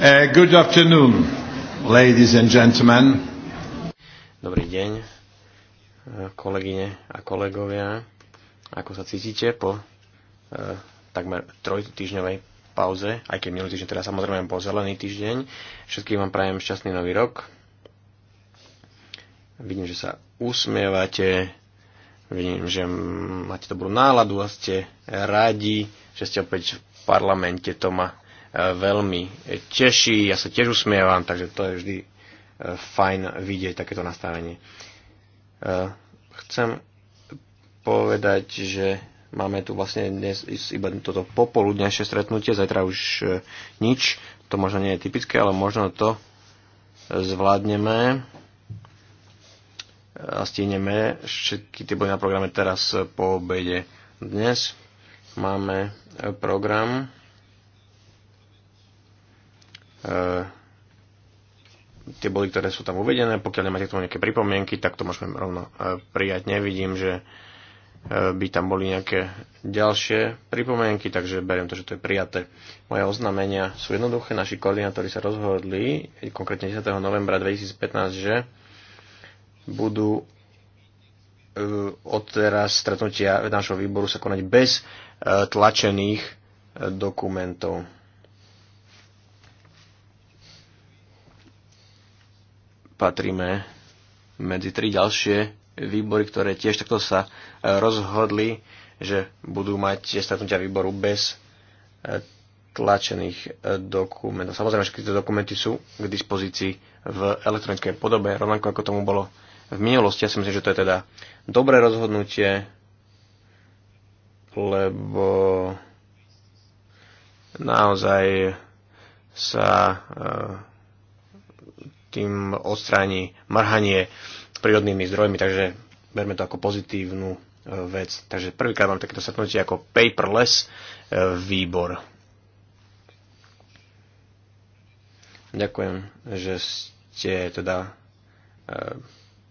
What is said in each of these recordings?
Uh, good afternoon, ladies and gentlemen. Dobrý deň, eh, kolegyne a kolegovia. Ako sa cítite po uh, takmer trojtyžňovej pauze, aj keď minulý týždeň, teda samozrejme bol zelený týždeň. Všetkým vám prajem šťastný nový rok. Vidím, že sa usmievate, vidím, že máte dobrú náladu a ste radi, že ste opäť v parlamente. To ma veľmi teší, ja sa tiež usmievam, takže to je vždy e, fajn vidieť takéto nastavenie. E, chcem povedať, že máme tu vlastne dnes iba toto popoludnejšie stretnutie, zajtra už e, nič, to možno nie je typické, ale možno to zvládneme a stíneme všetky tie boli na programe teraz po obede. Dnes máme program E, tie body, ktoré sú tam uvedené. Pokiaľ nemáte k tomu nejaké pripomienky, tak to môžeme rovno e, prijať. Nevidím, že e, by tam boli nejaké ďalšie pripomienky, takže beriem to, že to je prijaté. Moje oznámenia sú jednoduché. Naši koordinátori sa rozhodli, konkrétne 10. novembra 2015, že budú od teraz stretnutia nášho výboru sa konať bez tlačených dokumentov. patríme medzi tri ďalšie výbory, ktoré tiež takto sa e, rozhodli, že budú mať stretnutia výboru bez e, tlačených e, dokumentov. Samozrejme, všetky tieto dokumenty sú k dispozícii v elektronickej podobe, rovnako ako tomu bolo v minulosti. Ja si myslím, že to je teda dobré rozhodnutie, lebo naozaj sa tým odstráni mrhanie prírodnými zdrojmi, takže berme to ako pozitívnu e, vec. Takže prvýkrát mám takéto stretnutie ako paperless e, výbor. Ďakujem, že ste teda e,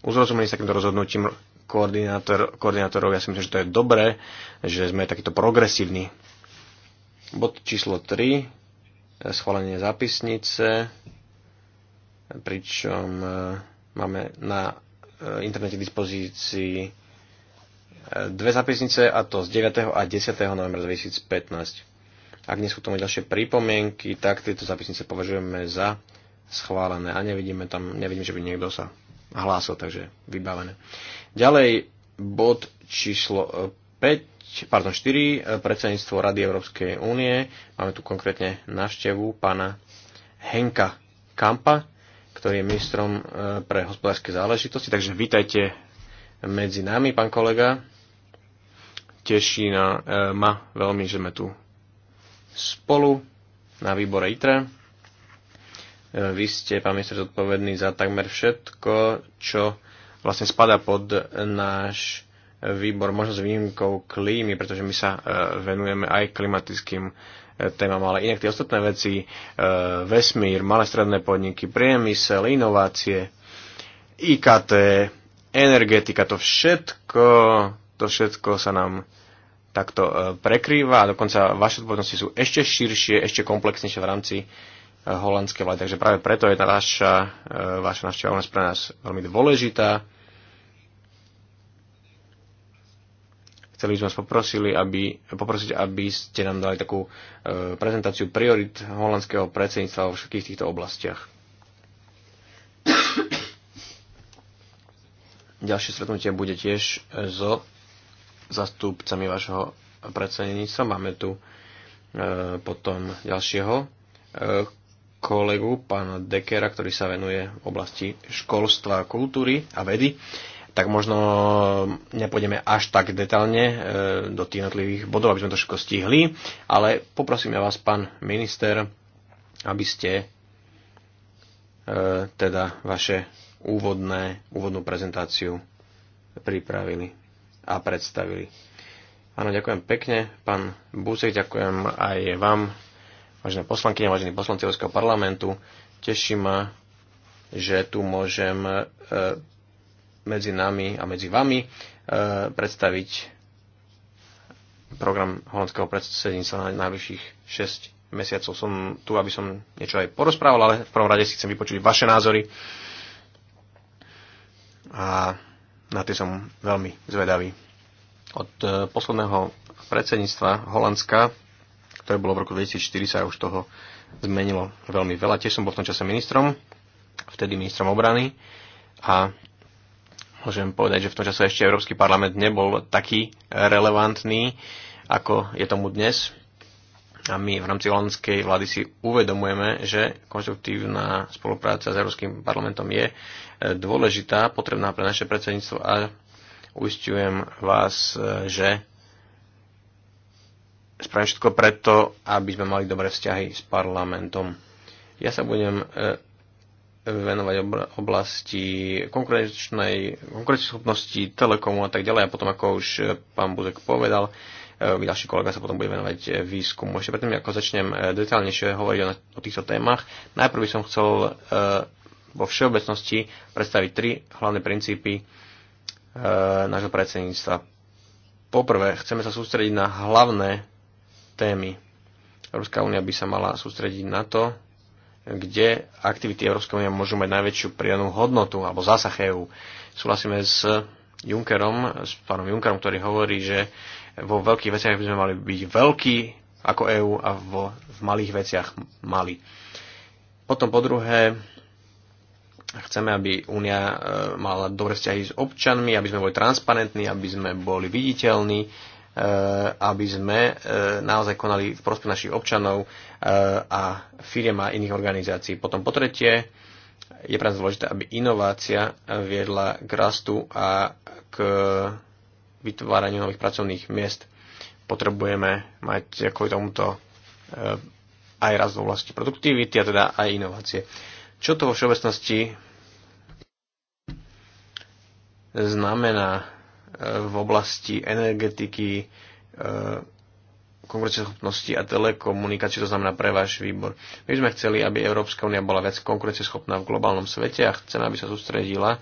uzrozumení s takýmto rozhodnutím koordinátor, koordinátorov. Ja si myslím, že to je dobré, že sme takýto progresívni. Bod číslo 3, schválenie zápisnice pričom e, máme na e, internete k dispozícii e, dve zapisnice, a to z 9. a 10. novembra 2015. Ak nie sú tomu ďalšie pripomienky, tak tieto zapisnice považujeme za schválené a nevidíme tam, nevidím, že by niekto sa hlásil, takže vybavené. Ďalej bod číslo 5, pardon 4, predsedníctvo Rady Európskej únie. Máme tu konkrétne návštevu pána Henka Kampa, ktorý je ministrom e, pre hospodárske záležitosti. Takže vítajte medzi nami, pán kolega. Teší na, e, ma veľmi, že sme tu spolu na výbore ITRE. E, vy ste, pán minister, zodpovedný za takmer všetko, čo vlastne spada pod náš výbor, možno s výnimkou klímy, pretože my sa venujeme aj klimatickým témam, ale inak tie ostatné veci, e, vesmír, malé stredné podniky, priemysel, inovácie, IKT, energetika, to všetko, to všetko sa nám takto e, prekrýva a dokonca vaše odpovednosti sú ešte širšie, ešte komplexnejšie v rámci e, holandskej vlády. Takže práve preto je tá vaša, vaša návšteva u nás pre nás veľmi dôležitá Chceli by sme vás poprosili, aby, poprosiť, aby ste nám dali takú e, prezentáciu priorit holandského predsedníctva vo všetkých týchto oblastiach. Ďalšie stretnutie bude tiež so zastupcami vašho predsedníctva. Máme tu e, potom ďalšieho e, kolegu, pána Dekera, ktorý sa venuje oblasti školstva, kultúry a vedy tak možno nepôjdeme až tak detálne e, do tých jednotlivých bodov, aby sme to všetko stihli, ale poprosím ja vás, pán minister, aby ste e, teda vaše úvodné, úvodnú prezentáciu pripravili a predstavili. Áno, ďakujem pekne, pán Busek, ďakujem aj vám, vážené poslankyne, vážení poslanci Európskeho parlamentu. Teší ma, že tu môžem e, medzi nami a medzi vami e, predstaviť program holandského predsedníctva na najbližších 6 mesiacov. Som tu, aby som niečo aj porozprával, ale v prvom rade si chcem vypočuť vaše názory a na tie som veľmi zvedavý. Od e, posledného predsedníctva Holandska, ktoré bolo v roku 2004, sa už toho zmenilo veľmi veľa. Tiež som bol v tom čase ministrom, vtedy ministrom obrany a môžem povedať, že v tom čase ešte Európsky parlament nebol taký relevantný, ako je tomu dnes. A my v rámci holandskej vlády si uvedomujeme, že konštruktívna spolupráca s Európskym parlamentom je e, dôležitá, potrebná pre naše predsedníctvo a uistujem vás, e, že spravím všetko preto, aby sme mali dobré vzťahy s parlamentom. Ja sa budem e, venovať oblasti konkurenčnej, konkurenčnej schopnosti, telekomu a tak ďalej. A potom, ako už pán Buzek povedal, e, ďalší kolega sa potom bude venovať e, výskumu. Ešte predtým, ako začnem e, detaľnejšie hovoriť o, o týchto témach, najprv by som chcel vo všeobecnosti predstaviť tri hlavné princípy nášho predsedníctva. Poprvé, chceme sa sústrediť na hlavné témy. Európska únia by sa mala sústrediť na to, kde aktivity Európskej únie môžu mať najväčšiu prianú hodnotu alebo zásah EÚ. Súhlasíme s Junckerom, s pánom Junckerom, ktorý hovorí, že vo veľkých veciach by sme mali byť veľkí ako EÚ a vo, v malých veciach mali. Potom po druhé, chceme, aby Únia e, mala dobré vzťahy s občanmi, aby sme boli transparentní, aby sme boli viditeľní, Eh, aby sme eh, naozaj konali v prospech našich občanov eh, a firiem a iných organizácií. Potom po tretie, je pre nás dôležité, aby inovácia viedla k rastu a k vytváraniu nových pracovných miest. Potrebujeme mať kvôli tomuto aj rast v oblasti produktivity a teda aj inovácie. Čo to vo všeobecnosti znamená v oblasti energetiky, e, konkurenceschopnosti a telekomunikácie, to znamená pre váš výbor. My sme chceli, aby Európska únia bola viac konkurenceschopná v globálnom svete a chceme, aby sa sústredila e,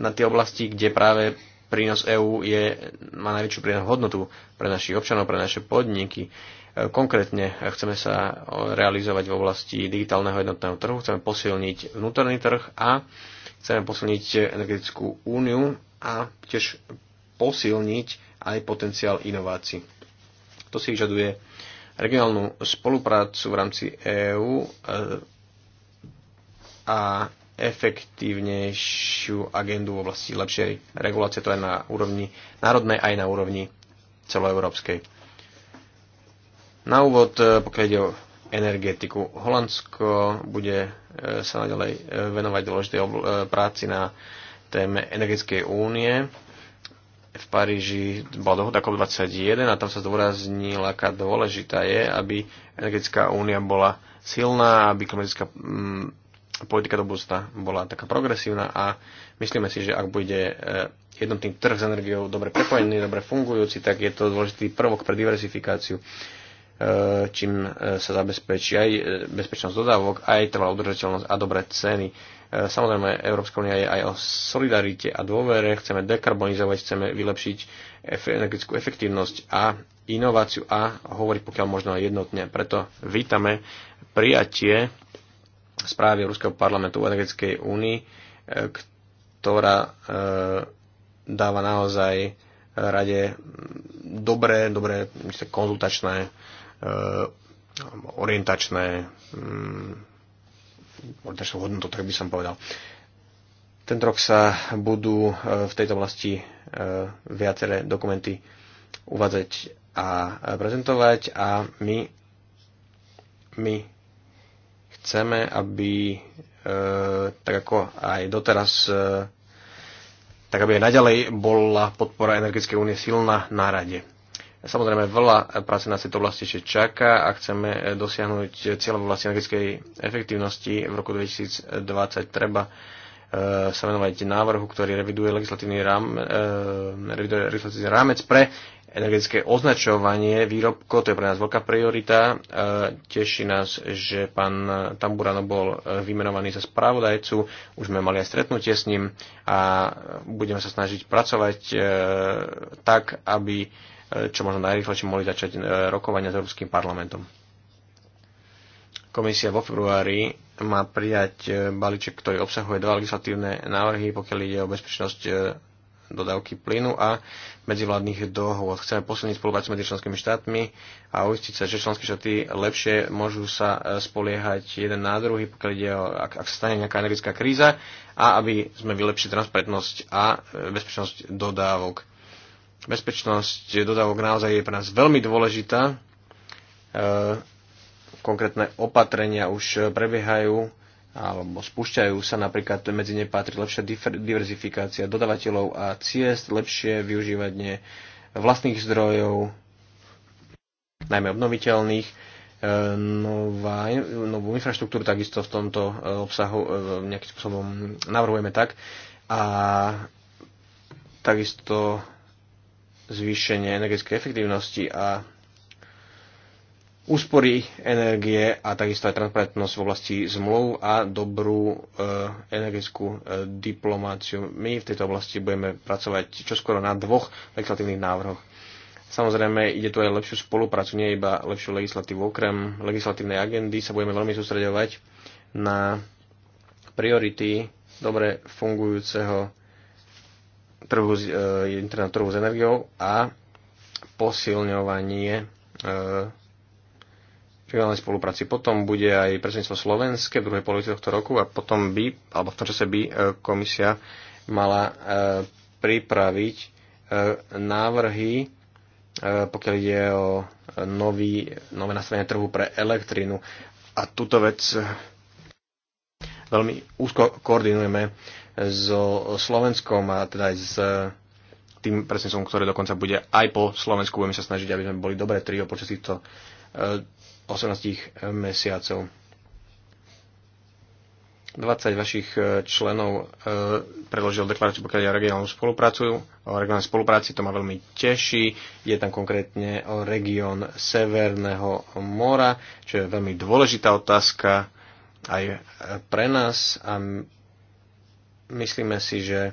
na tie oblasti, kde práve prínos EÚ je, má najväčšiu prínos hodnotu pre našich občanov, pre naše podniky. E, konkrétne chceme sa realizovať v oblasti digitálneho jednotného trhu, chceme posilniť vnútorný trh a chceme posilniť energetickú úniu a tiež posilniť aj potenciál inovácií. To si vyžaduje regionálnu spoluprácu v rámci EÚ eh, a efektívnejšiu agendu v oblasti lepšej regulácie, to je na úrovni národnej aj na úrovni celoeurópskej. Na úvod, eh, pokiaľ ide o energetiku, Holandsko bude eh, sa naďalej venovať dôležitej práci na téme energetickej únie. V Paríži bola dohoda COP21 a tam sa zdôraznila, aká dôležitá je, aby energetická únia bola silná, aby klimatická mm, politika do budúcna bola taká progresívna a myslíme si, že ak bude e, jednotný trh s energiou dobre prepojený, dobre fungujúci, tak je to dôležitý prvok pre diversifikáciu, e, čím e, sa zabezpečí aj bezpečnosť dodávok, aj trvalá udržateľnosť a dobré ceny. E, samozrejme, Európska únia je aj o solidarite a dôvere, chceme dekarbonizovať, chceme vylepšiť energetickú efektívnosť a inováciu a hovoriť pokiaľ možno aj jednotne. Preto vítame prijatie správy Európskeho parlamentu o energetickej únii, e, ktorá e, dáva naozaj rade dobré, dobré konzultačné, orientačné mm, orientačnou hodnotu, tak by som povedal. Tento rok sa budú e, v tejto oblasti e, viaceré dokumenty uvádzať a e, prezentovať a my, my chceme, aby tak ako aj doteraz tak aby aj naďalej bola podpora energetickej únie silná na rade. Samozrejme, veľa práce na tejto oblasti ešte čaká a chceme eh, dosiahnuť v oblasti energetickej efektívnosti v roku 2020. Treba eh, sa venovať návrhu, ktorý reviduje legislatívny, rám, eh, reviduje legislatívny rámec pre energetické označovanie výrobkov, to je pre nás veľká priorita. Teší nás, že pán Tamburano bol vymenovaný za správodajcu, už sme mali aj stretnutie s ním a budeme sa snažiť pracovať tak, aby E, čo možno najrychlejšie mohli začať e, rokovania s Európskym parlamentom. Komisia vo februári má prijať e, balíček, ktorý obsahuje dva legislatívne návrhy, pokiaľ ide o bezpečnosť dodávky plynu a medzivládnych dohôd. Chceme posilniť spoluprácu medzi členskými štátmi a uistiť sa, že členské štáty lepšie môžu sa spoliehať jeden na druhý, pokiaľ ide o, ak, ak stane nejaká energická kríza a aby sme vylepšili transparentnosť a bezpečnosť dodávok. Bezpečnosť dodávok naozaj je pre nás veľmi dôležitá. E, konkrétne opatrenia už prebiehajú alebo spúšťajú sa napríklad medzi ne patrí lepšia diverzifikácia dodavateľov a ciest, lepšie využívanie vlastných zdrojov, najmä obnoviteľných, e, nová, novú infraštruktúru takisto v tomto e, obsahu nejakým spôsobom navrhujeme tak. A takisto zvýšenie energetickej efektívnosti a úspory energie a takisto aj transparentnosť v oblasti zmluv a dobrú e, energetickú e, diplomáciu. My v tejto oblasti budeme pracovať čoskoro na dvoch legislatívnych návrhoch. Samozrejme, ide tu aj lepšiu spoluprácu, nie iba lepšiu legislatívu. Okrem legislatívnej agendy sa budeme veľmi sústredovať na priority dobre fungujúceho trhu, e, interného trhu s energiou a posilňovanie e, regionálnej spolupráci. Potom bude aj predsedníctvo Slovenske v druhej polovici tohto roku a potom by, alebo v tom čase by e, komisia mala pripraviť návrhy, pokiaľ ide o nový, nové nastavenie trhu pre elektrínu. A túto vec veľmi úzko koordinujeme so Slovenskom a teda aj s eh, tým predsedníctvom, ktoré dokonca bude aj po Slovensku. Budeme sa snažiť, aby sme boli dobré trio počas týchto 18 eh, mesiacov. 20 vašich eh, členov predložil deklaráciu pokiaľ ja regionálnu spoluprácu. O regionálnej spolupráci to ma veľmi teší. Je tam konkrétne o región Severného mora, čo je veľmi dôležitá otázka aj pre nás a myslíme si, že e,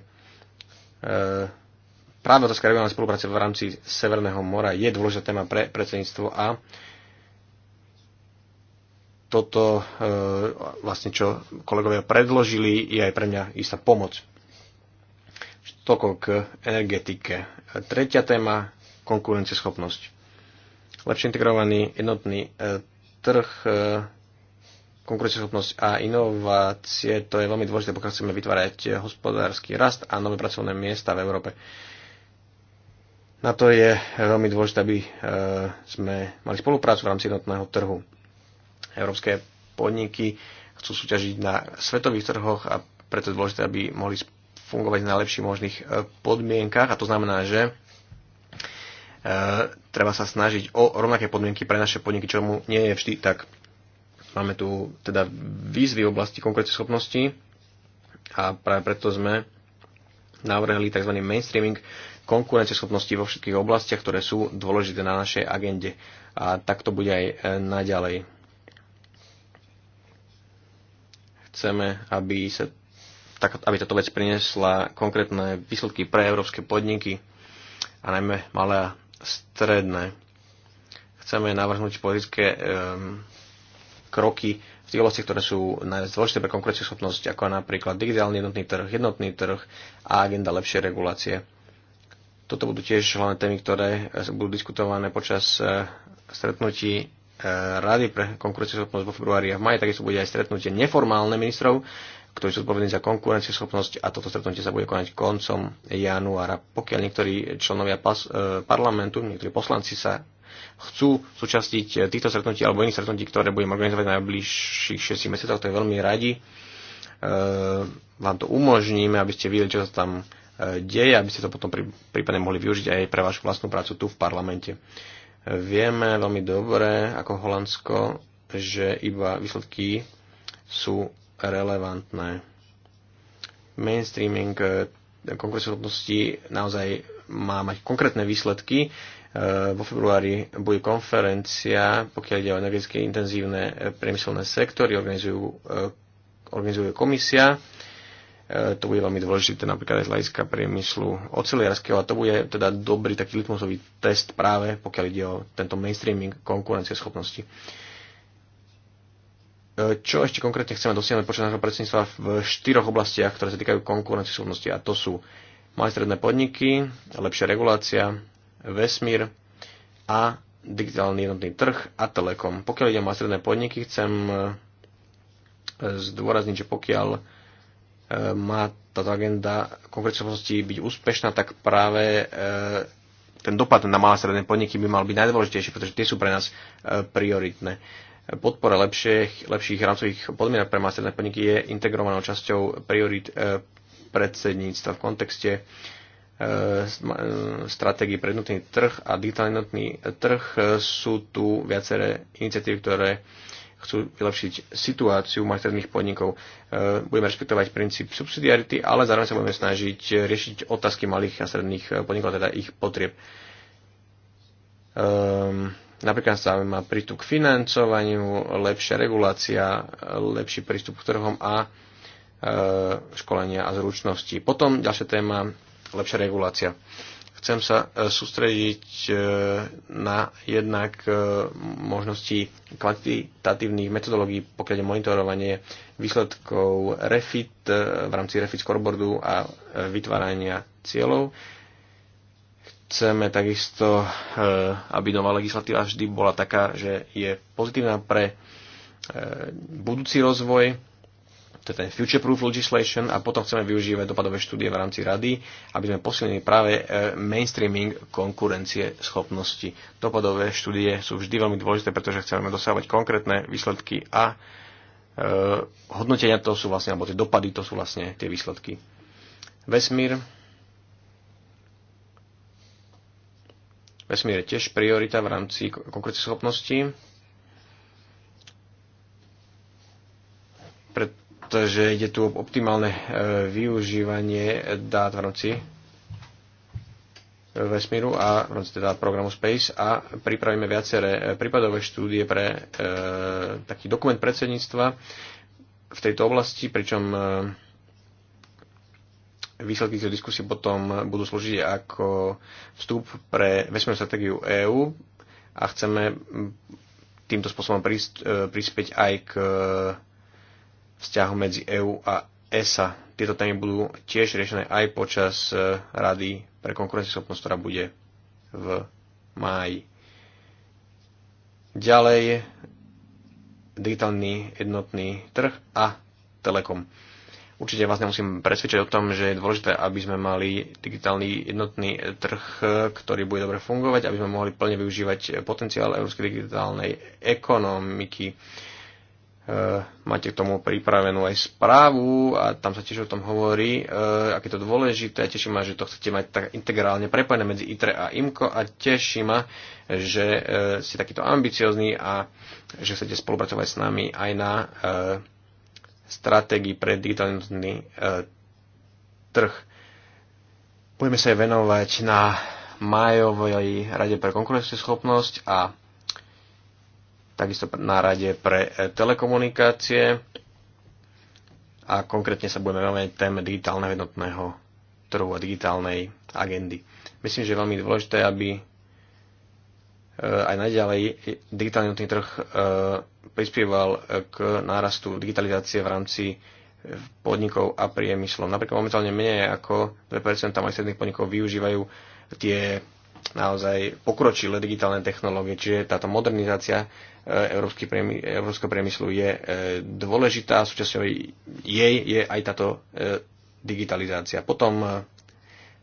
práve otázka regionálnej spolupráce v rámci Severného mora je dôležitá téma pre predsedníctvo a toto e, vlastne, čo kolegovia predložili, je aj pre mňa istá pomoc. Toľko k energetike. Tretia téma, konkurencieschopnosť. Lepšie integrovaný jednotný e, trh konkurenceschopnosť a inovácie, to je veľmi dôležité, pokiaľ chceme vytvárať hospodársky rast a nové pracovné miesta v Európe. Na to je veľmi dôležité, aby e, sme mali spoluprácu v rámci jednotného trhu. Európske podniky chcú súťažiť na svetových trhoch a preto je dôležité, aby mohli fungovať v najlepších možných e, podmienkach a to znamená, že e, treba sa snažiť o rovnaké podmienky pre naše podniky, čo mu nie je vždy tak. Máme tu teda výzvy v oblasti schopnosti a práve preto sme navrhli tzv. mainstreaming konkurenceschopnosti vo všetkých oblastiach, ktoré sú dôležité na našej agende. A tak to bude aj e, naďalej. Chceme, aby, sa, tak, aby táto vec priniesla konkrétne výsledky pre európske podniky a najmä malé a stredné. Chceme navrhnúť politické um, kroky v tých oblastiach, ktoré sú dôležité pre konkurencieschopnosť, ako napríklad digitálny jednotný trh, jednotný trh a agenda lepšej regulácie. Toto budú tiež hlavné témy, ktoré eh, budú diskutované počas eh, stretnutí eh, Rady pre konkurencieschopnosť vo februári a v maji. Takisto bude aj stretnutie neformálne ministrov, ktorí sú zodpovední za konkurencieschopnosť a toto stretnutie sa bude konať koncom januára. Pokiaľ niektorí členovia parlamentu, niektorí poslanci sa chcú súčastiť eh, týchto stretnutí alebo iných stretnutí, ktoré budeme organizovať na najbližších 6 mesiacoch, to je veľmi radi. Eh, vám to umožníme, aby ste videli, čo sa tam eh, deje, aby ste to potom prípadne mohli využiť aj pre vašu vlastnú prácu tu v parlamente. Vieme veľmi dobre, ako Holandsko, že iba výsledky sú relevantné. Mainstreaming konkurenceschopnosti naozaj má mať konkrétne výsledky, vo februári bude konferencia, pokiaľ ide o energetické intenzívne e, priemyselné sektory, organizujú, e, organizuje komisia. E, to bude veľmi dôležité napríklad aj z hľadiska priemyslu oceliarského a to bude teda dobrý taký litmusový test práve, pokiaľ ide o tento mainstreaming konkurencieschopnosti. Čo ešte konkrétne chceme dosiahnuť počas nášho predsedníctva v štyroch oblastiach, ktoré sa týkajú konkurencieschopnosti a to sú malé stredné podniky, lepšia regulácia, vesmír a digitálny jednotný trh a telekom. Pokiaľ idem o stredné podniky, chcem e, zdôrazniť, že pokiaľ e, má táto agenda konkrétnosti byť úspešná, tak práve e, ten dopad na malé stredné podniky by mal byť najdôležitejší, pretože tie sú pre nás prioritné podpora lepších, lepších rámcových podmienok pre malé podniky je integrovanou časťou priorit predsedníctva v kontexte E, stratégii pre jednotný trh a digitálny jednotný trh e, sú tu viaceré iniciatívy, ktoré chcú vylepšiť situáciu malých podnikov. E, budeme rešpektovať princíp subsidiarity, ale zároveň sa budeme snažiť riešiť otázky malých a stredných podnikov, teda ich potrieb. Um, napríklad má prístup k financovaniu, lepšia regulácia, lepší prístup k trhom a e, školenia a zručnosti. Potom ďalšia téma lepšia regulácia. Chcem sa e, sústrediť e, na jednak e, možnosti kvantitatívnych metodológií, pokiaľ monitorovanie výsledkov REFIT v rámci REFIT scoreboardu a vytvárania cieľov chceme takisto, aby nová legislatíva vždy bola taká, že je pozitívna pre budúci rozvoj to je ten future proof legislation a potom chceme využívať dopadové štúdie v rámci rady, aby sme posilnili práve e, mainstreaming konkurencie schopnosti. Dopadové štúdie sú vždy veľmi dôležité, pretože chceme dosávať konkrétne výsledky a e, hodnotenia to sú vlastne, alebo tie dopady to sú vlastne tie výsledky. Vesmír. Vesmír je tiež priorita v rámci konkurencie schopnosti. Pre, pretože ide tu o optimálne e, využívanie dát v rámci vesmíru a v rámci teda programu Space a pripravíme viaceré e, prípadové štúdie pre e, taký dokument predsedníctva v tejto oblasti, pričom e, výsledky tejto diskusí potom budú slúžiť ako vstup pre vesmírnu stratégiu EÚ a chceme týmto spôsobom e, prispäť aj k e, vzťahu medzi EÚ a ESA. Tieto témy budú tiež riešené aj počas e, Rady pre konkurencieschopnosť, ktorá bude v máji. Ďalej digitálny jednotný trh a telekom. Určite vás nemusím presvedčať o tom, že je dôležité, aby sme mali digitálny jednotný trh, ktorý bude dobre fungovať, aby sme mohli plne využívať potenciál európskej digitálnej ekonomiky. Eh, máte k tomu pripravenú aj správu a tam sa tiež o tom hovorí, e, eh, aké to dôležité. Teším ma, že to chcete mať tak integrálne prepojené medzi ITRE a IMCO a teší ma, že e, ste takýto ambiciozný a že chcete spolupracovať s nami aj na e, stratégii pre digitálny e, trh. Budeme sa aj venovať na majovej rade pre schopnosť a takisto na rade pre e, telekomunikácie a konkrétne sa budeme venovať téme digitálneho jednotného trhu a digitálnej agendy. Myslím, že je veľmi dôležité, aby e, aj naďalej digitálny jednotný trh e, prispieval k nárastu digitalizácie v rámci podnikov a priemyslov. Napríklad momentálne menej ako 2% malých stredných podnikov využívajú tie naozaj pokročilé digitálne technológie, čiže táto modernizácia e, európskeho priemyslu je e, dôležitá, súčasťou jej je aj táto e, digitalizácia. Potom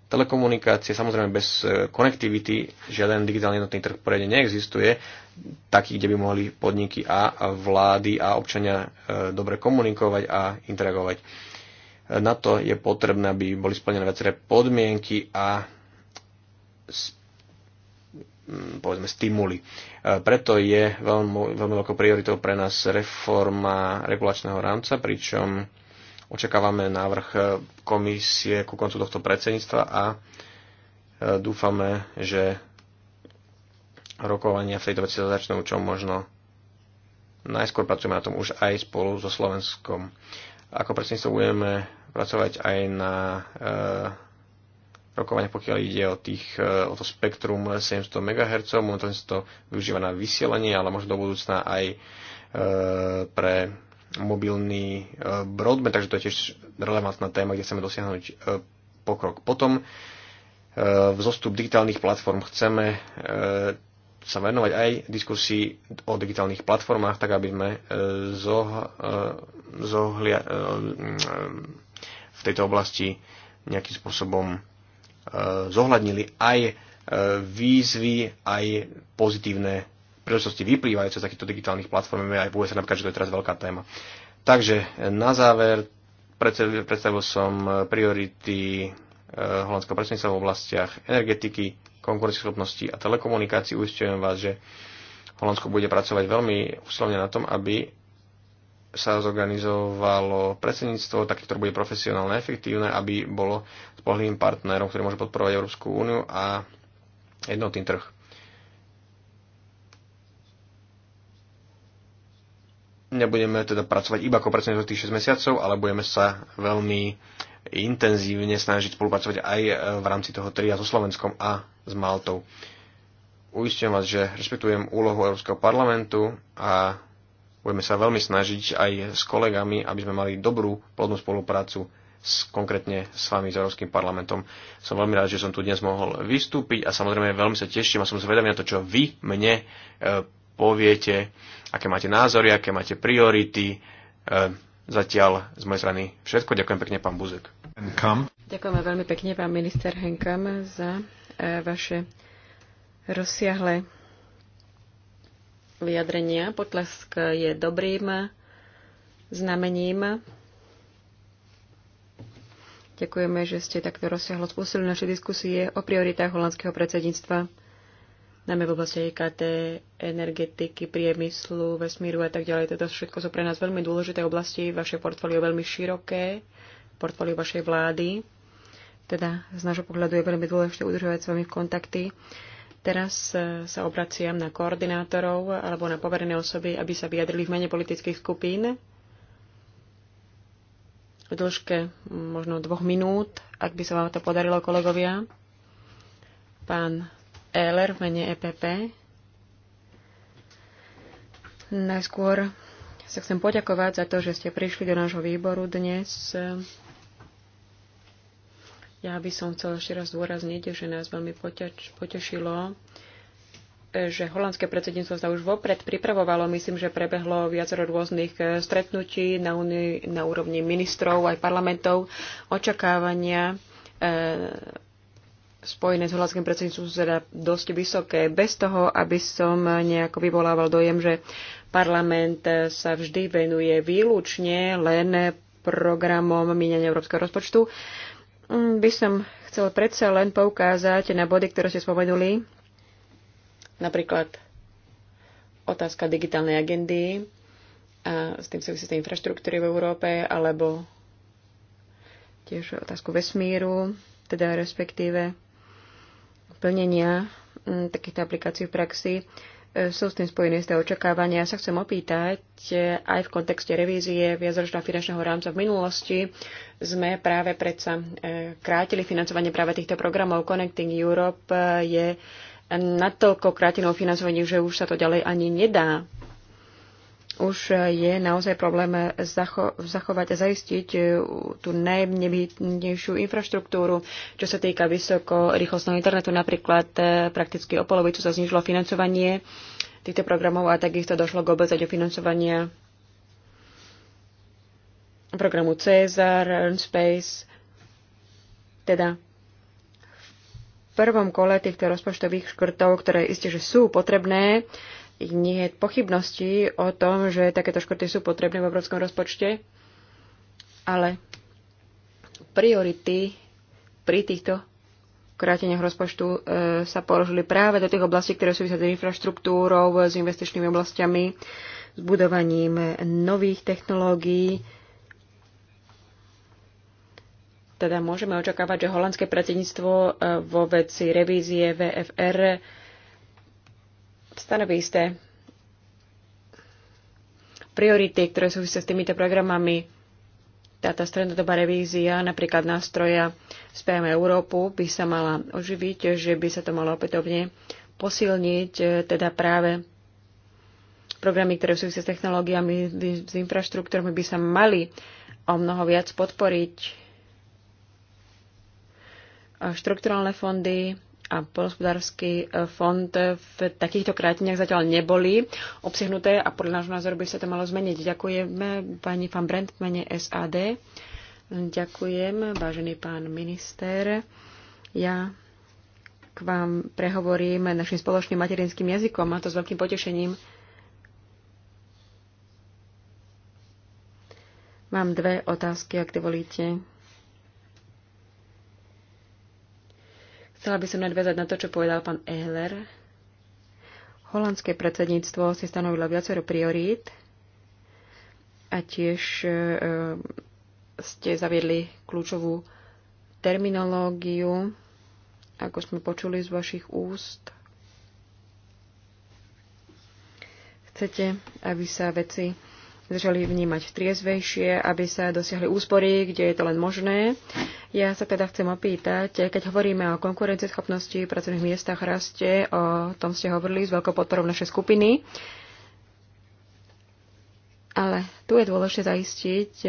telekomunikácie, samozrejme bez konektivity žiaden digitálny jednotný trh poriadne neexistuje, taký, kde by mohli podniky a vlády a občania dobre komunikovať a interagovať. Na to je potrebné, aby boli splnené viaceré podmienky a Mm, povedzme, stimuly. E, preto je veľmi, veľmi veľkou prioritou pre nás reforma regulačného rámca, pričom očakávame návrh komisie ku koncu tohto predsedníctva a e, dúfame, že rokovania v tejto veci sa začnú čo možno najskôr pracujeme na tom už aj spolu so Slovenskom. Ako predsedníctvo budeme pracovať aj na e, rokovania, pokiaľ ide o, tých, e, o to spektrum 700 MHz. Momentálne sa to využíva na vysielanie, ale možno do budúcna aj e, pre mobilný e, broadband, takže to je tiež relevantná téma, kde chceme dosiahnuť e, pokrok. Potom e, v zostup digitálnych platform chceme e, sa venovať aj diskusii o digitálnych platformách, tak aby sme zoh, zohlia, v tejto oblasti nejakým spôsobom zohľadnili aj e, výzvy, aj pozitívne príležitosti vyplývajúce z takýchto digitálnych platform, aj v USA napríklad, že to je teraz veľká téma. Takže na záver predstavil som priority e, holandského predsedníctva v oblastiach energetiky, konkurenceschopnosti a telekomunikácií. Uistujem vás, že Holandsko bude pracovať veľmi úsilovne na tom, aby sa zorganizovalo predsedníctvo, také, ktoré bude profesionálne efektívne, aby bolo spolným partnerom, ktorý môže podporovať Európsku úniu a jednotný trh. Nebudeme teda pracovať iba ako predsedníctvo tých 6 mesiacov, ale budeme sa veľmi intenzívne snažiť spolupracovať aj v rámci toho tria so Slovenskom a s Maltou. Uistujem vás, že rešpektujem úlohu Európskeho parlamentu a Budeme sa veľmi snažiť aj s kolegami, aby sme mali dobrú plodnú spoluprácu s, konkrétne s vami, s Európskym parlamentom. Som veľmi rád, že som tu dnes mohol vystúpiť a samozrejme veľmi sa teším a som zvedavý na to, čo vy mne e, poviete, aké máte názory, aké máte priority. E, zatiaľ z mojej strany všetko. Ďakujem pekne, pán Buzek. Ďakujeme veľmi pekne, pán minister Henkam, za e, vaše rozsiahle vyjadrenia. Potlesk je dobrým znamením. Ďakujeme, že ste takto rozsiahlo spôsobili naše diskusie o prioritách holandského predsedníctva, najmä v oblasti IKT, energetiky, priemyslu, vesmíru a tak ďalej. Toto všetko sú pre nás veľmi dôležité oblasti, vaše portfólio veľmi široké, portfólio vašej vlády. Teda z nášho pohľadu je veľmi dôležité udržovať s vami v kontakty Teraz e, sa obraciam na koordinátorov alebo na poverené osoby, aby sa vyjadrili v mene politických skupín v dĺžke možno dvoch minút, ak by sa vám to podarilo, kolegovia. Pán Eler, v mene EPP. Najskôr sa chcem poďakovať za to, že ste prišli do nášho výboru dnes ja by som chcela ešte raz zdôrazniť, že nás veľmi potešilo, že holandské predsedníctvo sa už vopred pripravovalo. Myslím, že prebehlo viacero rôznych eh, stretnutí na, uni, na úrovni ministrov aj parlamentov. Očakávania e, spojené s holandským predsedníctvom sú teda dosť vysoké, bez toho, aby som nejako vyvolával dojem, že parlament eh, sa vždy venuje výlučne len programom míňania európskeho rozpočtu. Mm, by som chcel predsa len poukázať na body, ktoré ste spomenuli. Napríklad otázka digitálnej agendy a s tým súvisí infraštruktúry v Európe, alebo tiež otázku vesmíru, teda respektíve plnenia mm, takýchto aplikácií v praxi sú s tým spojené isté očakávania. Ja sa chcem opýtať, eh, aj v kontexte revízie viacročného finančného rámca v minulosti sme práve predsa eh, krátili financovanie práve týchto programov. Connecting Europe eh, je natoľko krátenou financovaním, že už sa to ďalej ani nedá už e, je naozaj problém e, zacho- zachovať a zaistiť e, tú najnevyhnutnejšiu infraštruktúru, čo sa týka vysokorýchlostného internetu. Napríklad prakticky o polovicu sa znižilo financovanie týchto programov a takisto došlo k obezať financovania programu Cezar, Earnspace. Teda v prvom kole týchto rozpočtových škrtov, ktoré isté, že sú potrebné, nie je pochybnosti o tom, že takéto škrty sú potrebné v obrovskom rozpočte, ale priority pri týchto kráteniach rozpočtu e, sa položili práve do tých oblastí, ktoré súvisia s infraštruktúrou, s investičnými oblastiami, s budovaním nových technológií. Teda môžeme očakávať, že holandské predsedníctvo e, vo veci revízie VFR stanoví isté priority, ktoré súvisia s týmito programami. Táto strednodobá revízia, napríklad nástroja Spájame Európu, by sa mala oživiť, že by sa to malo opätovne posilniť, teda práve programy, ktoré súvisia s technológiami, s infraštruktúrami by sa mali o mnoho viac podporiť. Štrukturálne fondy, a polospodársky e, fond v takýchto kráteniach zatiaľ neboli obsiahnuté a podľa nášho názoru by sa to malo zmeniť. Ďakujeme pani pán Brent v mene SAD. Ďakujem, vážený pán minister. Ja k vám prehovorím našim spoločným materinským jazykom a to s veľkým potešením. Mám dve otázky, ak dovolíte. Chcela by som nadviazať na to, čo povedal pán Ehler. Holandské predsedníctvo si stanovilo viacero priorít a tiež e, e ste zaviedli kľúčovú terminológiu, ako sme počuli z vašich úst. Chcete, aby sa veci začali vnímať triezvejšie, aby sa dosiahli úspory, kde je to len možné. Ja sa teda chcem opýtať, keď hovoríme o konkurencieschopnosti, pracovných miestach, raste, o tom ste hovorili s veľkou podporou našej skupiny, ale tu je dôležité zaistiť, e,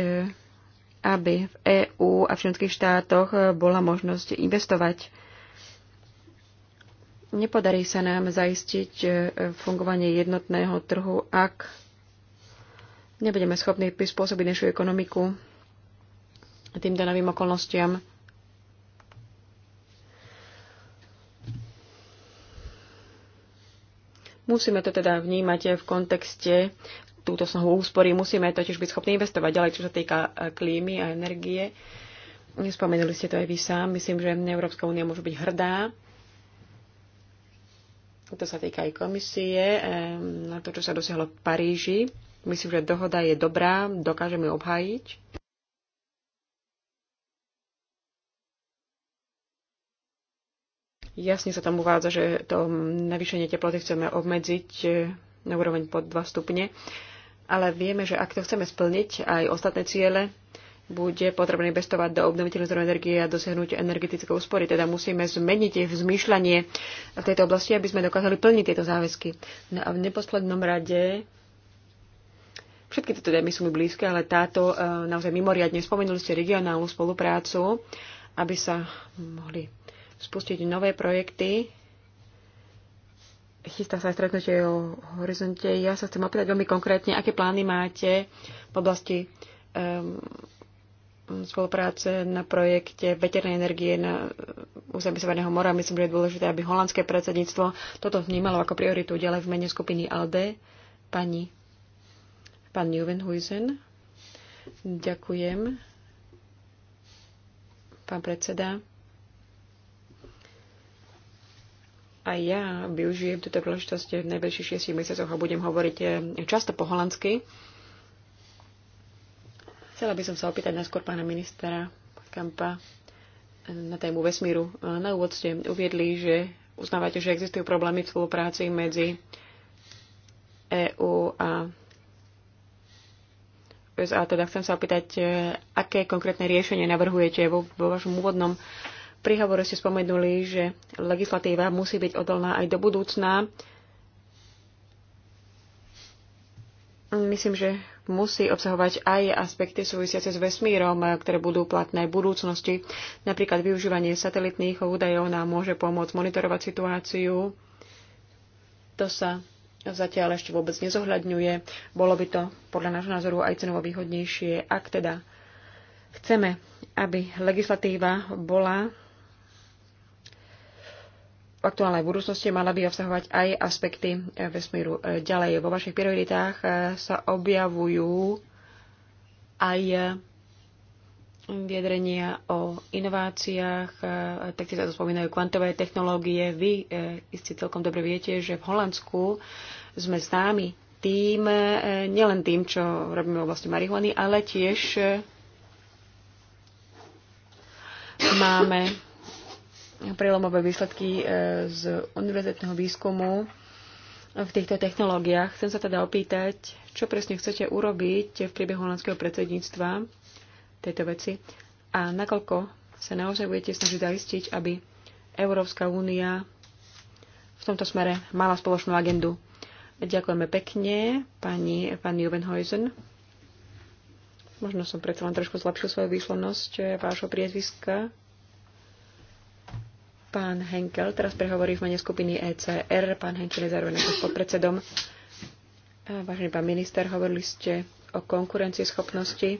aby v EÚ a v členských štátoch bola možnosť investovať. Nepodarí sa nám zaistiť e, fungovanie jednotného trhu, ak nebudeme schopní prispôsobiť našu ekonomiku týmto novým okolnostiam. Musíme to teda vnímať v kontexte túto snahu úspory. Musíme totiž byť schopní investovať ďalej, čo sa týka e, klímy a energie. Spomenuli ste to aj vy sám. Myslím, že Európska únia môže byť hrdá. To sa týka aj komisie, e, na to, čo sa dosiahlo v Paríži. Myslím, že dohoda je dobrá, dokážeme obhájiť. Jasne sa tam uvádza, že to navýšenie teploty chceme obmedziť e, na úroveň pod 2 stupne, ale vieme, že ak to chceme splniť aj ostatné ciele, bude potrebné investovať do obnoviteľných zdrojov energie a dosiahnuť energetické úspory. Teda musíme zmeniť ich zmýšľanie v tejto oblasti, aby sme dokázali plniť tieto záväzky. No a v neposlednom rade Všetky tieto témy sú mi blízke, ale táto e, naozaj mimoriadne spomenuli ste regionálnu spoluprácu, aby sa mohli spustiť nové projekty. Chystá sa aj stretnutie o horizonte. Ja sa chcem opýtať veľmi konkrétne, aké plány máte v oblasti um, spolupráce na projekte veternej energie na území Severného mora. Myslím, že je dôležité, aby holandské predsedníctvo toto vnímalo ako prioritu ďalej v mene skupiny ALDE. Pani Pán Juvenhuizen. Ďakujem. Pán predseda. Aj ja využijem túto príležitosť v najbližších 6 mesiacoch a budem hovoriť eh, často po holandsky. Chcela by som sa opýtať najskôr pána ministra Kampa eh, na tému vesmíru. Eh, na úvod ste uviedli, že uznávate, že existujú problémy v spolupráci medzi EÚ a USA. Teda chcem sa opýtať, e, aké konkrétne riešenie navrhujete. Vo, vo vašom úvodnom prihovore ste spomenuli, že legislatíva musí byť odolná aj do budúcná. Myslím, že musí obsahovať aj aspekty súvisiace s vesmírom, e, ktoré budú platné v budúcnosti. Napríklad využívanie satelitných údajov nám môže pomôcť monitorovať situáciu. To sa zatiaľ ešte vôbec nezohľadňuje. Bolo by to podľa nášho názoru aj cenovo výhodnejšie, ak teda chceme, aby legislatíva bola v aktuálnej budúcnosti mala by obsahovať aj aspekty vesmíru. Ďalej, vo vašich prioritách sa objavujú aj vyjadrenia o inováciách, e, tak sa tu spomínajú kvantové technológie. Vy e, iste celkom dobre viete, že v Holandsku sme známi tým, e, nielen tým, čo robíme v oblasti marihuany, ale tiež máme prelomové výsledky z univerzitného výskumu v týchto technológiách. Chcem sa teda opýtať, čo presne chcete urobiť v priebehu holandského predsedníctva tejto veci a nakoľko sa naozaj budete snažiť zaistiť, aby Európska únia v tomto smere mala spoločnú agendu. Ďakujeme pekne, pani, pani Juvenhuizen. Možno som predsa len trošku zlepšil svoju výslovnosť eh, vášho priezviska. Pán Henkel teraz prehovorí v mene skupiny ECR. Pán Henkel je zároveň ako podpredsedom. Eh, vážený pán minister, hovorili ste o konkurencieschopnosti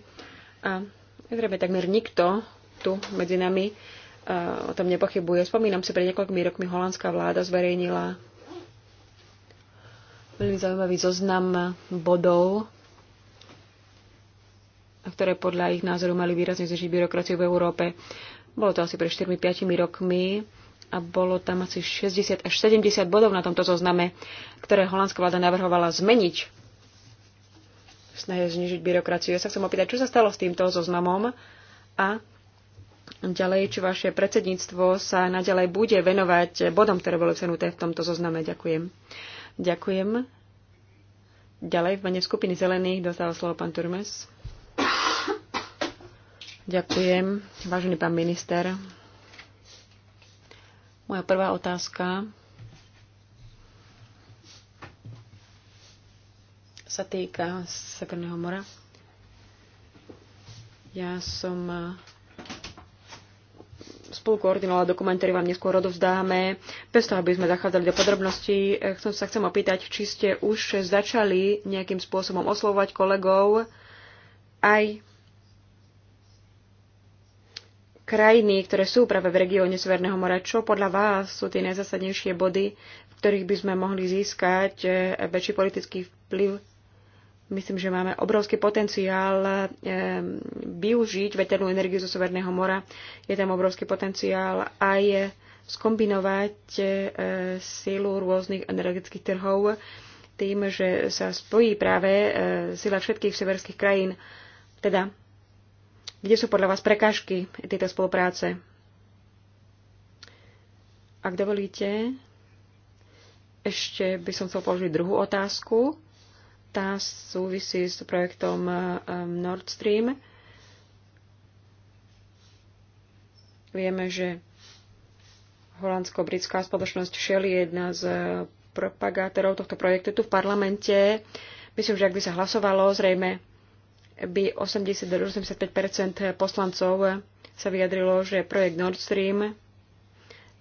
a Zrejme takmer nikto tu medzi nami e, o tom nepochybuje. Spomínam si, pred niekoľkými rokmi holandská vláda zverejnila veľmi zaujímavý zoznam bodov, ktoré podľa ich názoru mali výrazne znižiť byrokraciu v Európe. Bolo to asi pred 4-5 rokmi a bolo tam asi 60 až 70 bodov na tomto zozname, ktoré holandská vláda navrhovala zmeniť v snahe znižiť byrokraciu. Ja sa chcem opýtať, čo sa stalo s týmto zoznamom a ďalej, či vaše predsedníctvo sa naďalej bude venovať bodom, ktoré boli vsenuté v tomto zozname. Ďakujem. Ďakujem. Ďalej v mene skupiny zelených dostal slovo pán Turmes. Ďakujem, vážený pán minister. Moja prvá otázka sa týka Severného mora. Ja som eh, spolu koordinovala dokument, ktorý vám neskôr odovzdáme. Bez toho, aby sme zachádzali do podrobností, eh, chcem sa chcem opýtať, či ste už začali nejakým spôsobom oslovovať kolegov aj krajiny, ktoré sú práve v regióne Severného mora. Čo podľa vás sú tie najzásadnejšie body, v ktorých by sme mohli získať eh, väčší politický vplyv Myslím, že máme obrovský potenciál eh, využiť veternú energiu zo Severného mora. Je tam obrovský potenciál aj skombinovať eh, silu rôznych energetických trhov tým, že sa spojí práve eh, sila všetkých severských krajín. Teda, kde sú podľa vás prekážky tejto spolupráce? Ak dovolíte, ešte by som chcel položiť druhú otázku tá súvisí s projektom eh, Nord Stream. Vieme, že holandsko-britská spoločnosť Shell je jedna z eh, propagátorov tohto projektu tu v parlamente. Myslím, že ak by sa hlasovalo, zrejme by 80-85 poslancov eh, sa vyjadrilo, že projekt Nord Stream,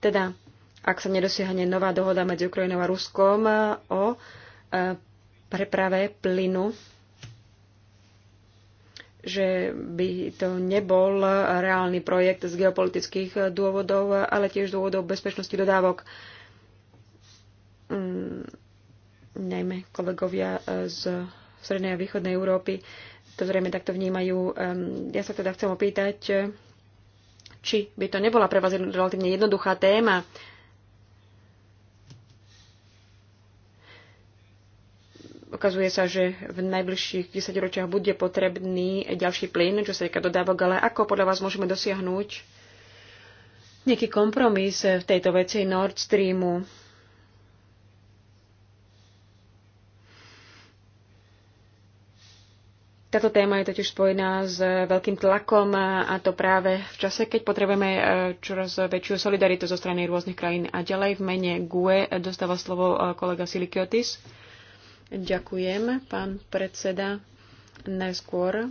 teda ak sa nedosiahne nová dohoda medzi Ukrajinou a Ruskom o preprave plynu, že by to nebol reálny projekt z geopolitických dôvodov, ale tiež dôvodov bezpečnosti dodávok. Mm, najmä kolegovia z Srednej a Východnej Európy to zrejme takto vnímajú. Ja sa teda chcem opýtať, či by to nebola pre vás relatívne jednoduchá téma Ukazuje sa, že v najbližších 10 ročiach bude potrebný ďalší plyn, čo sa týka dodávok, ale ako podľa vás môžeme dosiahnuť nejaký kompromis v tejto veci Nord Streamu? Táto téma je totiž spojená s veľkým tlakom a to práve v čase, keď potrebujeme e, čoraz väčšiu solidaritu zo strany rôznych krajín. A ďalej v mene GUE dostáva slovo e, kolega Silikiotis. Ďakujem, pán predseda. Najskôr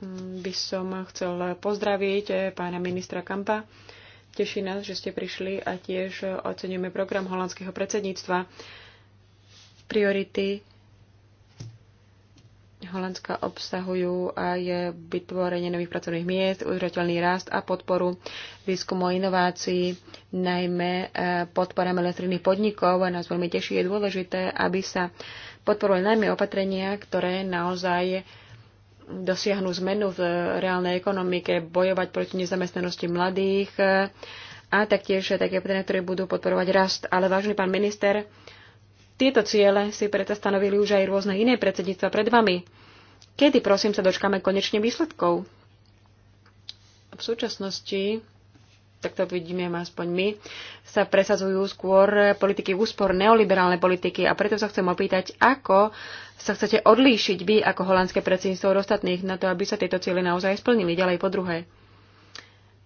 mm, by som chcel pozdraviť eh, pána ministra Kampa. Teší nás, že ste prišli a tiež oceníme program holandského predsedníctva. Priority Holandska obsahujú aj vytvorenie nových pracovných miest, udržateľný rast a podporu výskumu a inovácií, najmä eh, podpora elektrinných podnikov. A nás veľmi teší, je dôležité, aby sa Podporuje najmä opatrenia, ktoré naozaj dosiahnu zmenu v reálnej ekonomike, bojovať proti nezamestnanosti mladých a taktiež také opatrenia, ktoré budú podporovať rast. Ale vážny pán minister, tieto ciele si preto stanovili už aj rôzne iné predsedníctva pred vami. Kedy, prosím, sa dočkáme konečne výsledkov? V súčasnosti tak to vidíme aspoň my, sa presadzujú skôr politiky úspor, neoliberálne politiky a preto sa chcem opýtať, ako sa chcete odlíšiť vy ako holandské predsedníctvo od ostatných na to, aby sa tieto ciele naozaj splnili. Ďalej po druhé.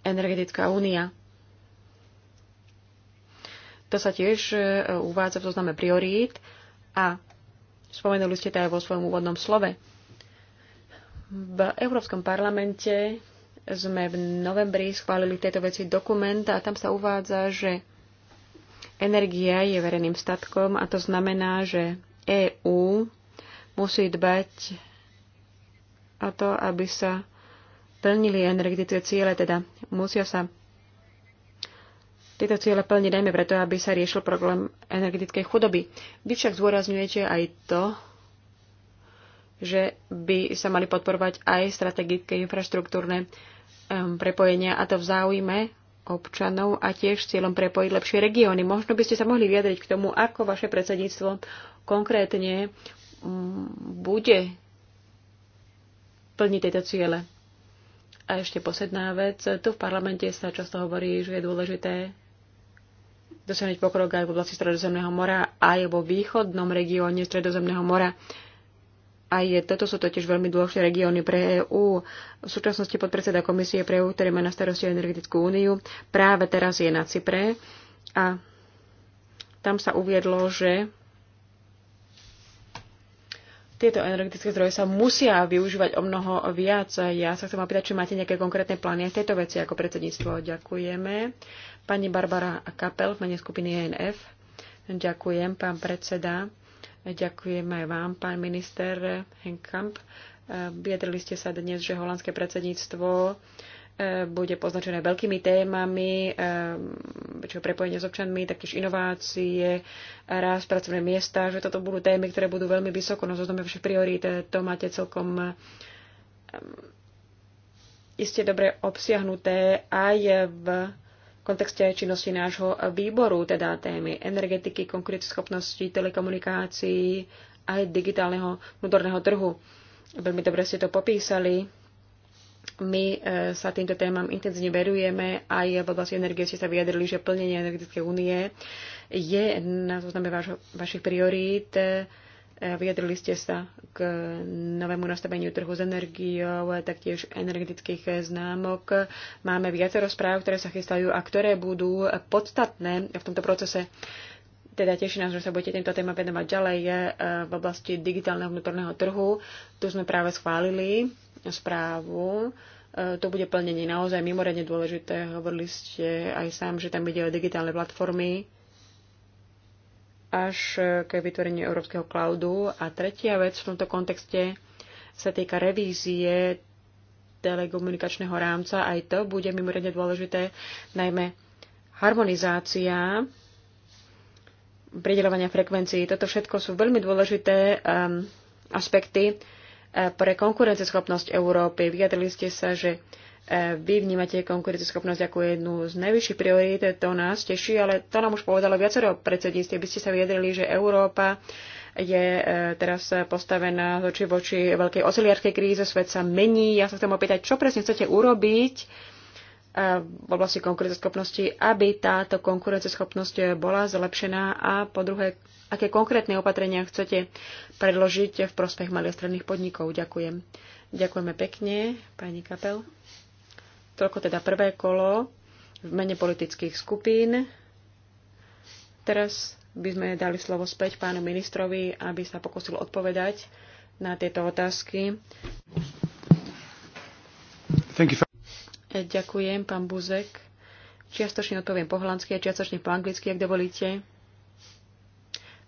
Energetická únia. To sa tiež e, uvádza v zozname priorít a spomenuli ste to aj vo svojom úvodnom slove. V Európskom parlamente sme v novembri schválili tejto veci dokument a tam sa uvádza, že energia je verejným statkom a to znamená, že EÚ musí dbať o to, aby sa plnili energetické ciele, teda musia sa tieto ciele plniť najmä preto, aby sa riešil problém energetickej chudoby. Vy však zdôrazňujete aj to, že by sa mali podporovať aj strategické infraštruktúrne prepojenia a to v záujme občanov a tiež s cieľom prepojiť lepšie regióny. Možno by ste sa mohli vyjadriť k tomu, ako vaše predsedníctvo konkrétne bude plniť tieto ciele. A ešte posledná vec. Tu v parlamente sa často hovorí, že je dôležité dosiahnuť pokrok aj v oblasti Stredozemného mora, aj vo východnom regióne Stredozemného mora. Aj toto sú totiž veľmi dôležité regióny pre EÚ. V súčasnosti podpredseda Komisie pre EÚ, ktorý má na starosti energetickú úniu, práve teraz je na Cypre a tam sa uviedlo, že tieto energetické zdroje sa musia využívať o mnoho viac. Ja sa chcem opýtať, či máte nejaké konkrétne plány aj v tejto veci ako predsedníctvo. Ďakujeme. Pani Barbara Kapel v mene skupiny ENF. Ďakujem, pán predseda. Ďakujem aj vám, pán minister Henkamp. E, Viedrili ste sa dnes, že holandské predsedníctvo e, bude poznačené veľkými témami, e, väčšieho prepojenie s občanmi, taktiež inovácie, rast pracovné miesta, že toto budú témy, ktoré budú veľmi vysoko no zozname vašich priorít. To máte celkom iste dobre obsiahnuté aj v kontexte aj činnosti nášho výboru, teda témy energetiky, konkurenceschopnosti, telekomunikácií, aj digitálneho vnútorného trhu. Veľmi dobre ste to popísali. My e, sa týmto témam intenzívne verujeme. Aj v oblasti energie ste sa vyjadrili, že plnenie energetickej únie je na zozname vaš- vašich priorít. Vyjadrili ste sa k novému nastaveniu trhu s energiou, taktiež energetických známok. Máme viacero správ, ktoré sa chystajú a ktoré budú podstatné v tomto procese. Teda teší nás, že sa budete tento téma venovať ďalej eh, v oblasti digitálneho vnútorného trhu. Tu sme práve schválili správu. Eh, to bude plnenie naozaj mimoriadne dôležité. Hovorili ste aj sám, že tam ide o digitálne platformy až k vytvoreniu európskeho cloudu. A tretia vec v tomto kontexte sa týka revízie telekomunikačného rámca. Aj to bude mimoriadne dôležité, najmä harmonizácia pridelovania frekvencií. Toto všetko sú veľmi dôležité um, aspekty uh, pre konkurenceschopnosť Európy. Vyjadrili ste sa, že uh, E, vy vnímate konkurenceschopnosť ako jednu z najvyšších priorít, to nás teší, ale to nám už povedalo viacero predsedníctv, By ste sa vyjadrili, že Európa je e, teraz postavená voči voči veľkej osiliarskej kríze, svet sa mení. Ja sa chcem opýtať, čo presne chcete urobiť e, v oblasti konkurenceschopnosti, aby táto konkurenceschopnosť bola zlepšená a po druhé, aké konkrétne opatrenia chcete predložiť v prospech malých stredných podnikov. Ďakujem. Ďakujeme pekne, pani Kapel. Toľko teda prvé kolo v mene politických skupín. Teraz by sme dali slovo späť pánu ministrovi, aby sa pokusil odpovedať na tieto otázky. E, ďakujem, pán Buzek. Čiastočne odpoviem po holandsky a čiastočne po anglicky, ak dovolíte.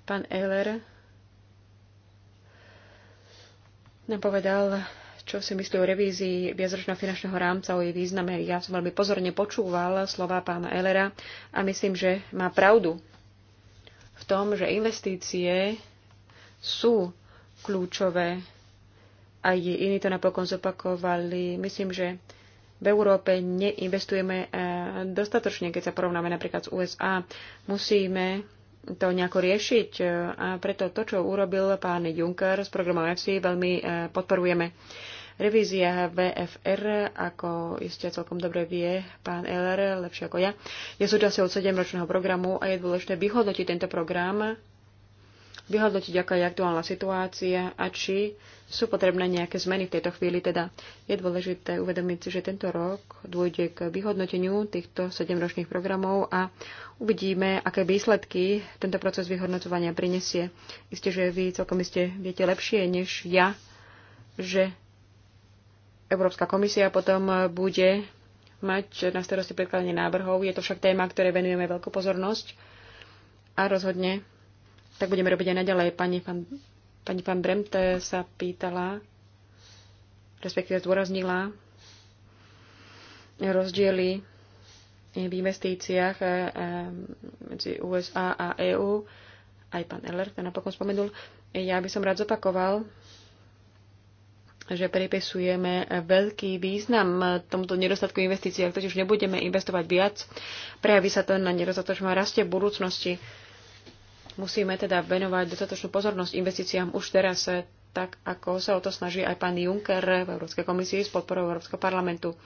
Pán Ehler nám povedal, čo si myslí o revízii viacročného finančného rámca, o jej význame. Ja som veľmi pozorne počúval slova pána Elera a myslím, že má pravdu v tom, že investície sú kľúčové. Aj iní to napokon zopakovali. Myslím, že v Európe neinvestujeme eh, dostatočne, keď sa porovnáme napríklad s USA. Musíme to nejako riešiť eh, a preto to, čo urobil pán Juncker z programu EFSI, veľmi eh, podporujeme. Revízia VFR, ako iste celkom dobre vie pán LR, lepšie ako ja, je súčasťou 7-ročného programu a je dôležité vyhodnotiť tento program, vyhodnotiť, aká je aktuálna situácia a či sú potrebné nejaké zmeny v tejto chvíli. Teda je dôležité uvedomiť si, že tento rok dôjde k vyhodnoteniu týchto 7-ročných programov a uvidíme, aké výsledky tento proces vyhodnocovania prinesie. Isté, že vy celkom iste viete lepšie než ja, že Európska komisia potom eh, bude mať na starosti predkladanie návrhov. Je to však téma, ktoré venujeme veľkú pozornosť a rozhodne tak budeme robiť aj naďalej. Pani pán, pani pán Bremt sa pýtala, respektíve zdôraznila rozdiely v investíciách eh, eh, medzi USA a EÚ. Aj pán Eller to napokon spomenul. Ja by som rád zopakoval, že pripisujeme veľký význam tomto nedostatku investícií. Ak totiž nebudeme investovať viac, prejaví sa to na nedostatočnom raste v budúcnosti. Musíme teda venovať dostatočnú pozornosť investíciám už teraz, tak ako sa o to snaží aj pán Juncker v Európskej komisii s podporou Európskeho parlamentu.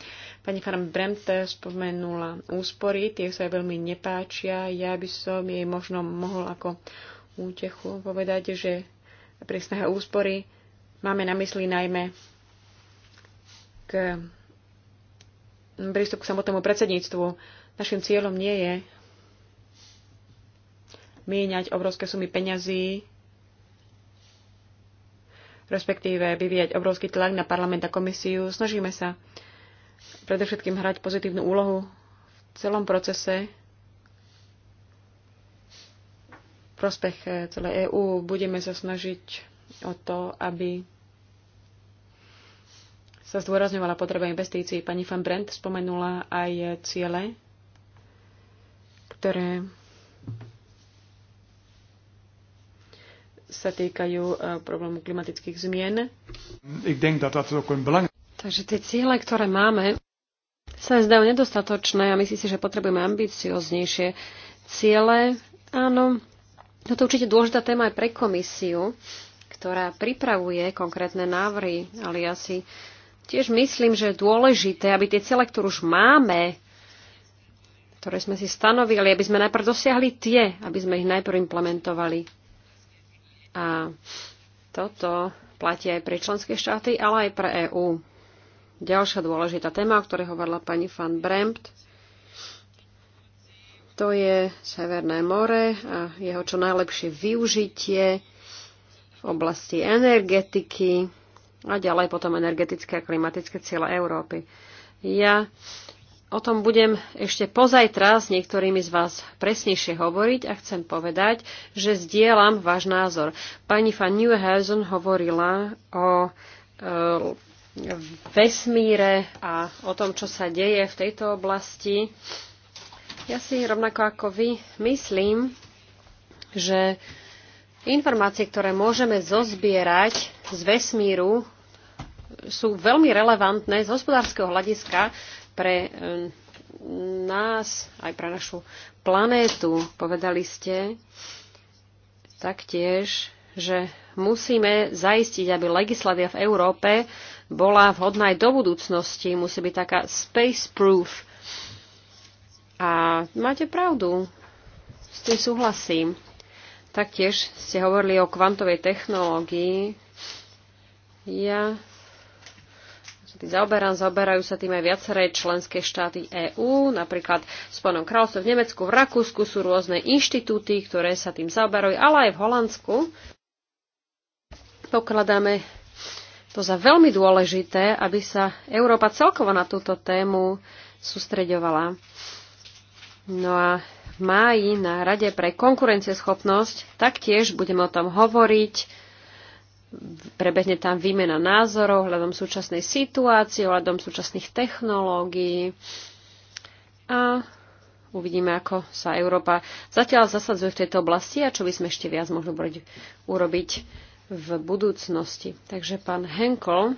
Pani Farm Bremt spomenula úspory, tie sa jej veľmi nepáčia. Ja by som jej možno mohol ako útechu povedať, že pri snahe úspory Máme na mysli najmä k prístup k samotnému predsedníctvu. Našim cieľom nie je míňať obrovské sumy peňazí, respektíve vyvíjať obrovský tlak na parlament a komisiu. Snažíme sa predovšetkým hrať pozitívnu úlohu v celom procese prospech eh, celej EÚ. Budeme sa snažiť o to, aby sa zdôrazňovala potreba investícií. Pani van Brent spomenula aj ciele, ktoré sa týkajú eh, problému klimatických zmien. Takže tie ciele, ktoré máme, sa zdajú nedostatočné a myslím si, že potrebujeme ambicioznejšie ciele. Áno, toto je určite dôležitá téma aj pre komisiu ktorá pripravuje konkrétne návrhy, ale ja si tiež myslím, že je dôležité, aby tie cele, ktoré už máme, ktoré sme si stanovili, aby sme najprv dosiahli tie, aby sme ich najprv implementovali. A toto platí aj pre členské štáty, ale aj pre EÚ. Ďalšia dôležitá téma, o ktorej hovorila pani van Brempt, to je Severné more a jeho čo najlepšie využitie v oblasti energetiky a ďalej potom energetické a klimatické ciele Európy. Ja o tom budem ešte pozajtra s niektorými z vás presnejšie hovoriť a chcem povedať, že zdieľam váš názor. Pani van Nieuhausen hovorila o e, vesmíre a o tom, čo sa deje v tejto oblasti. Ja si rovnako ako vy myslím, že e, informácie, ktoré môžeme zozbierať z vesmíru, sú veľmi relevantné z hospodárskeho hľadiska pre eh, nás, aj pre našu planétu. Povedali ste taktiež, že musíme zaistiť, aby legislatíva v Európe bola vhodná aj do budúcnosti. Musí byť taká space-proof. A máte pravdu. S tým súhlasím. Taktiež ste hovorili o kvantovej technológii. Ja sa tým zaoberám, zaoberajú sa tým aj viaceré členské štáty EÚ, napríklad v Spojenom kráľovstve, v Nemecku, v Rakúsku sú rôzne inštitúty, ktoré sa tým zaoberajú, ale aj v Holandsku. Pokladáme to za veľmi dôležité, aby sa Európa celkovo na túto tému sústreďovala. No a máji na Rade pre konkurencieschopnosť. Taktiež budeme o tom hovoriť. Prebehne tam výmena názorov hľadom súčasnej situácie, hľadom súčasných technológií. A uvidíme, ako sa Európa zatiaľ zasadzuje v tejto oblasti a čo by sme ešte viac mohli urobiť v budúcnosti. Takže pán Henkel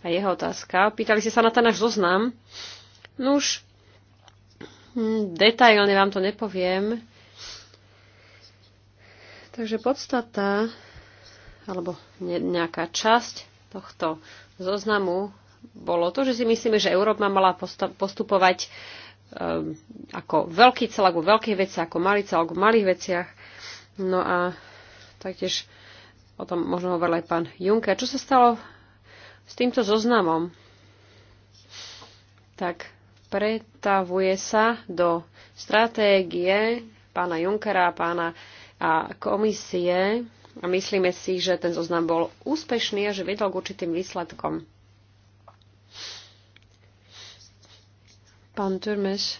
a jeho otázka. Pýtali ste sa na ten náš zoznam. No už. Hm, detailne vám to nepoviem. Takže podstata, alebo nejaká časť tohto zoznamu bolo to, že si myslíme, že Európa mala postupovať um, ako veľký celok vo veľkých veciach, ako malý celok v malých veciach. No a taktiež o tom možno hovoril aj pán Juncker. Čo sa stalo s týmto zoznamom? Tak pretavuje sa do stratégie pána Junkera a pána a komisie a myslíme si, že ten zoznam bol úspešný a že vedol k určitým výsledkom. Pán Turmes.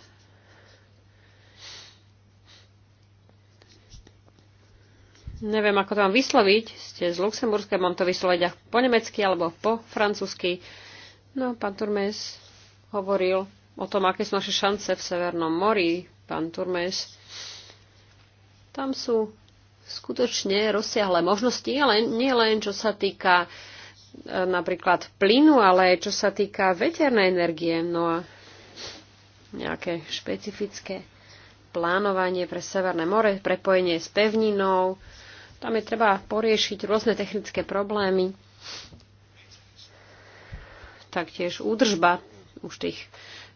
Neviem, ako to mám vysloviť. Ste z Luxemburska, mám to vysloviť po nemecky alebo po francúzsky. No, pán Turmes hovoril o tom, aké sú naše šance v Severnom mori, pán Turmes. Tam sú skutočne rozsiahle možnosti, ale nie len čo sa týka e, napríklad plynu, ale čo sa týka veternej energie. No a nejaké špecifické plánovanie pre Severné more, prepojenie s pevninou. Tam je treba poriešiť rôzne technické problémy. Taktiež údržba už tých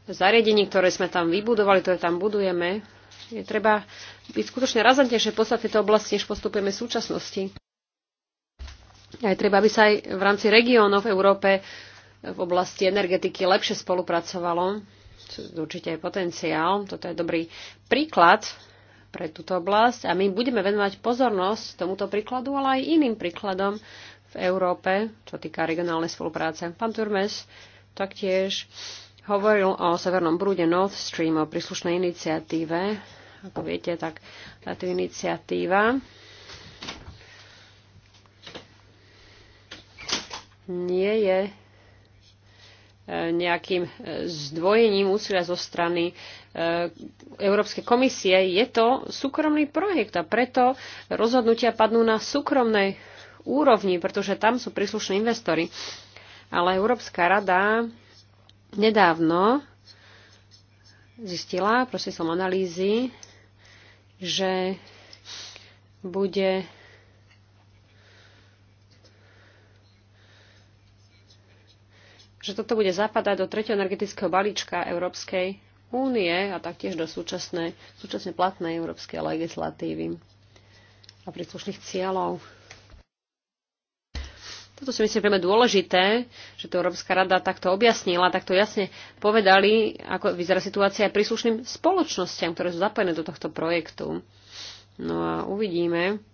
zariadení, ktoré sme tam vybudovali, ktoré tam budujeme. Je treba byť skutočne razantnejšie v tejto oblasti, než postupujeme v súčasnosti. Aj treba, aby sa aj v rámci regiónov v Európe v oblasti energetiky lepšie spolupracovalo. Určite je potenciál. Toto je dobrý príklad pre túto oblasť a my budeme venovať pozornosť tomuto príkladu, ale aj iným príkladom v Európe, čo týka regionálnej spolupráce. Pán Turmes taktiež hovoril o Severnom brúde Nord Stream, o príslušnej iniciatíve. Ako viete, tak táto iniciatíva nie je e, nejakým e, zdvojením úsilia zo strany e, Európskej komisie. Je to súkromný projekt a preto rozhodnutia padnú na súkromnej úrovni, pretože tam sú príslušní investory. Ale Európska rada nedávno zistila som analýzy, že bude že toto bude zapadať do tretieho energetického balíčka Európskej únie a taktiež do súčasnej, súčasne platnej európskej legislatívy a príslušných cieľov. Toto si myslím veľmi dôležité, že to Európska rada takto objasnila, takto jasne povedali, ako vyzerá situácia aj príslušným spoločnosťam, ktoré sú zapojené do tohto projektu. No a uvidíme,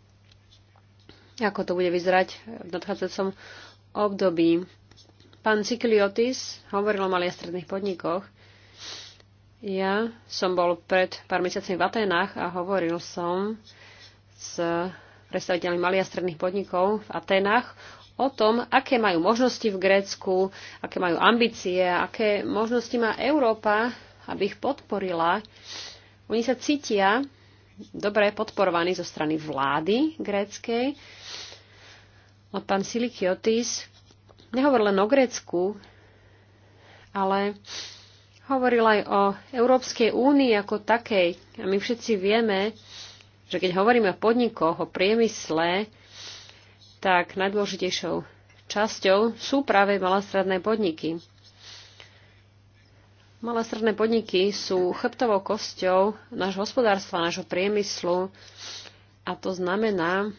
ako to bude vyzerať v nadchádzajúcom období. Pán Cikliotis hovoril o malých a stredných podnikoch. Ja som bol pred pár mesiacmi v Atenách a hovoril som s predstaviteľmi malých a stredných podnikov v Atenách o tom, aké majú možnosti v Grécku, aké majú ambície, aké možnosti má Európa, aby ich podporila. Oni sa cítia dobre podporovaní zo strany vlády gréckej. od pán Silikiotis nehovoril len o Grécku, ale hovoril aj o Európskej únii ako takej. A my všetci vieme, že keď hovoríme o podnikoch, o priemysle, tak najdôležitejšou časťou sú práve malé podniky. Malé podniky sú chrbtovou kosťou nášho hospodárstva, nášho priemyslu a to znamená,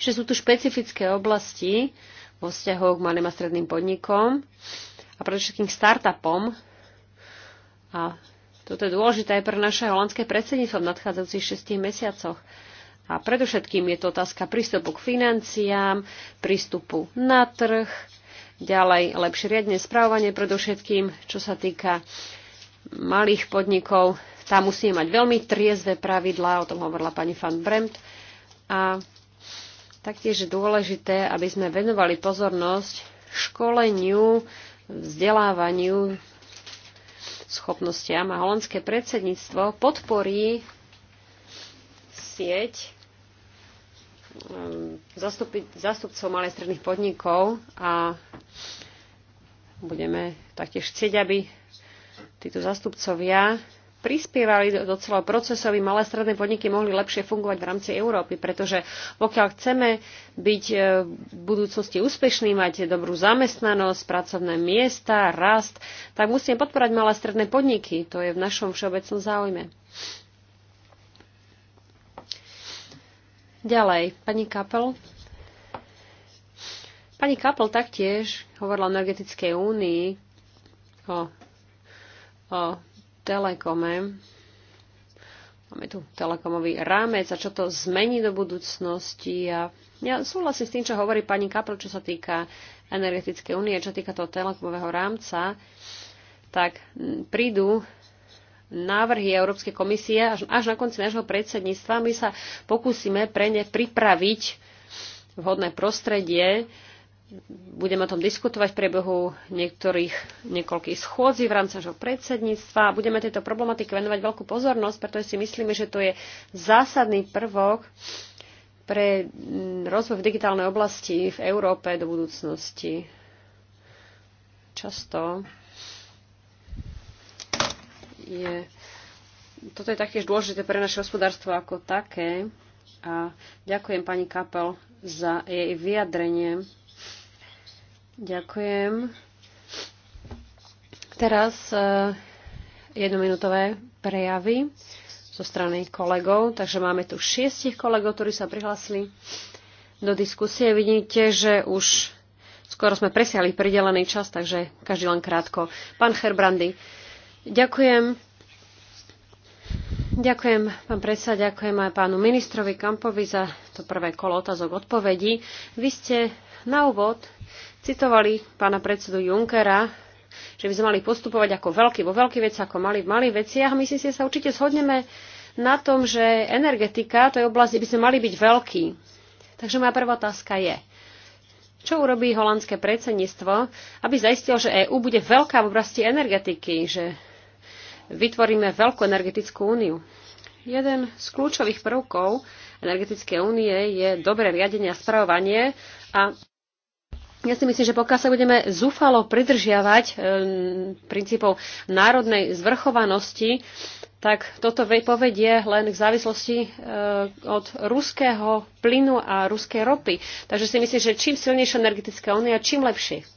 že sú tu špecifické oblasti vo vzťahu k malým a stredným podnikom a predovšetkým startupom. A toto je dôležité aj pre naše holandské predsedníctvo v nadchádzajúcich 6 mesiacoch. A predovšetkým je to otázka prístupu k financiám, prístupu na trh, ďalej lepšie riadne správanie, predovšetkým čo sa týka malých podnikov. Tam musíme mať veľmi triezve pravidlá, o tom hovorila pani Van Bremt. A taktiež je dôležité, aby sme venovali pozornosť školeniu, vzdelávaniu, schopnostiam a holandské predsedníctvo podporí sieť Um, zástupcov zastupcov malých stredných podnikov a budeme taktiež chcieť, aby títo zastupcovia prispievali do, do celého procesu, aby malé stredné podniky mohli lepšie fungovať v rámci Európy, pretože pokiaľ chceme byť e, v budúcnosti úspešní, mať dobrú zamestnanosť, pracovné miesta, rast, tak musíme podporať malé stredné podniky. To je v našom všeobecnom záujme. Ďalej, pani Kapel. Pani Kapel taktiež hovorila o energetickej únii, o, o telekome. Máme tu telekomový rámec a čo to zmení do budúcnosti. A ja súhlasím s tým, čo hovorí pani Kapel, čo sa týka energetickej únie, čo týka toho telekomového rámca, tak prídu návrhy Európskej komisie až, až na konci nášho predsedníctva. My sa pokúsime pre ne pripraviť vhodné prostredie. Budeme o tom diskutovať v priebehu niektorých, niekoľkých schôdzí v rámci nášho predsedníctva a budeme tejto problematike venovať veľkú pozornosť, pretože si myslíme, že to je zásadný prvok pre mm, rozvoj v digitálnej oblasti v Európe do budúcnosti. Často je, toto je taktiež dôležité pre naše hospodárstvo ako také. A ďakujem pani Kapel za jej vyjadrenie. Ďakujem. Teraz e, jednominútové prejavy zo strany kolegov. Takže máme tu šiestich kolegov, ktorí sa prihlásili do diskusie. Vidíte, že už skoro sme presiahli pridelený čas, takže každý len krátko. Pán Herbrandy, Ďakujem. Ďakujem, pán predseda, ďakujem aj pánu ministrovi Kampovi za to prvé kolo otázok odpovedí. Vy ste na úvod citovali pána predsedu Junckera, že by sme mali postupovať ako veľký vo veľkých veciach, ako mali v malých veciach. My si sa určite shodneme na tom, že energetika, to je oblasť, kde by sme mali byť veľkí. Takže moja prvá otázka je, čo urobí holandské predsedníctvo, aby zaistilo, že EÚ bude veľká v oblasti energetiky, že vytvoríme veľkú energetickú úniu. Jeden z kľúčových prvkov energetickej únie je dobré riadenie a spravovanie a ja si myslím, že pokiaľ sa budeme zúfalo pridržiavať e, princípov národnej zvrchovanosti, tak toto povedie len k závislosti e, od ruského plynu a ruskej ropy. Takže si myslím, že čím silnejšia energetická únia, čím lepšie.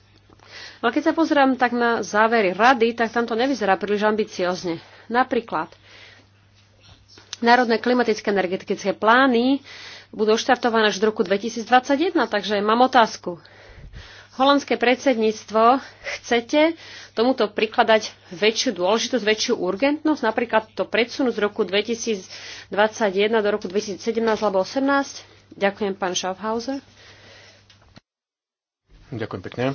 No Ale keď sa pozerám tak na závery rady, tak tam to nevyzerá príliš ambiciozne. Napríklad, národné klimatické energetické plány budú štartované až v roku 2021, takže mám otázku. Holandské predsedníctvo, chcete tomuto prikladať väčšiu dôležitosť, väčšiu urgentnosť, napríklad to predsunúť z roku 2021 do roku 2017 alebo 2018? Ďakujem, pán Schaffhauser. Ďakujem pekne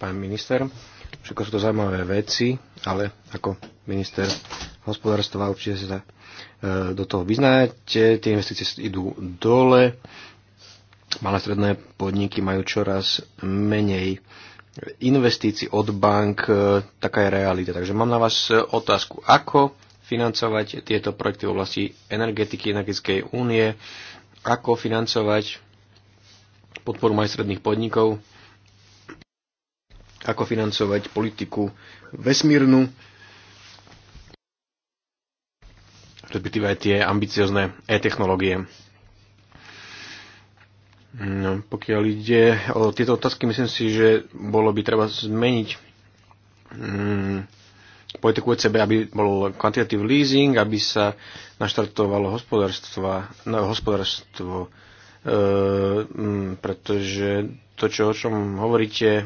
pán minister. Všetko sú to zaujímavé veci, ale ako minister hospodárstva určite sa e, do toho vyznáte. Tie investície idú dole, malé stredné podniky majú čoraz menej investícií od bank, e, taká je realita. Takže mám na vás otázku, ako financovať tieto projekty v oblasti energetiky, energetickej únie, ako financovať podporu malých stredných podnikov ako financovať politiku vesmírnu, respektíve aj tie ambiciozne e-technológie. No, pokiaľ ide o tieto otázky, myslím si, že bolo by treba zmeniť mm, politiku ECB, aby bol quantitative leasing, aby sa naštartovalo hospodárstvo, no, hospodárstvo Ehm, mm, pretože to, čo, o čom hovoríte e,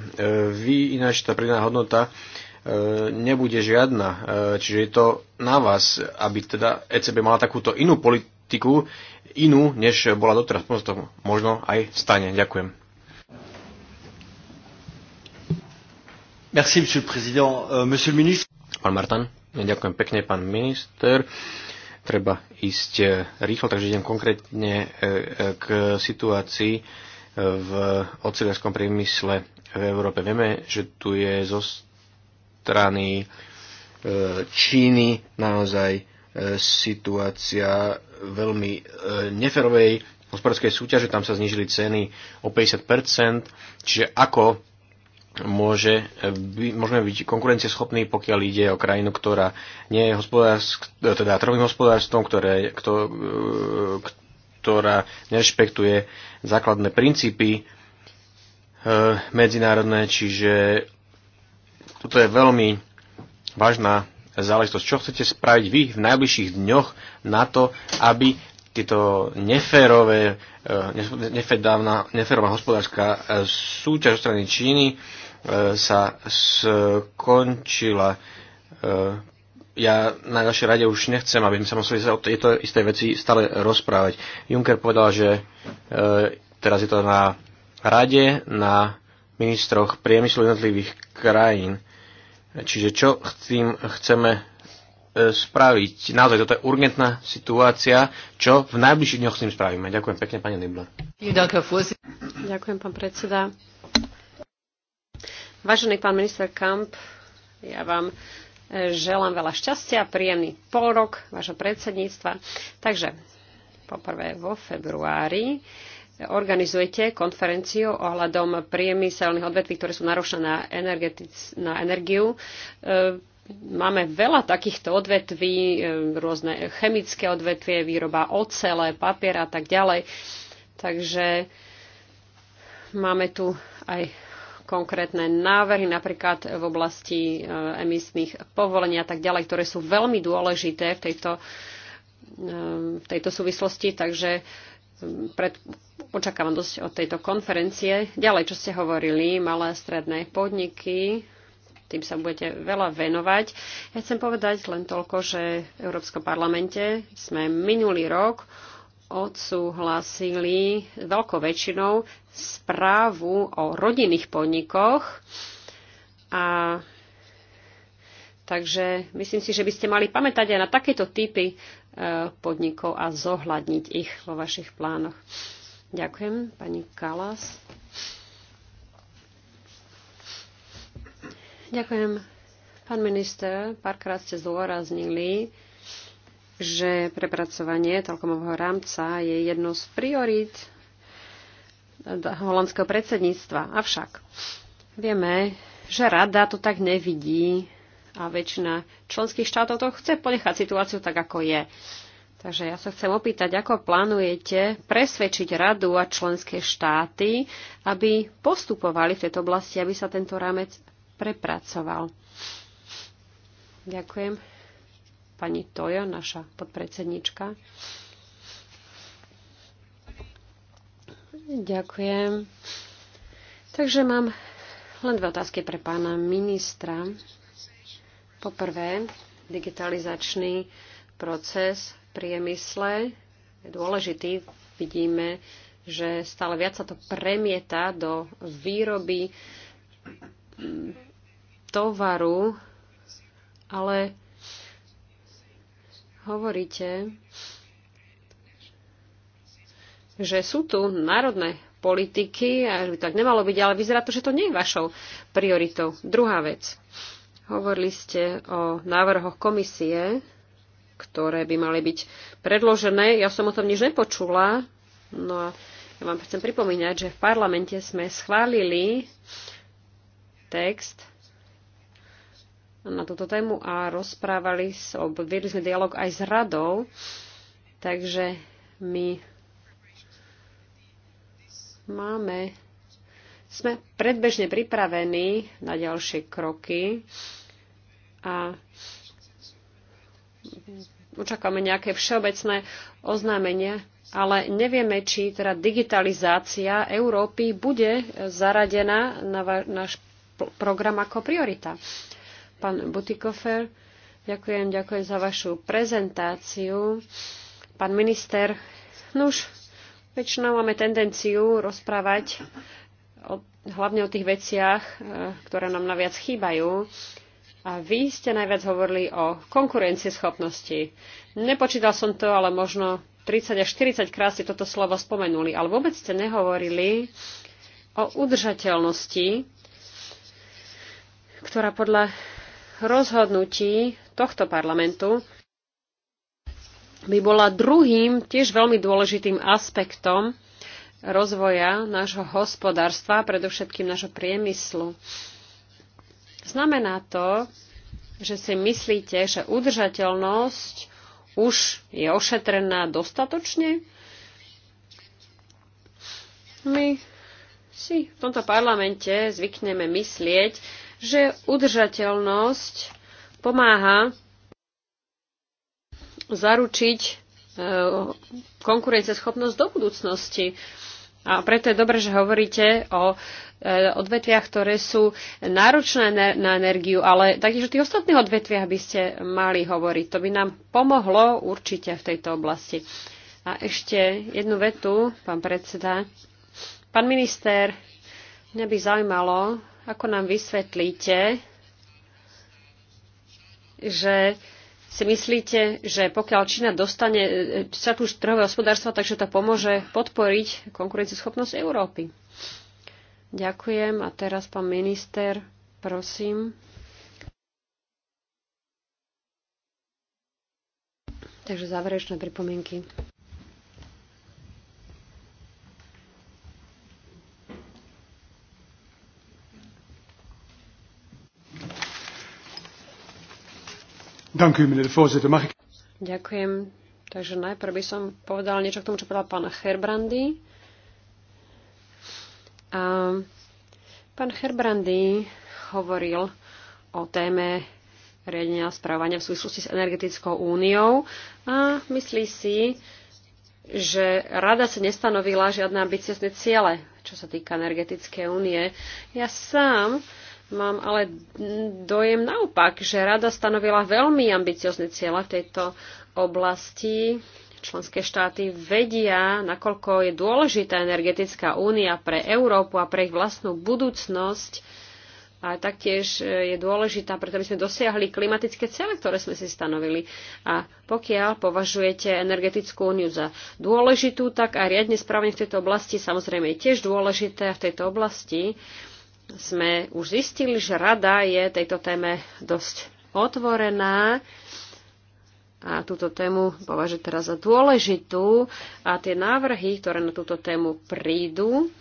vy, ináč tá pridaná hodnota e, nebude žiadna. E, čiže je to na vás, aby teda ECB mala takúto inú politiku, inú, než bola doteraz. To možno aj stane. Ďakujem. Merci, monsieur le président. Euh, monsieur le ministre. Pán Martin, ďakujem pekne, pán minister treba ísť e, rýchlo, takže idem konkrétne e, e, k situácii v ocelárskom priemysle v Európe. Vieme, že tu je zo strany Číny naozaj situácia veľmi neferovej hospodárskej súťaže, tam sa znižili ceny o 50%, čiže ako môže, by, môžeme byť konkurencieschopní, pokiaľ ide o krajinu, ktorá nie je teda trhovým hospodárstvom, ktoré, kto, e, ktorá nerešpektuje základné princípy e, medzinárodné, čiže toto je veľmi vážna záležitosť. Čo chcete spraviť vy v najbližších dňoch na to, aby tieto neférové, e, neférová hospodárska e, súťaž zo strany Číny E, sa skončila. E, ja na našej rade už nechcem, aby sme sa museli o tejto istej veci stále rozprávať. Juncker povedal, že e, teraz je to na rade, na ministroch priemyslu jednotlivých krajín. Čiže čo tým chceme spraviť? Naozaj, toto je urgentná situácia. Čo v najbližších dňoch s tým spravíme? Ďakujem pekne, pani Nibla. Ďakujem, pán predseda. Vážený pán minister Kamp, ja vám e, želám veľa šťastia, príjemný polrok vašho predsedníctva. Takže poprvé vo februári organizujete konferenciu ohľadom priemyselných odvetví, ktoré sú narušené na, na energiu. E, máme veľa takýchto odvetví, e, rôzne chemické odvetvie, výroba ocele, papiera a tak ďalej. Takže máme tu aj konkrétne návrhy, napríklad v oblasti e, emisných povolení a tak ďalej, ktoré sú veľmi dôležité v tejto, e, v tejto súvislosti. Takže e, pred, očakávam dosť od tejto konferencie. Ďalej, čo ste hovorili, malé a stredné podniky, tým sa budete veľa venovať. Ja chcem povedať len toľko, že v Európskom parlamente sme minulý rok odsúhlasili veľkou väčšinou správu o rodinných podnikoch. A takže myslím si, že by ste mali pamätať aj na takéto typy e, podnikov a zohľadniť ich vo vašich plánoch. Ďakujem, pani Kalas. Ďakujem. Pán minister, párkrát ste zdôraznili, že prepracovanie telkomového rámca je jedno z priorít holandského predsedníctva. Avšak vieme, že rada to tak nevidí a väčšina členských štátov to chce ponechať situáciu tak, ako je. Takže ja sa chcem opýtať, ako plánujete presvedčiť radu a členské štáty, aby postupovali v tejto oblasti, aby sa tento rámec prepracoval. Ďakujem pani Toja, naša podpredsednička. Ďakujem. Takže mám len dve otázky pre pána ministra. Poprvé, digitalizačný proces v priemysle je dôležitý. Vidíme, že stále viac sa to premieta do výroby tovaru, ale hovoríte, že sú tu národné politiky a že by tak nemalo byť, ale vyzerá to, že to nie je vašou prioritou. Druhá vec. Hovorili ste o návrhoch komisie, ktoré by mali byť predložené. Ja som o tom nič nepočula. No a ja vám chcem pripomínať, že v parlamente sme schválili text na túto tému a rozprávali, viedli sme dialog aj s radou, takže my máme, sme predbežne pripravení na ďalšie kroky a očakávame nejaké všeobecné oznámenia, ale nevieme, či teda digitalizácia Európy bude zaradená na váš program ako priorita pán Butikofer. Ďakujem, ďakujem za vašu prezentáciu. Pán minister, nuž, väčšinou máme tendenciu rozprávať o, hlavne o tých veciach, e, ktoré nám naviac chýbajú. A vy ste najviac hovorili o konkurencieschopnosti. Nepočítal som to, ale možno 30 až 40 krát ste toto slovo spomenuli, ale vôbec ste nehovorili o udržateľnosti, ktorá podľa rozhodnutí tohto parlamentu by bola druhým tiež veľmi dôležitým aspektom rozvoja nášho hospodárstva, predovšetkým nášho priemyslu. Znamená to, že si myslíte, že udržateľnosť už je ošetrená dostatočne? My si v tomto parlamente zvykneme myslieť, že udržateľnosť pomáha zaručiť e, konkurencieschopnosť do budúcnosti. A preto je dobré, že hovoríte o e, odvetviach, ktoré sú náročné na energiu, ale taktiež o tých ostatných odvetviach by ste mali hovoriť. To by nám pomohlo určite v tejto oblasti. A ešte jednu vetu, pán predseda. Pán minister, mňa by zaujímalo, ako nám vysvetlíte, že si myslíte, že pokiaľ Čína dostane e, e, status trhového hospodárstva, takže to pomôže podporiť konkurencieschopnosť Európy. Ďakujem. A teraz pán minister, prosím. Takže záverečné pripomienky. Ďakujem. Takže najprv by som povedal niečo k tomu, čo povedal pán Herbrandy. A pán Herbrandy hovoril o téme riadenia a správania v súvislosti s energetickou úniou a myslí si, že rada sa nestanovila žiadne ambiciozne ciele, čo sa týka energetické únie. Ja sám Mám ale dojem naopak, že rada stanovila veľmi ambiciozne cieľa v tejto oblasti. Členské štáty vedia, nakoľko je dôležitá energetická únia pre Európu a pre ich vlastnú budúcnosť. A taktiež e, je dôležitá, preto by sme dosiahli klimatické cele, ktoré sme si stanovili. A pokiaľ považujete energetickú úniu za dôležitú, tak aj riadne správne v tejto oblasti samozrejme je tiež dôležité v tejto oblasti sme už zistili, že rada je tejto téme dosť otvorená a túto tému považuje teraz za dôležitú a tie návrhy, ktoré na túto tému prídu,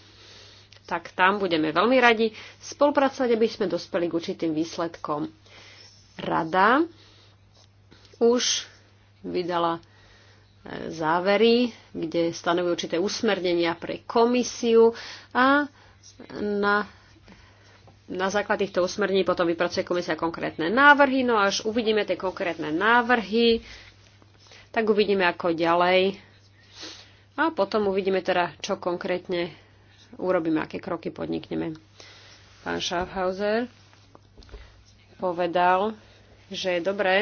tak tam budeme veľmi radi spolupracovať, aby sme dospeli k určitým výsledkom. Rada už vydala e, závery, kde stanovujú určité usmernenia pre komisiu a na na základ týchto usmerní potom vypracuje komisia konkrétne návrhy, no až uvidíme tie konkrétne návrhy, tak uvidíme ako ďalej. A potom uvidíme teda, čo konkrétne urobíme, aké kroky podnikneme. Pán Schaffhauser povedal, že je dobré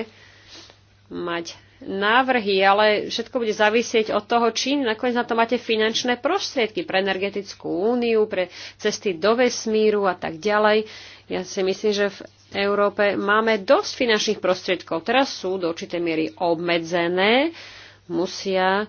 mať návrhy, ale všetko bude zavisieť od toho, či nakoniec na to máte finančné prostriedky pre energetickú úniu, pre cesty do vesmíru a tak ďalej. Ja si myslím, že v Európe máme dosť finančných prostriedkov. Teraz sú do určitej miery obmedzené, musia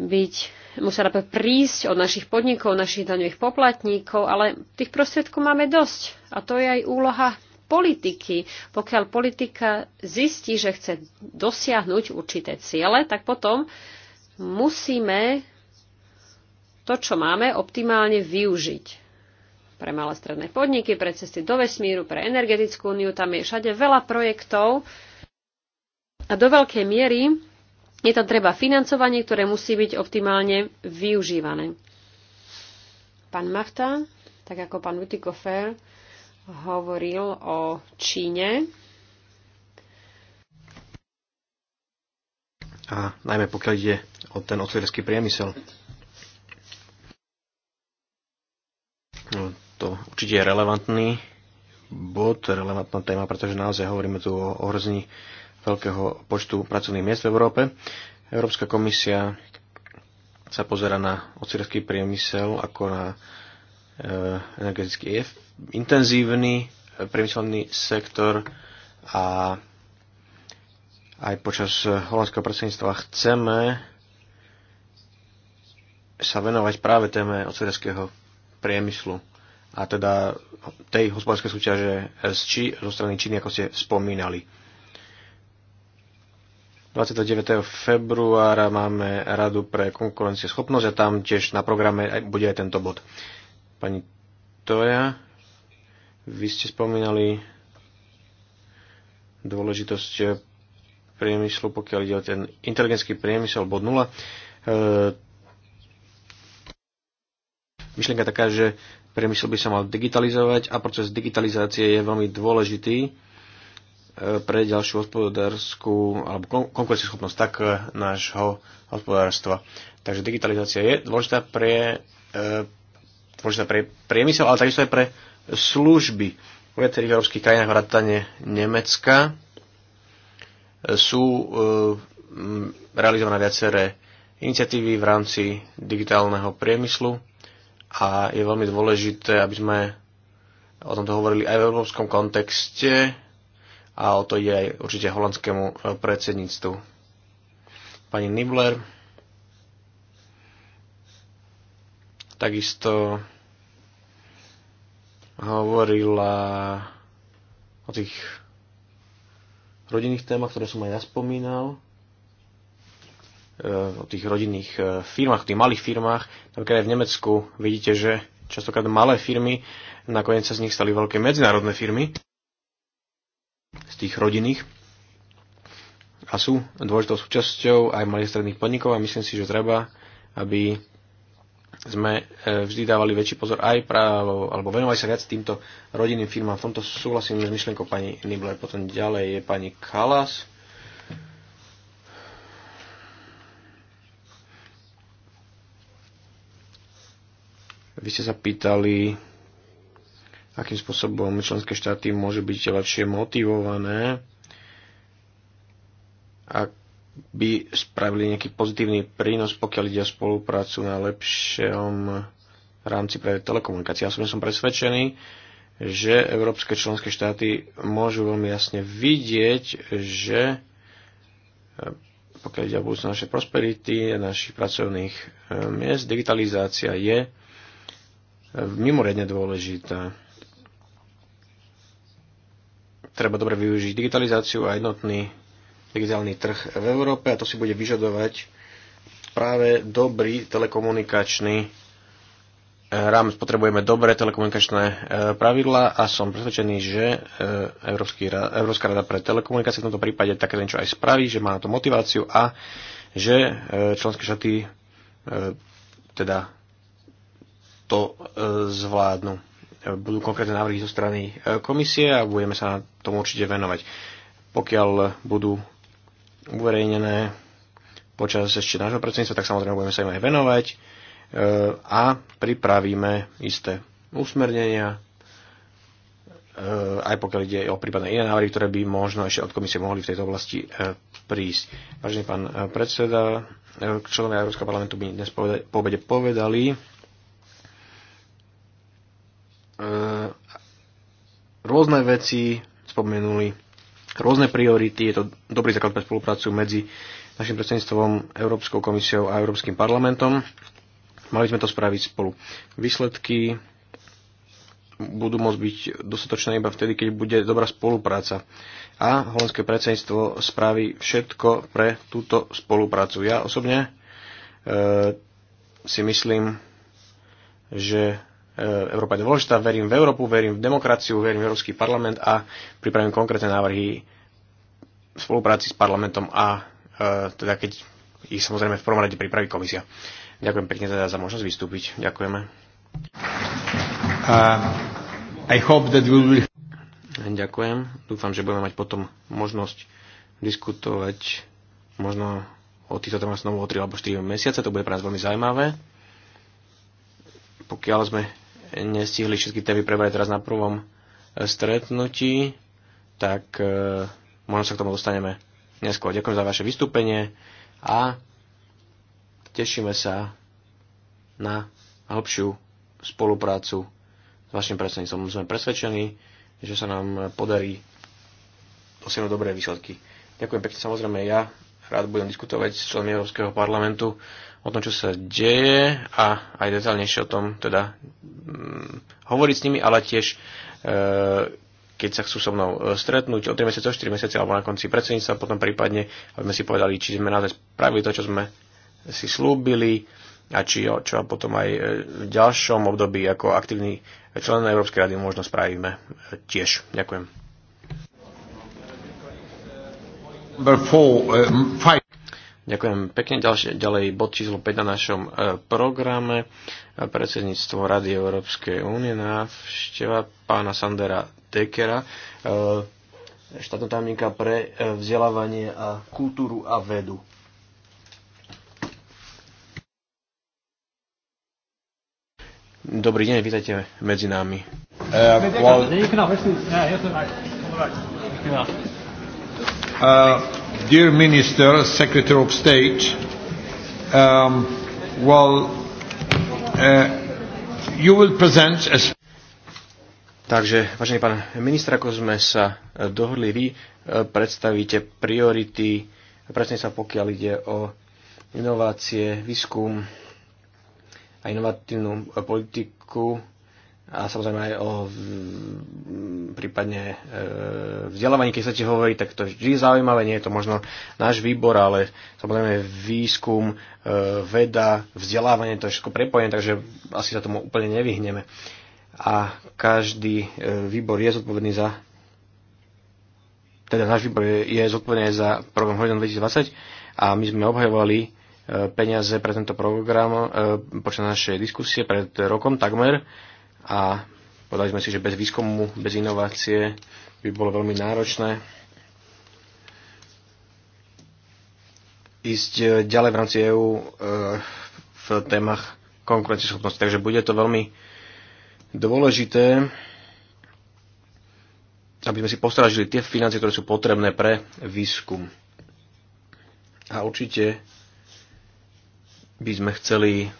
byť, musia napríklad prísť od našich podnikov, našich daňových poplatníkov, ale tých prostriedkov máme dosť. A to je aj úloha politiky. Pokiaľ politika zistí, že chce dosiahnuť určité ciele, tak potom musíme to, čo máme, optimálne využiť pre malé stredné podniky, pre cesty do vesmíru, pre energetickú úniu. Tam je všade veľa projektov a do veľkej miery je tam treba financovanie, ktoré musí byť optimálne využívané. Pán Machta, tak ako pán Lutikofer, hovoril o Číne. A najmä pokiaľ ide o ten ocelierský priemysel. No, to určite je relevantný bod, relevantná téma, pretože naozaj hovoríme tu o ohrození veľkého počtu pracovných miest v Európe. Európska komisia sa pozera na ocelierský priemysel ako na Eh, energeticky intenzívny eh, priemyselný sektor a aj počas eh, holandského predsedníctva chceme sa venovať práve téme oceľského priemyslu a teda tej hospodárskej súťaže z Čí, zo strany Číny, ako ste spomínali. 29. februára máme Radu pre konkurencieschopnosť a tam tiež na programe bude aj tento bod. Pani Toja, vy ste spomínali dôležitosť priemyslu, pokiaľ ide o ten inteligentský priemysel bod 0. E, myšlienka taká, že priemysel by sa mal digitalizovať a proces digitalizácie je veľmi dôležitý e, pre ďalšiu hospodárskú alebo konkurencieschopnosť tak e, nášho hospodárstva. Takže digitalizácia je dôležitá pre e, dôležitá pre priemysel, ale takisto aj pre služby. V viacerých európskych krajinách vrátane Nemecka sú e, realizované viaceré iniciatívy v rámci digitálneho priemyslu a je veľmi dôležité, aby sme o tomto hovorili aj v európskom kontexte a o to ide aj určite holandskému e, predsedníctvu. Pani Nibler takisto hovorila o tých rodinných témach, ktoré som aj ja spomínal, e, o tých rodinných e, firmách, o tých malých firmách. Napríklad aj v Nemecku vidíte, že častokrát malé firmy, nakoniec sa z nich stali veľké medzinárodné firmy, z tých rodinných. A sú dôležitou súčasťou aj malých stredných podnikov a myslím si, že treba, aby sme e, vždy dávali väčší pozor aj právo, alebo venovali sa viac týmto rodinným firmám. V tomto súhlasím s myšlienkou pani Nibler. Potom ďalej je pani Kalas. Vy ste sa pýtali, akým spôsobom členské štáty môžu byť lepšie motivované, ak by spravili nejaký pozitívny prínos, pokiaľ ide o spoluprácu na lepšom rámci pre telekomunikácie. Ja som, som presvedčený, že európske členské štáty môžu veľmi jasne vidieť, že eh, pokiaľ ide o budúcnosť našej prosperity, našich pracovných eh, miest, digitalizácia je eh, mimoriadne dôležitá. Treba dobre využiť digitalizáciu a jednotný digitálny trh v Európe a to si bude vyžadovať práve dobrý telekomunikačný eh, rámec. Potrebujeme dobré telekomunikačné eh, pravidlá a som presvedčený, že eh, Európska rada pre telekomunikácie v tomto prípade také niečo aj spraví, že má na to motiváciu a že členské štáty teda to zvládnu. Budú konkrétne návrhy zo strany komisie a budeme sa tomu určite venovať. Pokiaľ budú uverejnené počas ešte nášho predsedníctva, tak samozrejme budeme sa im aj venovať e, a pripravíme isté usmernenia, e, aj pokiaľ ide o prípadné iné návrhy, ktoré by možno ešte od komisie mohli v tejto oblasti e, prísť. Vážený pán predseda, členovia Európskeho parlamentu by dnes po obede povedali, rôzne veci spomenuli rôzne priority. Je to dobrý základ pre spoluprácu medzi našim predsedníctvom, Európskou komisiou a Európskym parlamentom. Mali sme to spraviť spolu. Výsledky budú môcť byť dostatočné iba vtedy, keď bude dobrá spolupráca. A holandské predsedníctvo spraví všetko pre túto spoluprácu. Ja osobne e, si myslím, že E, Európa je dôležitá, verím v Európu, verím v demokraciu, verím v Európsky parlament a pripravím konkrétne návrhy v spolupráci s parlamentom a e, teda keď ich samozrejme v prvom rade pripraví komisia. Ďakujem pekne teda za možnosť vystúpiť. Ďakujeme. Uh, I hope that we will... Ďakujem. Dúfam, že budeme mať potom možnosť diskutovať možno o týchto témach znovu o 3 alebo 4 mesiace. To bude pre nás veľmi zaujímavé pokiaľ sme nestihli všetky témy prebrať teraz na prvom e, stretnutí, tak e, možno sa k tomu dostaneme neskôr. Ďakujem za vaše vystúpenie a tešíme sa na hĺbšiu spoluprácu s vašim predsedníctvom. Sme presvedčení, že sa nám podarí dosiahnuť dobré výsledky. Ďakujem pekne, samozrejme ja rád budem diskutovať s členmi Európskeho parlamentu o tom, čo sa deje a aj detálnejšie o tom teda hm, hovoriť s nimi, ale tiež e, keď sa chcú so mnou e, stretnúť o 3 mesiace, o 4 mesiace alebo na konci predsedníctva, potom prípadne, aby sme si povedali, či sme naozaj spravili to, čo sme si slúbili a či čo potom aj e, v ďalšom období ako aktívny člen Európskej rady možno spravíme e, tiež. Ďakujem. Ďakujem pekne. Ďalšie, ďalej bod číslo 5 na našom programe. Predsedníctvo Rady Európskej únie návšteva pána Sandera Tekera, štátneho tajomníka pre vzdelávanie a kultúru a vedu. Dobrý deň, vítajte medzi nami. Uh, well... Uh, dear Minister, Secretary of State, um, well, uh, you will present a Takže, vážený pán minister, ako sme sa dohodli, vy uh, predstavíte priority, presne sa pokiaľ ide o inovácie, výskum a inovatívnu politiku a samozrejme aj o prípadne e, vzdelávaní, keď ti hovorí, tak to je vždy zaujímavé, nie je to možno náš výbor, ale samozrejme výskum, e, veda, vzdelávanie, to je všetko prepojené, takže asi sa tomu úplne nevyhneme. A každý e, výbor je zodpovedný za teda náš výbor je, je zodpovedný za program Horizon 2020 a my sme obhajovali e, peniaze pre tento program e, počas našej diskusie pred rokom takmer a povedali sme si, že bez výskumu, bez inovácie by bolo veľmi náročné ísť e, ďalej v rámci EÚ e, v témach konkurencieschopnosti. Takže bude to veľmi dôležité, aby sme si postražili tie financie, ktoré sú potrebné pre výskum. A určite by sme chceli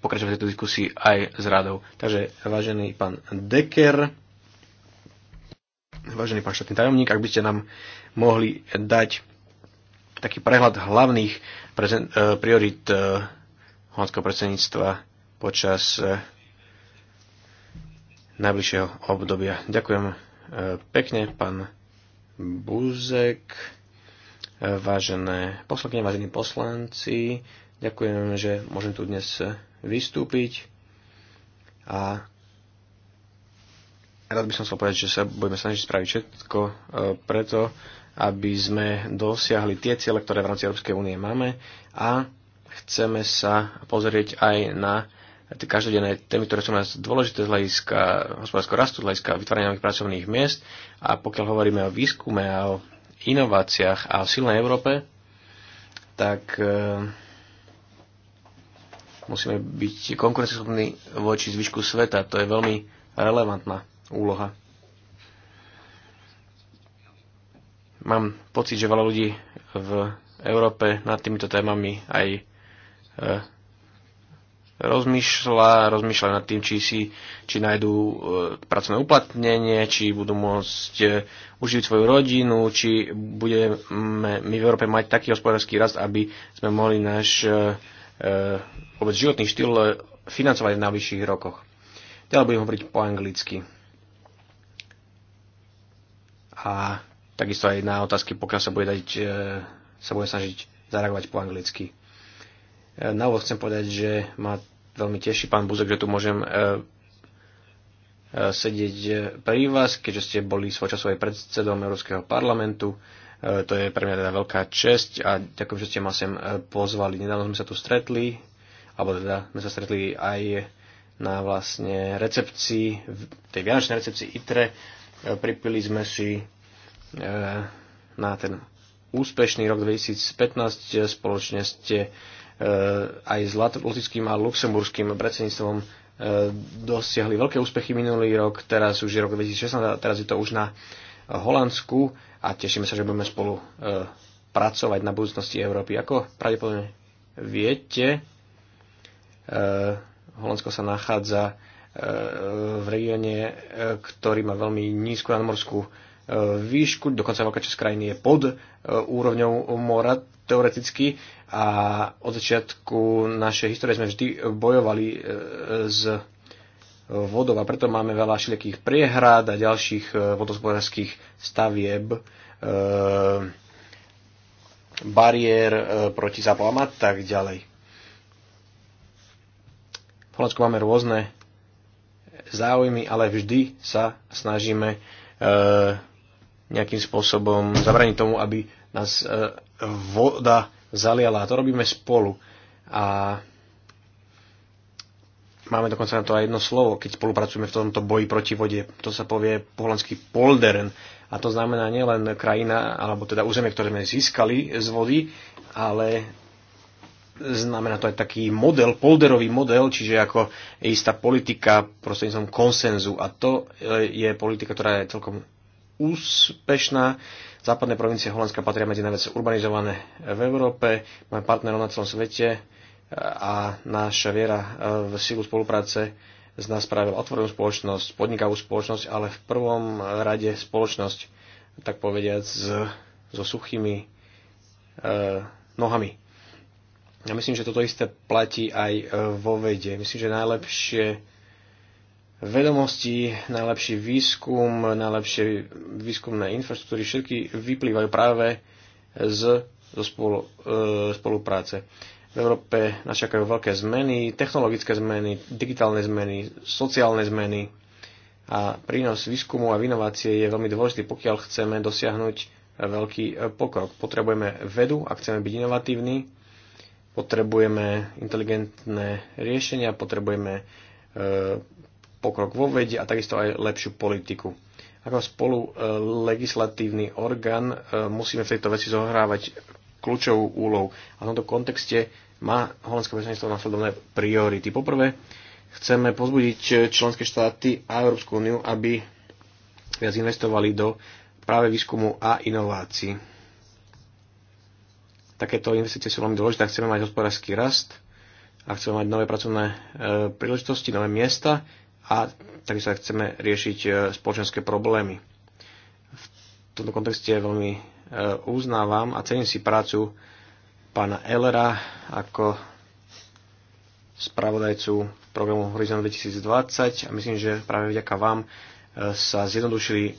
pokračovať v tejto diskusii aj s radou. Takže, vážený pán Decker, vážený pán štátny tajomník, ak by ste nám mohli dať taký prehľad hlavných prezent, e, priorit e, holandského predsedníctva počas e, najbližšieho obdobia. Ďakujem e, pekne, pán Buzek, e, vážené poslankyne, vážení poslanci, ďakujem, že môžem tu dnes e, vystúpiť a rád by som chcel povedať, že sa budeme snažiť spraviť všetko e, preto, aby sme dosiahli tie ciele, ktoré v rámci Európskej únie máme a chceme sa pozrieť aj na tie každodenné témy, ktoré sú nás dôležité z hľadiska hospodárskeho rastu, z hľadiska vytvárania nových pracovných miest a pokiaľ hovoríme o výskume a o inováciách a o silnej Európe, tak e, Musíme byť konkurenceschopní voči zvyšku sveta. To je veľmi relevantná úloha. Mám pocit, že veľa ľudí v Európe nad týmito témami aj e, rozmýšľa, rozmýšľa nad tým, či si či nájdú e, pracovné uplatnenie, či budú môcť e, uživiť svoju rodinu, či budeme my v Európe mať taký hospodársky rast, aby sme mohli náš e, E, vôbec životný štýl e, financovať v najvyšších rokoch. Ďalej budem hovoriť po anglicky. A takisto aj na otázky, pokiaľ sa bude dať, e, sa bude snažiť zareagovať po anglicky. Na úvod chcem povedať, že ma veľmi teší pán Buzek, že tu môžem sedieť pri vás, keďže ste boli svojčasovej predsedom Európskeho parlamentu E, to je pre mňa teda veľká česť a ďakujem, že ste ma sem e, pozvali. Nedávno sme sa tu stretli, alebo teda sme sa stretli aj na vlastne recepcii, tej vianočnej recepcii ITRE. E, pripili sme si na ten úspešný rok 2015. Spoločne ste aj s lotickým a luxemburským predsedníctvom dosiahli veľké úspechy minulý rok, teraz už je rok 2016 a teraz je to už na Holandsku a tešíme sa, že budeme spolu e, pracovať na budúcnosti Európy. Ako pravdepodobne viete, e, Holandsko sa nachádza e, v regióne, ktorý má veľmi nízku nadmorskú výšku, dokonca veľká časť krajiny je pod úrovňou mora teoreticky a od začiatku našej histórie sme vždy bojovali s vodov a preto máme veľa všelijakých priehrad a ďalších e, vodospodárských stavieb, e, bariér e, proti záplavám a tak ďalej. V Holandsku máme rôzne záujmy, ale vždy sa snažíme nejakým spôsobom zabraniť tomu, aby nás voda zaliala. A to robíme spolu. A Máme dokonca na to aj jedno slovo, keď spolupracujeme v tomto boji proti vode. To sa povie po holandsky polderen. A to znamená nielen krajina, alebo teda územie, ktoré sme získali z vody, ale znamená to aj taký model, polderový model, čiže ako istá politika prostredníctvom konsenzu. A to e, je politika, ktorá je celkom úspešná. Západné provincie Holandska patria medzi najviac urbanizované v Európe. Máme partnerov na celom svete a naša viera e, v silu spolupráce z nás spravila otvorenú spoločnosť, podnikavú spoločnosť, ale v prvom rade spoločnosť, tak povediať, s, so suchými e, nohami. Ja myslím, že toto isté platí aj e, vo vede. Myslím, že najlepšie vedomosti, najlepší výskum, najlepšie výskumné infraštruktúry, všetky vyplývajú práve z, zo spolu, e, spolupráce. V Európe nás čakajú veľké zmeny, technologické zmeny, digitálne zmeny, sociálne zmeny a prínos výskumu a inovácie je veľmi dôležitý, pokiaľ chceme dosiahnuť veľký e, pokrok. Potrebujeme vedu, ak chceme byť inovatívni, potrebujeme inteligentné riešenia, potrebujeme e, pokrok vo vede a takisto aj lepšiu politiku. Ako spolu e, legislatívny orgán musíme v tejto veci zohrávať kľúčovú úlohu. A v tomto kontexte má holandské predsedníctvo následovné priority. Poprvé, chceme pozbudiť členské štáty a Európsku úniu, aby viac investovali do práve výskumu a inovácií. Takéto investície sú veľmi dôležité, chceme mať hospodársky rast a chceme mať nové pracovné e, príležitosti, nové miesta a takisto chceme riešiť e, spoločenské problémy. V tomto kontexte veľmi e, uznávam a cením si prácu pána Elera ako spravodajcu programu Horizon 2020 a myslím, že práve vďaka vám e, sa zjednodušili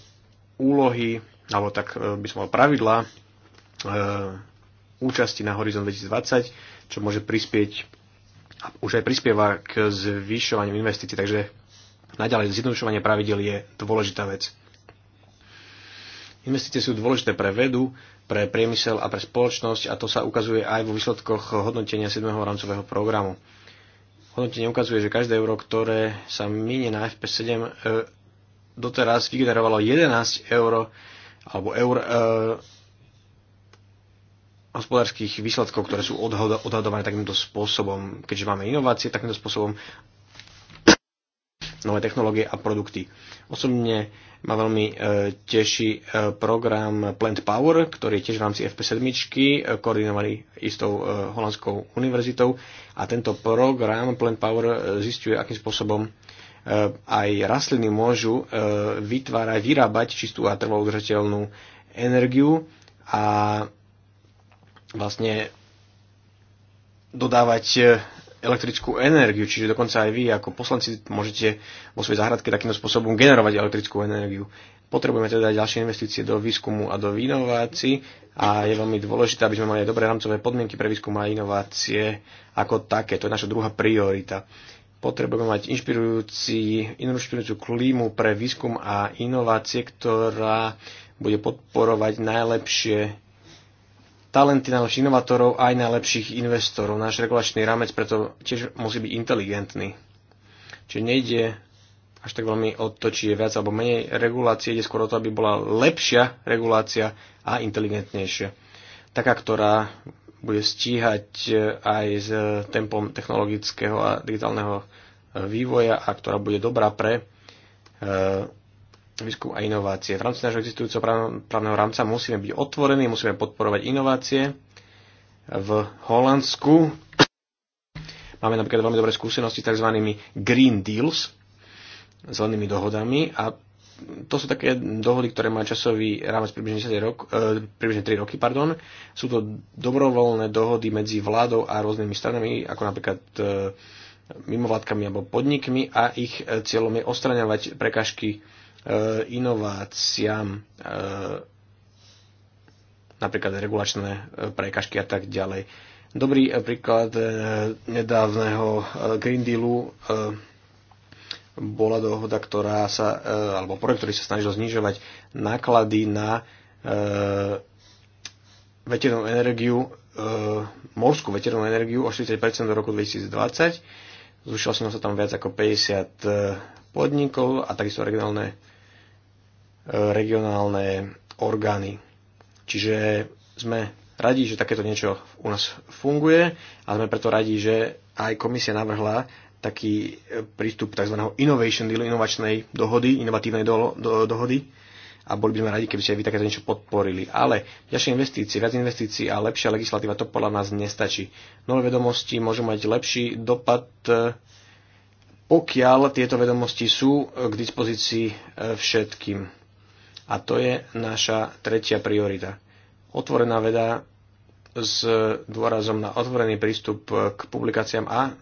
úlohy, alebo tak e, by som mal pravidla e, účasti na Horizon 2020, čo môže prispieť a už aj prispieva k zvyšovaniu investícií. Takže naďalej zjednodušovanie pravidel je dôležitá vec. Investície sú dôležité pre vedu, pre priemysel a pre spoločnosť a to sa ukazuje aj vo výsledkoch hodnotenia 7. rámcového programu. Hodnotenie ukazuje, že každé euro, ktoré sa minie na FP7, e, doteraz vygenerovalo 11 eur alebo eur e, hospodárskych výsledkov, ktoré sú odhadované takýmto spôsobom. Keďže máme inovácie, takýmto spôsobom nové technológie a produkty. Osobne ma veľmi e, teší e, program Plant Power, ktorý je tiež v rámci FP7, e, koordinovaný istou holandskou univerzitou. A tento program Plant Power zistuje, akým spôsobom aj rastliny môžu vytvárať, vyrábať čistú a trvalo udržateľnú energiu a vlastne dodávať elektrickú energiu, čiže dokonca aj vy ako poslanci môžete vo svojej záhradke takýmto spôsobom generovať elektrickú energiu. Potrebujeme teda ďalšie investície do výskumu a do inovácií a je veľmi dôležité, aby sme mali dobré rámcové podmienky pre výskum a inovácie ako také. To je naša druhá priorita. Potrebujeme mať inšpirujúci, inšpirujúcu klímu pre výskum a inovácie, ktorá bude podporovať najlepšie talenty najlepších inovátorov aj najlepších investorov. Náš regulačný rámec preto tiež musí byť inteligentný. Čiže nejde až tak veľmi o to, či je viac alebo menej regulácie, ide skôr o to, aby bola lepšia regulácia a inteligentnejšia. Taká, ktorá bude stíhať eh, aj s tempom technologického a digitálneho eh, vývoja a ktorá bude dobrá pre eh, výskum a inovácie. V rámci nášho existujúceho právneho rámca musíme byť otvorení, musíme podporovať inovácie. V Holandsku máme napríklad veľmi dobré skúsenosti s tzv. green deals, zelenými dohodami a to sú také dohody, ktoré majú časový rámec približne, 10 rok, e, približne 3 roky. Pardon. Sú to dobrovoľné dohody medzi vládou a rôznymi stranami, ako napríklad e, mimovládkami alebo podnikmi a ich e, cieľom je ostraňovať prekažky Eh, inováciám, eh, napríklad regulačné eh, prekažky a tak ďalej. Dobrý príklad nedávneho Green Dealu bola dohoda, ktorá sa, alebo projekt, ktorý sa snažil znižovať náklady na veternú energiu, morskú veternú energiu o 40% do roku 2020. Zúčastnilo sa tam viac ako 50 podnikov a takisto regionálne regionálne orgány. Čiže sme radi, že takéto niečo u nás funguje a sme preto radi, že aj komisia navrhla taký e, prístup tzv. innovation deal, inovačnej dohody, inovatívnej do, do, dohody a boli by sme radi, keby ste aj vy takéto niečo podporili. Ale ďalšie investície, viac investícií a lepšia legislatíva, to podľa nás nestačí. Nové vedomosti môžu mať lepší dopad, e, pokiaľ tieto vedomosti sú e, k dispozícii všetkým. A to je naša tretia priorita. Otvorená veda s dôrazom na otvorený prístup k publikáciám a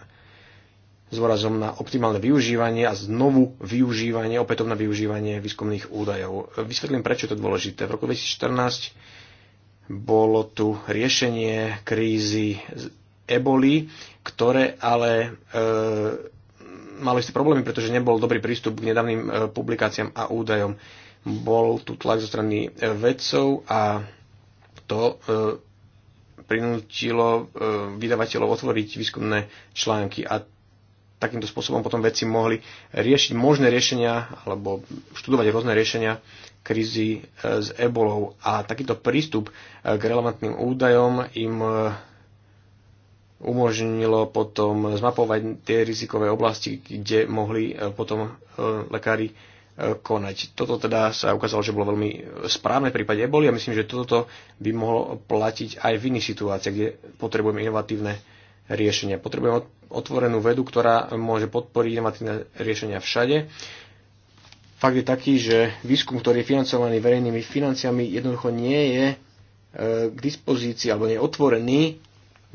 s dôrazom na optimálne využívanie a znovu využívanie, opätovné využívanie výskumných údajov. Vysvetlím, prečo je to dôležité. V roku 2014 bolo tu riešenie krízy eboli, ktoré ale e, malo isté problémy, pretože nebol dobrý prístup k nedávnym e, publikáciám a údajom. E, bol tu tlak zo strany e, vedcov a to e, prinútilo e, vydavateľov otvoriť výskumné články a takýmto spôsobom potom vedci mohli riešiť možné riešenia alebo študovať rôzne riešenia krízy s ebolou. A takýto prístup k relevantným údajom im umožnilo potom zmapovať tie rizikové oblasti, kde mohli potom lekári konať. Toto teda sa ukázalo, že bolo veľmi správne v prípade eboli a myslím, že toto by mohlo platiť aj v iných situáciách, kde potrebujeme inovatívne riešenia. Potrebujeme otvorenú vedu, ktorá môže podporiť inovatívne riešenia všade. Fakt je taký, že výskum, ktorý je financovaný verejnými financiami, jednoducho nie je e, k dispozícii alebo nie je otvorený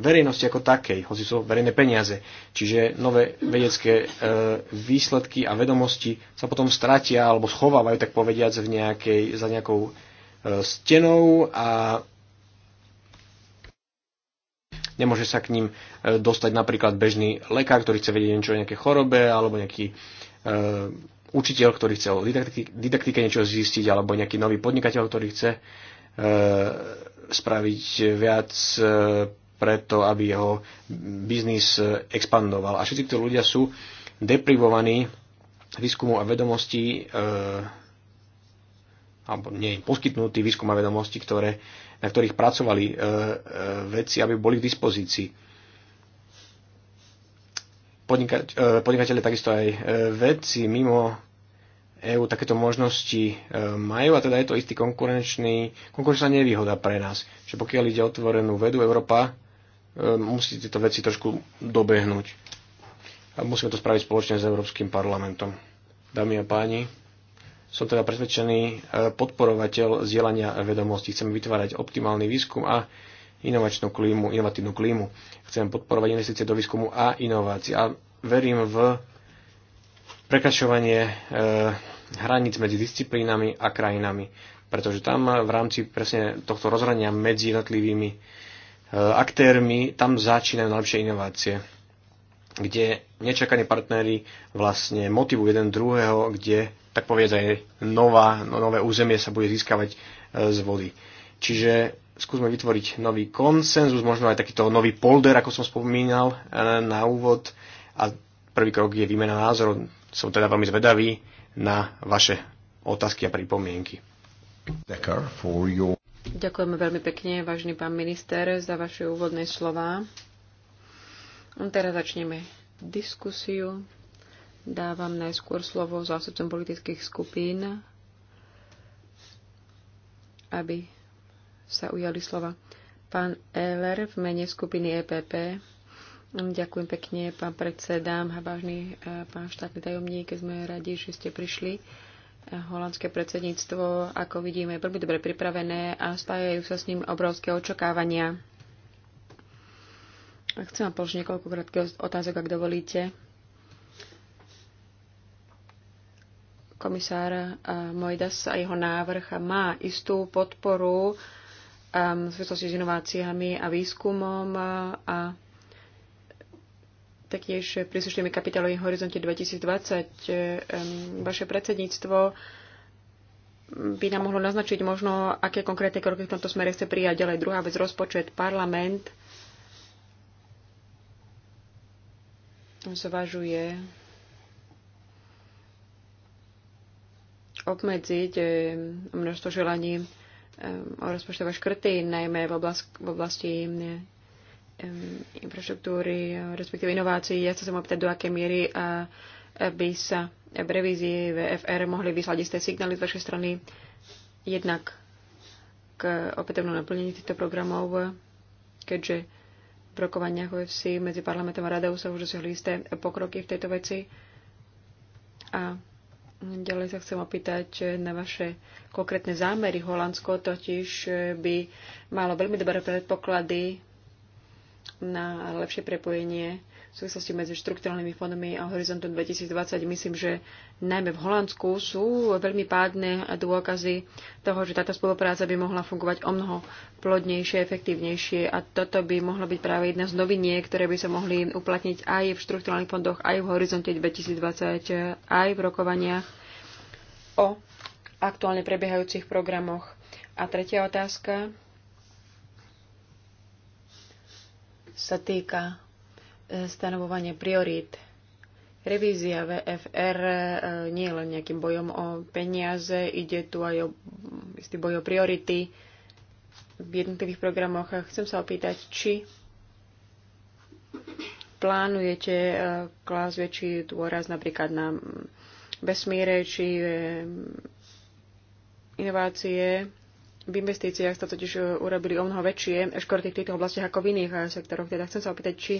verejnosti ako takej, hoci sú verejné peniaze. Čiže nové vedecké e, výsledky a vedomosti sa potom stratia alebo schovávajú, tak povediac, v nejakej, za nejakou e, stenou a nemôže sa k ním e, dostať napríklad bežný lekár, ktorý chce vedieť niečo o nejakej chorobe alebo nejaký e, učiteľ, ktorý chce o didaktike, didaktike niečo zistiť alebo nejaký nový podnikateľ, ktorý chce e, spraviť viac e, preto, aby jeho biznis expandoval. A všetci tí ľudia sú deprivovaní výskumu a vedomostí, e, alebo nie poskytnutí výskum a vedomosti, ktoré, na ktorých pracovali e, eh, e, eh, veci, aby boli k dispozícii. Podnikateľe, e, podnikateľe takisto aj e, vedci mimo EÚ takéto možnosti e, majú a teda je to istý konkurenčný, konkurenčná nevýhoda pre nás. Že pokiaľ ide otvorenú vedu, Európa Ehm, musí tieto veci trošku dobehnúť. A musíme to spraviť spoločne s Európskym parlamentom. Dámy a páni, som teda presvedčený e, podporovateľ zielania vedomostí. Chcem vytvárať optimálny výskum a inovačnú klímu, inovatívnu klímu. Chcem podporovať investície do výskumu a inovácií. A verím v prekračovanie e, hraníc medzi disciplínami a krajinami. Pretože tam e, v rámci presne tohto rozhrania medzi jednotlivými aktérmi, tam začínajú najlepšie inovácie, kde nečakaní partnery vlastne motivujú jeden druhého, kde, tak povedz, aj nová, no, nové územie sa bude získavať e, z vody. Čiže skúsme vytvoriť nový konsenzus, možno aj takýto nový polder, ako som spomínal e, na úvod. A prvý krok je výmena názorov. Som teda veľmi zvedavý na vaše otázky a pripomienky. Decker, for your... Ďakujeme veľmi pekne, vážny pán minister, za vaše úvodné slova. Teraz začneme diskusiu. Dávam najskôr slovo zástupcom politických skupín, aby sa ujali slova. Pán Eller v mene skupiny EPP. Ďakujem pekne, pán predseda, vážny eh, pán štátny tajomník, sme radi, že ste prišli holandské predsedníctvo, ako vidíme, je veľmi dobre pripravené a spájajú sa s ním obrovské očakávania. A chcem vám položiť niekoľko krátkych otázok, ak dovolíte. Komisár eh, Mojdas a jeho návrh má istú podporu eh, v súvislosti s inováciami a výskumom eh, a taktiež príslušnými kapitálovým horizonte 2020. Vaše predsedníctvo by nám mohlo naznačiť možno, aké konkrétne kroky v tomto smere chce prijať ďalej. Druhá vec, rozpočet, parlament zvažuje obmedziť množstvo želaní o rozpočtové škrty, najmä v oblasti infraštruktúry, respektíve inovácií. Ja chcem sa opýtať, do aké miery by sa v revízii VFR mohli vyslať isté signály z vašej strany jednak k opätovnému naplnení týchto programov, keďže v rokovaniach OFC medzi parlamentom a radou sa už dosiahli isté pokroky v tejto veci. A ďalej sa chcem opýtať na vaše konkrétne zámery. Holandsko totiž eh, by malo veľmi dobré predpoklady na lepšie prepojenie v súvislosti medzi štrukturálnymi fondami a horizontom 2020. Myslím, že najmä v Holandsku sú veľmi pádne dôkazy toho, že táto spolupráca by mohla fungovať o mnoho plodnejšie, efektívnejšie a toto by mohla byť práve jedna z noviniek, ktoré by sa mohli uplatniť aj v štrukturálnych fondoch, aj v horizonte 2020, aj v rokovaniach o aktuálne prebiehajúcich programoch. A tretia otázka sa týka e, stanovovania priorít. Revízia VFR e, nie je len nejakým bojom o peniaze, ide tu aj o mm, istý boj o priority v jednotlivých programoch. Chcem sa opýtať, či plánujete e, klásť väčší dôraz napríklad na mm, vesmíre či mm, inovácie v investíciách sa totiž e, urobili o mnoho väčšie škôr v týchto oblastiach ako v iných e, sektoroch. Teda chcem sa opýtať, či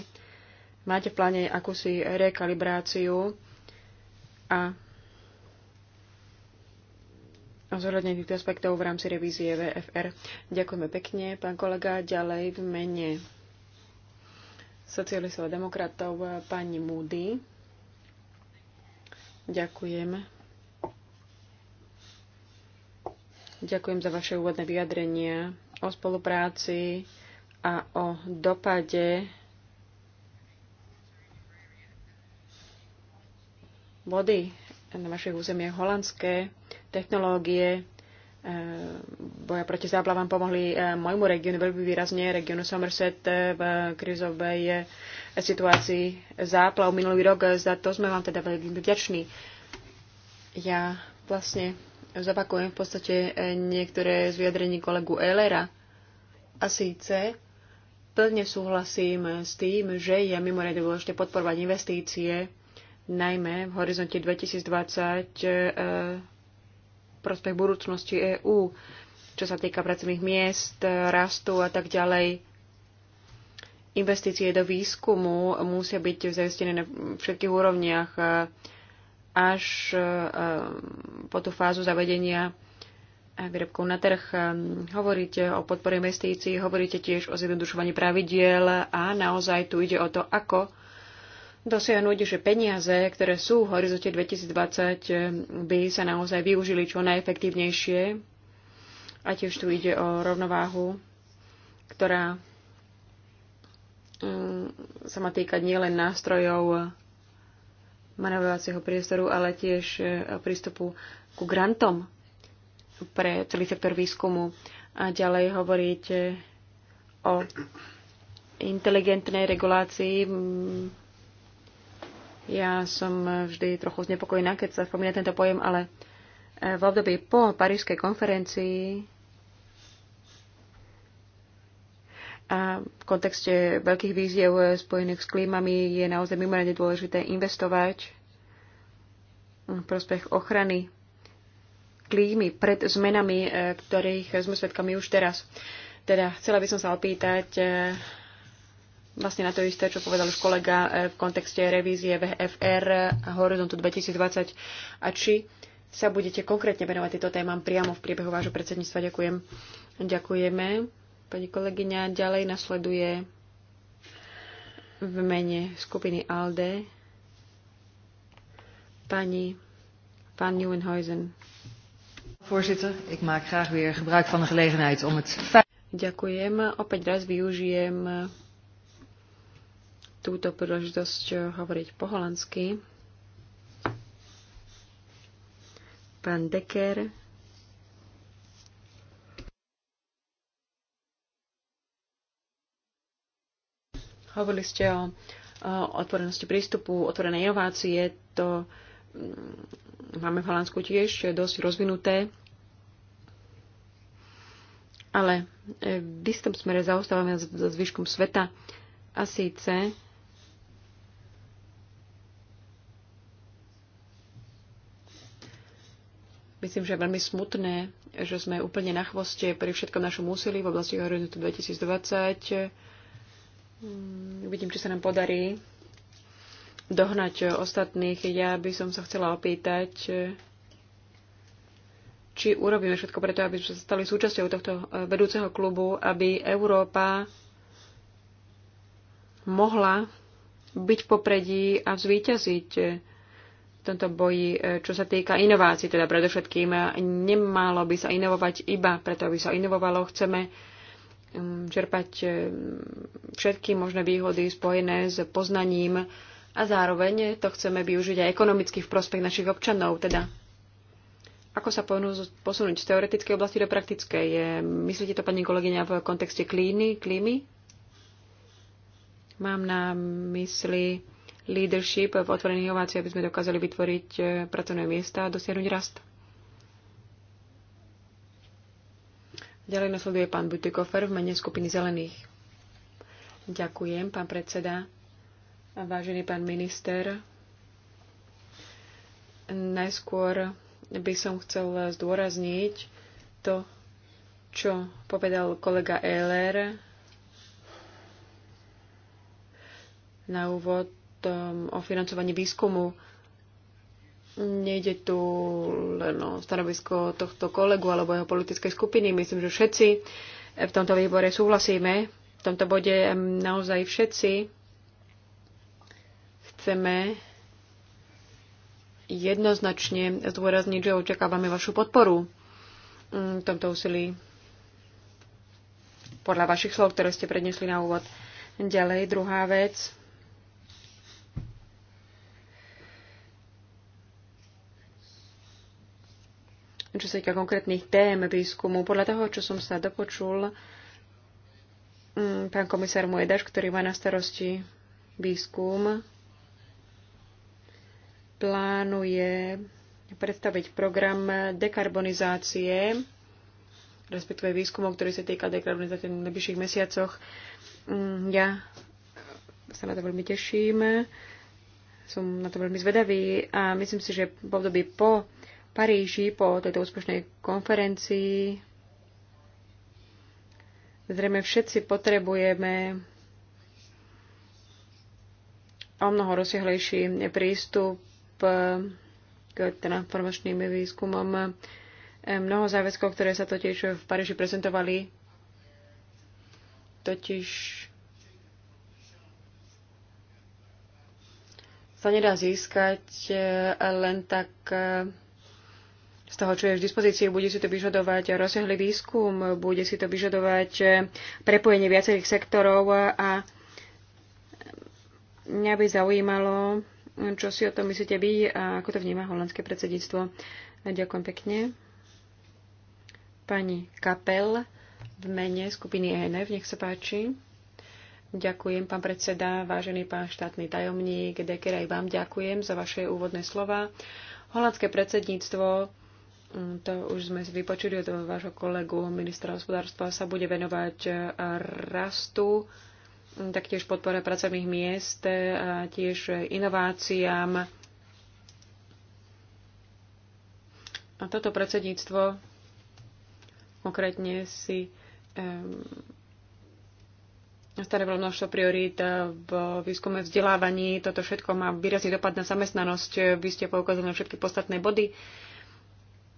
máte v pláne akúsi rekalibráciu a o týchto aspektov v rámci revízie VFR. Ďakujeme pekne, pán kolega. Ďalej v mene socialistov a demokratov e, pani Moody. Ďakujem. Ďakujem za vaše úvodné vyjadrenia o spolupráci a o dopade vody na vašich územiach holandské technológie eh, boja proti záplavám pomohli eh, môjmu regiónu veľmi výrazne, regiónu Somerset eh, v krizovej situácii záplav minulý rok. Za to sme vám teda veľmi vďační. Ja vlastne Zapakujem v podstate eh, niektoré z vyjadrení kolegu Elera. A síce plne súhlasím s tým, že je mimoriadne dôležité podporovať investície, najmä v horizonte 2020 e, eh, prospech budúcnosti EÚ, čo sa týka pracovných miest, rastu a tak ďalej. Investície do výskumu musia byť zaistené na všetkých úrovniach. E, až eh, eh, po tú fázu zavedenia výrobkov na trh. Hovoríte o podpore investícií, hovoríte tiež o zjednodušovaní pravidiel a naozaj tu ide o to, ako dosiahnuť, že peniaze, ktoré sú v horizonte 2020, by sa naozaj využili čo najefektívnejšie. A tiež tu ide o rovnováhu, ktorá mm, sa má týkať nielen nástrojov manévrovacieho priestoru, ale tiež e, prístupu ku grantom pre celý sektor výskumu. A ďalej hovoríte o inteligentnej regulácii. Ja som e, vždy trochu znepokojená, keď sa spomína tento pojem, ale e, v období po parížskej konferencii A v kontexte veľkých víziev spojených s klímami je naozaj mimoriadne dôležité investovať v prospech ochrany klímy pred zmenami, e, ktorých sme svedkami už teraz. Teda chcela by som sa opýtať e, vlastne na to isté, čo povedal už kolega e, v kontexte revízie VFR a Horizontu 2020 a či sa budete konkrétne venovať týmto témam priamo v priebehu vášho predsedníctva. Ďakujem. Ďakujeme. Pani kolegyňa, ďalej nasleduje v mene skupiny ALDE pani van Nieuwenhuizen. Voorzitter, ik maak graag weer gebruik van de gelegenheid om het... Ďakujem. Opäť raz využijem túto príležitosť hovoriť po holandsky. Pán Dekker. Hovorili ste o, o otvorenosti prístupu, otvorené inovácie. To mm, máme v Holandsku tiež dosť rozvinuté. Ale e, v istom smere zaostávame so zvyškom sveta. A síce myslím, že je veľmi smutné, že sme úplne na chvoste pri všetkom našom úsilí v oblasti horizontu 2020 Uvidím, mm, či sa nám podarí dohnať ostatných. Ja by som sa chcela opýtať, či urobíme všetko preto, aby sme sa stali súčasťou tohto e, vedúceho klubu, aby Európa mohla byť popredí a zvýťaziť v tomto boji, e, čo sa týka inovácií, teda predovšetkým e, nemalo by sa inovovať iba preto, aby sa inovovalo. Chceme Mm, čerpať e, všetky možné výhody spojené s poznaním a zároveň to chceme využiť aj ekonomicky v prospech našich občanov. Teda ako sa posunúť z teoretickej oblasti do praktickej? Myslíte to, pani kolegyňa, v kontexte klíny, klímy? Mám na mysli leadership v otvorených inovácií, aby sme dokázali vytvoriť e, pracovné miesta a dosiahnuť rast. Ďalej nasleduje pán Butikofer v mene skupiny zelených. Ďakujem, pán predseda. A vážený pán minister, najskôr by som chcel zdôrazniť to, čo povedal kolega Ehler na úvod um, o financovaní výskumu Nejde tu len o stanovisko tohto kolegu alebo jeho politickej skupiny. Myslím, že všetci v tomto výbore súhlasíme. V tomto bode naozaj všetci chceme jednoznačne zdôrazniť, že očakávame vašu podporu v tomto úsilí podľa vašich slov, ktoré ste prednesli na úvod. Ďalej, druhá vec. čo sa týka konkrétnych tém výskumu. Podľa toho, čo som sa dopočul, mm, pán komisár Mojedaš, ktorý má na starosti výskum, plánuje predstaviť program dekarbonizácie, respektíve výskumu, ktorý sa týka dekarbonizácie v najbližších mesiacoch. Mm, ja sa na to veľmi teším, som na to veľmi zvedavý a myslím si, že v období po Paríži po tejto úspešnej konferencii. Zrejme všetci potrebujeme o mnoho rozsiahlejší prístup k transformačným výskumom. Mnoho záväzkov, ktoré sa totiž v Paríži prezentovali, totiž sa nedá získať len tak z toho, čo je v dispozícii, bude si to vyžadovať rozsiahly výskum, bude si to vyžadovať eh, prepojenie viacerých sektorov a mňa by zaujímalo, čo si o tom myslíte vy a ako to vníma holandské predsedníctvo. Ďakujem pekne. Pani Kapel v mene skupiny ENF, nech sa páči. Ďakujem, pán predseda, vážený pán štátny tajomník, Deker, aj vám ďakujem za vaše úvodné slova. Holandské predsedníctvo Mm, to už sme si vypočuli od vášho kolegu ministra hospodárstva, sa bude venovať e, rastu, mm, taktiež podpore pracovných miest, e, a tiež inováciám. A toto predsedníctvo konkrétne si um, stanovilo množstvo priorít v výskume vzdelávaní. Toto všetko má výrazný dopad na zamestnanosť. Vy ste poukázali na všetky podstatné body. Uh,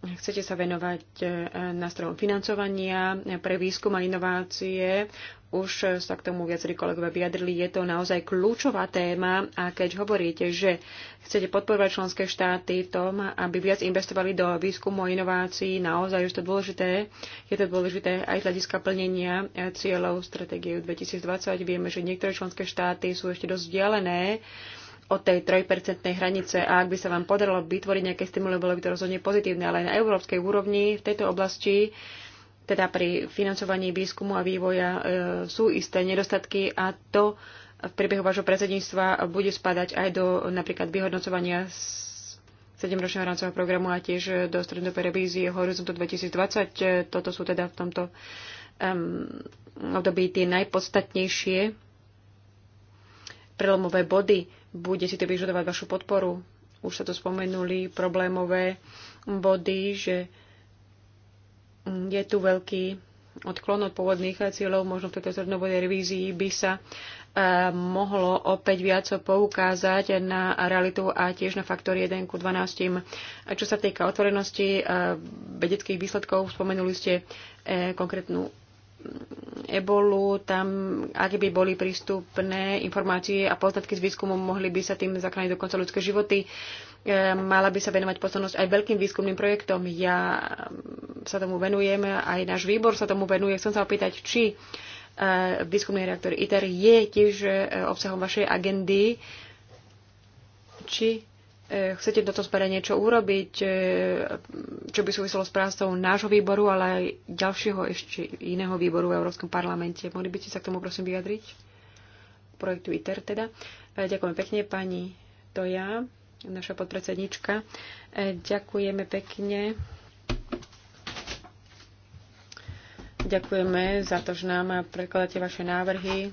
chcete sa venovať e, nástrojom financovania pre výskum a inovácie. Už sa k tomu viacerí kolegovia vyjadrili, je to naozaj kľúčová téma a keď hovoríte, že chcete podporovať členské štáty v tom, aby viac investovali do výskumu a inovácií, naozaj už to dôležité. Je to dôležité aj z hľadiska plnenia e, cieľov stratégie 2020. Vieme, že niektoré členské štáty sú ešte dosť vzdialené od tej 3 hranice a ak by sa vám podarilo vytvoriť nejaké stimuly, bolo by to rozhodne pozitívne, ale aj na európskej úrovni v tejto oblasti teda pri financovaní výskumu a vývoja e, sú isté nedostatky a to v priebehu vášho predsedníctva bude spadať aj do napríklad vyhodnocovania 7-ročného rámcového programu a tiež do strednodobej revízie Horizontu 2020. E, toto sú teda v tomto um, období tie najpodstatnejšie prelomové body bude si to vyžadovať vašu podporu. Už sa tu spomenuli problémové body, že je tu veľký odklon od pôvodných cieľov, možno v tejto strednobodej revízii by sa e, mohlo opäť viac poukázať na realitu a tiež na faktory 1 ku 12. Čo sa týka otvorenosti e, vedeckých výsledkov, spomenuli ste e, konkrétnu ebolu, tam, aké by boli prístupné informácie a poznatky z výskumu, mohli by sa tým zachrániť dokonca ľudské životy. E, mala by sa venovať pozornosť aj veľkým výskumným projektom. Ja mm, sa tomu venujem, aj náš výbor sa tomu venuje. Chcem sa opýtať, či e, výskumný reaktor ITER je tiež e, obsahom vašej agendy, či E, chcete do toho smere niečo urobiť, e, čo by súviselo s prácou nášho výboru, ale aj ďalšieho ešte iného výboru v Európskom parlamente. Mohli by ste sa k tomu prosím vyjadriť? Projektu ITER teda. E, ďakujem pekne pani Toja, naša podpredsednička. Ďakujeme pekne. Ďakujeme za to, že nám prekladáte vaše návrhy.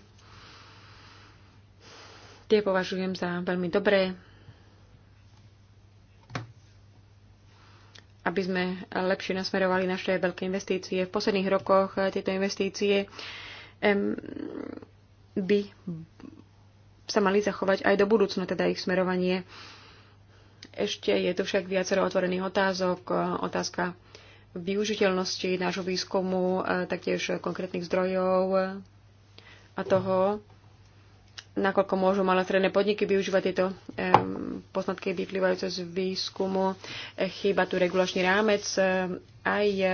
Tie považujem za veľmi dobré. aby sme lepšie nasmerovali naše veľké investície. V posledných rokoch eh, tieto investície by sa mali zachovať aj do budúcna, teda ich smerovanie. Ešte je tu však viacero otvorených otázok. Eh, otázka využiteľnosti nášho výskumu, eh, taktiež konkrétnych zdrojov a toho, nakoľko môžu malé stredné podniky využívať tieto poznatky vyplývajúce z výskumu. E, chýba tu regulačný rámec. E, aj e,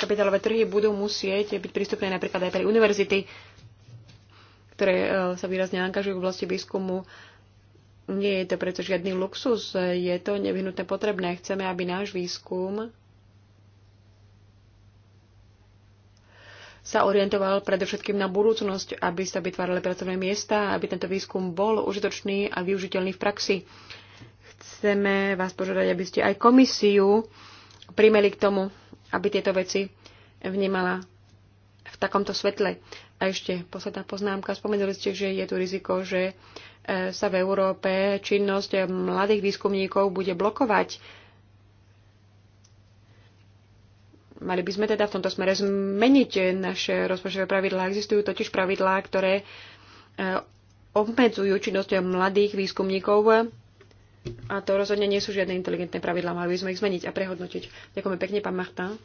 kapitálové trhy budú musieť byť prístupné napríklad aj pre univerzity, ktoré sa výrazne angažujú v oblasti výskumu. Nie je to preto žiadny luxus, je to nevyhnutné potrebné. Chceme, aby náš výskum sa orientoval predovšetkým na budúcnosť, aby sa vytvárali pracovné miesta, aby tento výskum bol užitočný a využiteľný v praxi. Chceme vás požiadať, aby ste aj komisiu primeli k tomu, aby tieto veci vnímala v takomto svetle. A ešte posledná poznámka. Spomenuli ste, že je tu riziko, že e, sa v Európe činnosť mladých výskumníkov bude blokovať Mali by sme teda v tomto smere zmeniť naše rozpočtové pravidlá. Existujú totiž pravidlá, ktoré e, obmedzujú činnosť mladých výskumníkov a to rozhodne nie sú žiadne inteligentné pravidlá. Mali by sme ich zmeniť a prehodnotiť. Ďakujeme pekne, pán Martin.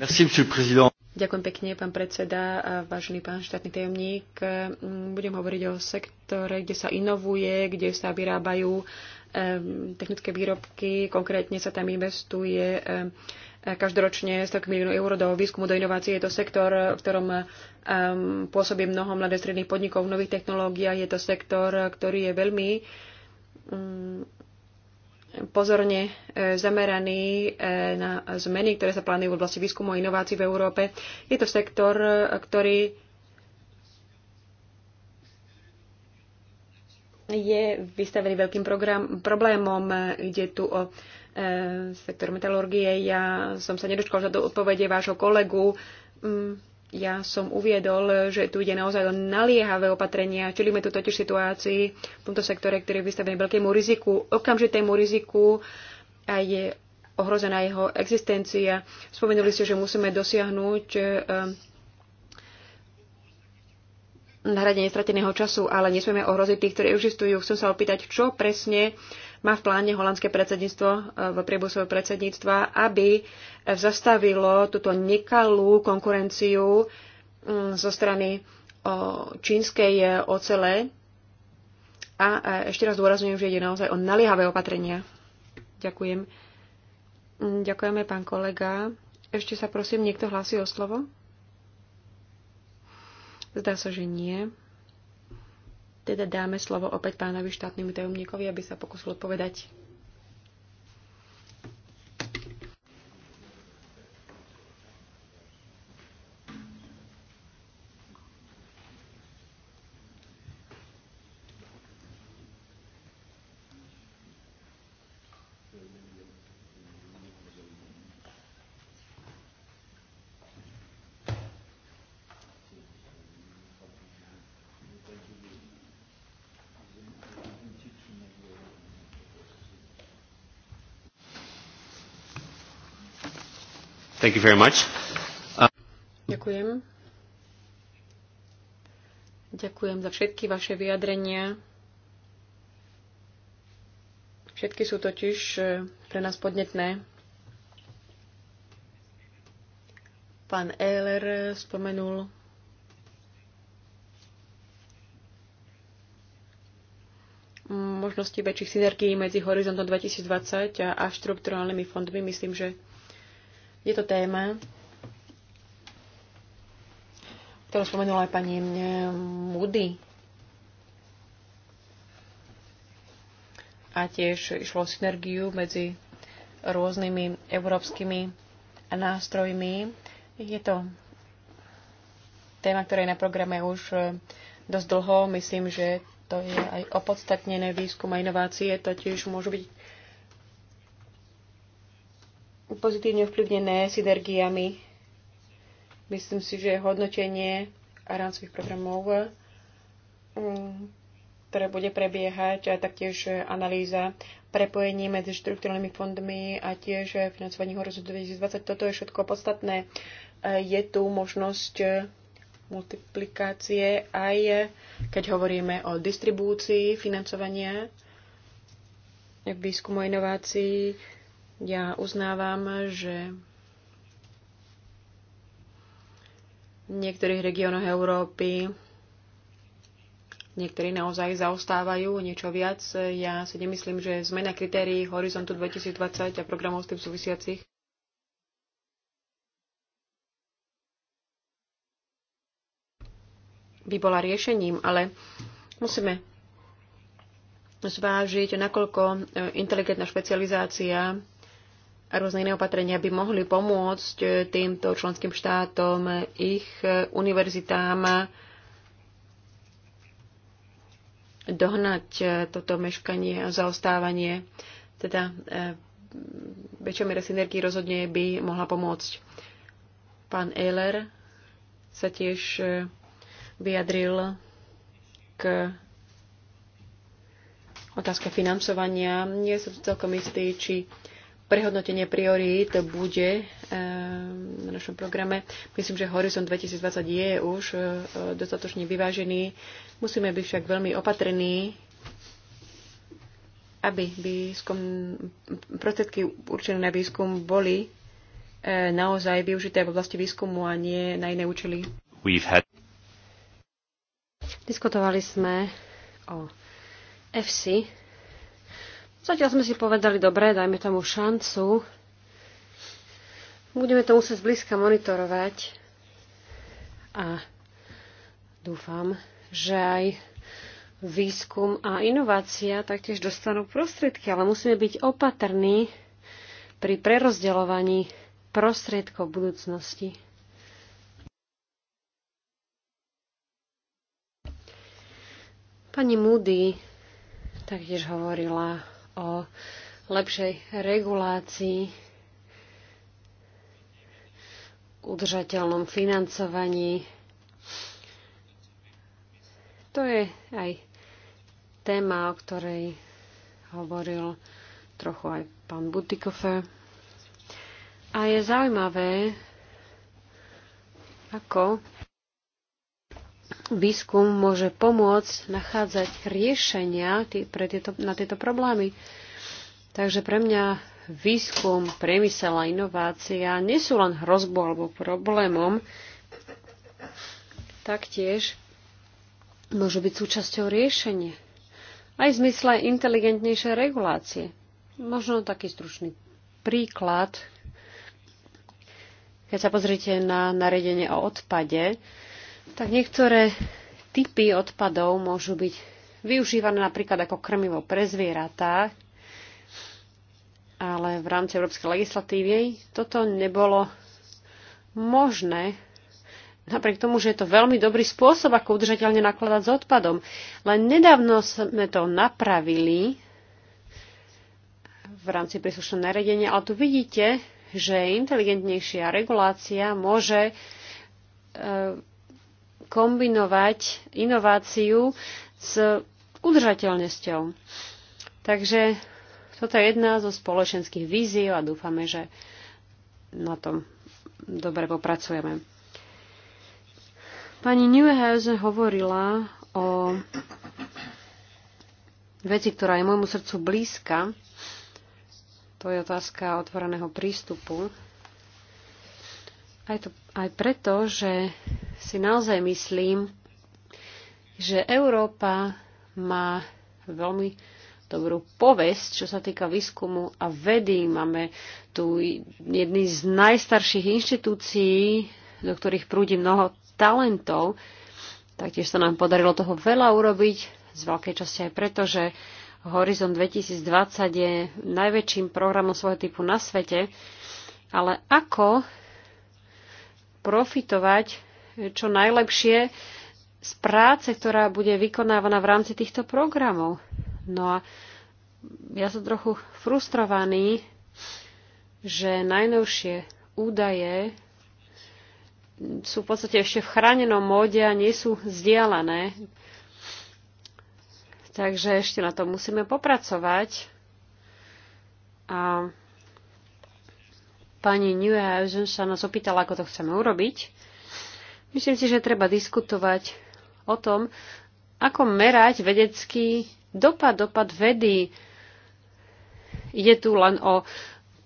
Merci, monsieur le président. Ďakujem pekne, pán predseda a vážený pán štátny tajomník. Mm, budem hovoriť o sektore, kde sa inovuje, kde sa vyrábajú technické výrobky. Konkrétne sa tam investuje každoročne 100 miliónov eur do výskumu, do inovácií. Je to sektor, v ktorom pôsobí mnoho mladé stredných podnikov v nových technológiách. Je to sektor, ktorý je veľmi mm, pozorne e, zameraný e, na zmeny, ktoré sa plánujú v oblasti výskumu a inovácií v Európe. Je to sektor, ktorý je vystavený veľkým program, problémom. Ide tu o e, sektor metalurgie. Ja som sa nedočkal do odpovede vášho kolegu. Mm, ja som uviedol, že tu ide naozaj o naliehavé opatrenia. Čelíme tu totiž situácii v tomto sektore, ktorý je vystavený veľkému riziku, okamžitému riziku a je ohrozená jeho existencia. Spomenuli ste, že musíme dosiahnuť e, nahradenie strateného času, ale nesmieme ohroziť tých, ktorí existujú. Chcem sa opýtať, čo presne má v pláne holandské predsedníctvo e, v priebu svojho predsedníctva, aby zastavilo túto nekalú konkurenciu mm, zo strany čínskej e, ocele. A e, ešte raz dôrazňujem, že ide naozaj o naliehavé opatrenia. Ďakujem. Mm, ďakujeme, pán kolega. Ešte sa prosím, niekto hlási o slovo? Zdá sa, že nie. Teda dáme slovo opäť pánovi štátnemu tajomníkovi, aby sa pokusil odpovedať. Thank you very much. Uh... Ďakujem. Ďakujem za všetky vaše vyjadrenia. Všetky sú totiž eh, pre nás podnetné. Pán Ehler eh, spomenul mm, možnosti väčších synergií medzi Horizontom 2020 a, a štrukturálnymi fondmi. Myslím, že je to téma, ktorú spomenula aj pani mm, Moody. A tiež išlo o synergiu medzi rôznymi európskymi nástrojmi. Je to téma, ktorá je na programe už e, dosť dlho. Myslím, že to je aj opodstatnené výskum a inovácie, totiž môžu byť pozitívne ovplyvnené synergiami. Myslím si, že hodnotenie aránskych programov, mm, ktoré bude prebiehať, a taktiež analýza prepojení medzi štruktúrnymi fondmi a tiež financovaním horizontu 2020. Toto je všetko podstatné. Je tu možnosť multiplikácie aj keď hovoríme o distribúcii financovania výskumu inovácií, ja uznávam, že v niektorých regiónoch Európy niektorí naozaj zaostávajú niečo viac. Ja si nemyslím, že zmena kritérií Horizontu 2020 a programov s tým súvisiacich by bola riešením, ale musíme zvážiť, nakoľko e, inteligentná špecializácia a rôzne iné opatrenia by mohli pomôcť e, týmto členským štátom, e, ich e, univerzitám dohnať toto meškanie a zaostávanie. Teda väčšia miera synergii rozhodne by mohla pomôcť. Pán Eiler sa tiež vyjadril k otázke financovania. Nie som celkom istý, či prehodnotenie priorít bude eh, na našom programe. Myslím, že Horizon 2020 je už eh, dostatočne vyvážený. Musíme byť však veľmi opatrení, aby výskum, prostriedky určené na výskum boli eh, naozaj využité v oblasti výskumu a nie na iné účely. Had... Diskutovali sme o FC Zatiaľ sme si povedali, dobre, dajme tomu šancu. Budeme to musieť zblízka monitorovať a dúfam, že aj výskum a inovácia taktiež dostanú prostriedky, ale musíme byť opatrní pri prerozdeľovaní prostriedkov budúcnosti. Pani Moody taktiež hovorila o lepšej regulácii, udržateľnom financovaní. To je aj téma, o ktorej hovoril trochu aj pán Butikofer. A je zaujímavé, ako výskum môže pomôcť nachádzať riešenia pre tieto, na tieto problémy. Takže pre mňa výskum, priemysel a inovácia nie sú len hrozbou alebo problémom, taktiež môžu byť súčasťou riešenia. Aj v zmysle inteligentnejšej regulácie. Možno taký stručný príklad. Keď sa pozrite na naredenie o odpade, tak niektoré typy odpadov môžu byť využívané napríklad ako krmivo pre zvieratá, ale v rámci európskej legislatívy toto nebolo možné, napriek tomu, že je to veľmi dobrý spôsob, ako udržateľne nakladať s odpadom. Len nedávno sme to napravili v rámci príslušného nariadenia, ale tu vidíte, že inteligentnejšia regulácia môže e, kombinovať inováciu s udržateľnosťou. Takže toto je jedna zo spoločenských víziev a dúfame, že na tom dobre popracujeme. Pani Newhausen hovorila o veci, ktorá je môjmu srdcu blízka. To je otázka otvoreného prístupu. Aj, to, aj preto, že si naozaj myslím, že Európa má veľmi dobrú povesť, čo sa týka výskumu a vedy. Máme tu jedny z najstarších inštitúcií, do ktorých prúdi mnoho talentov. Taktiež sa nám podarilo toho veľa urobiť, z veľkej časti aj preto, že Horizon 2020 je najväčším programom svojho typu na svete, ale ako profitovať čo najlepšie z práce, ktorá bude vykonávaná v rámci týchto programov. No a ja som trochu frustrovaný, že najnovšie údaje sú v podstate ešte v chránenom móde a nie sú vzdialené. Takže ešte na to musíme popracovať. A pani Newhausen sa nás opýtala, ako to chceme urobiť. Myslím si, že treba diskutovať o tom, ako merať vedecký dopad, dopad vedy. Ide tu len o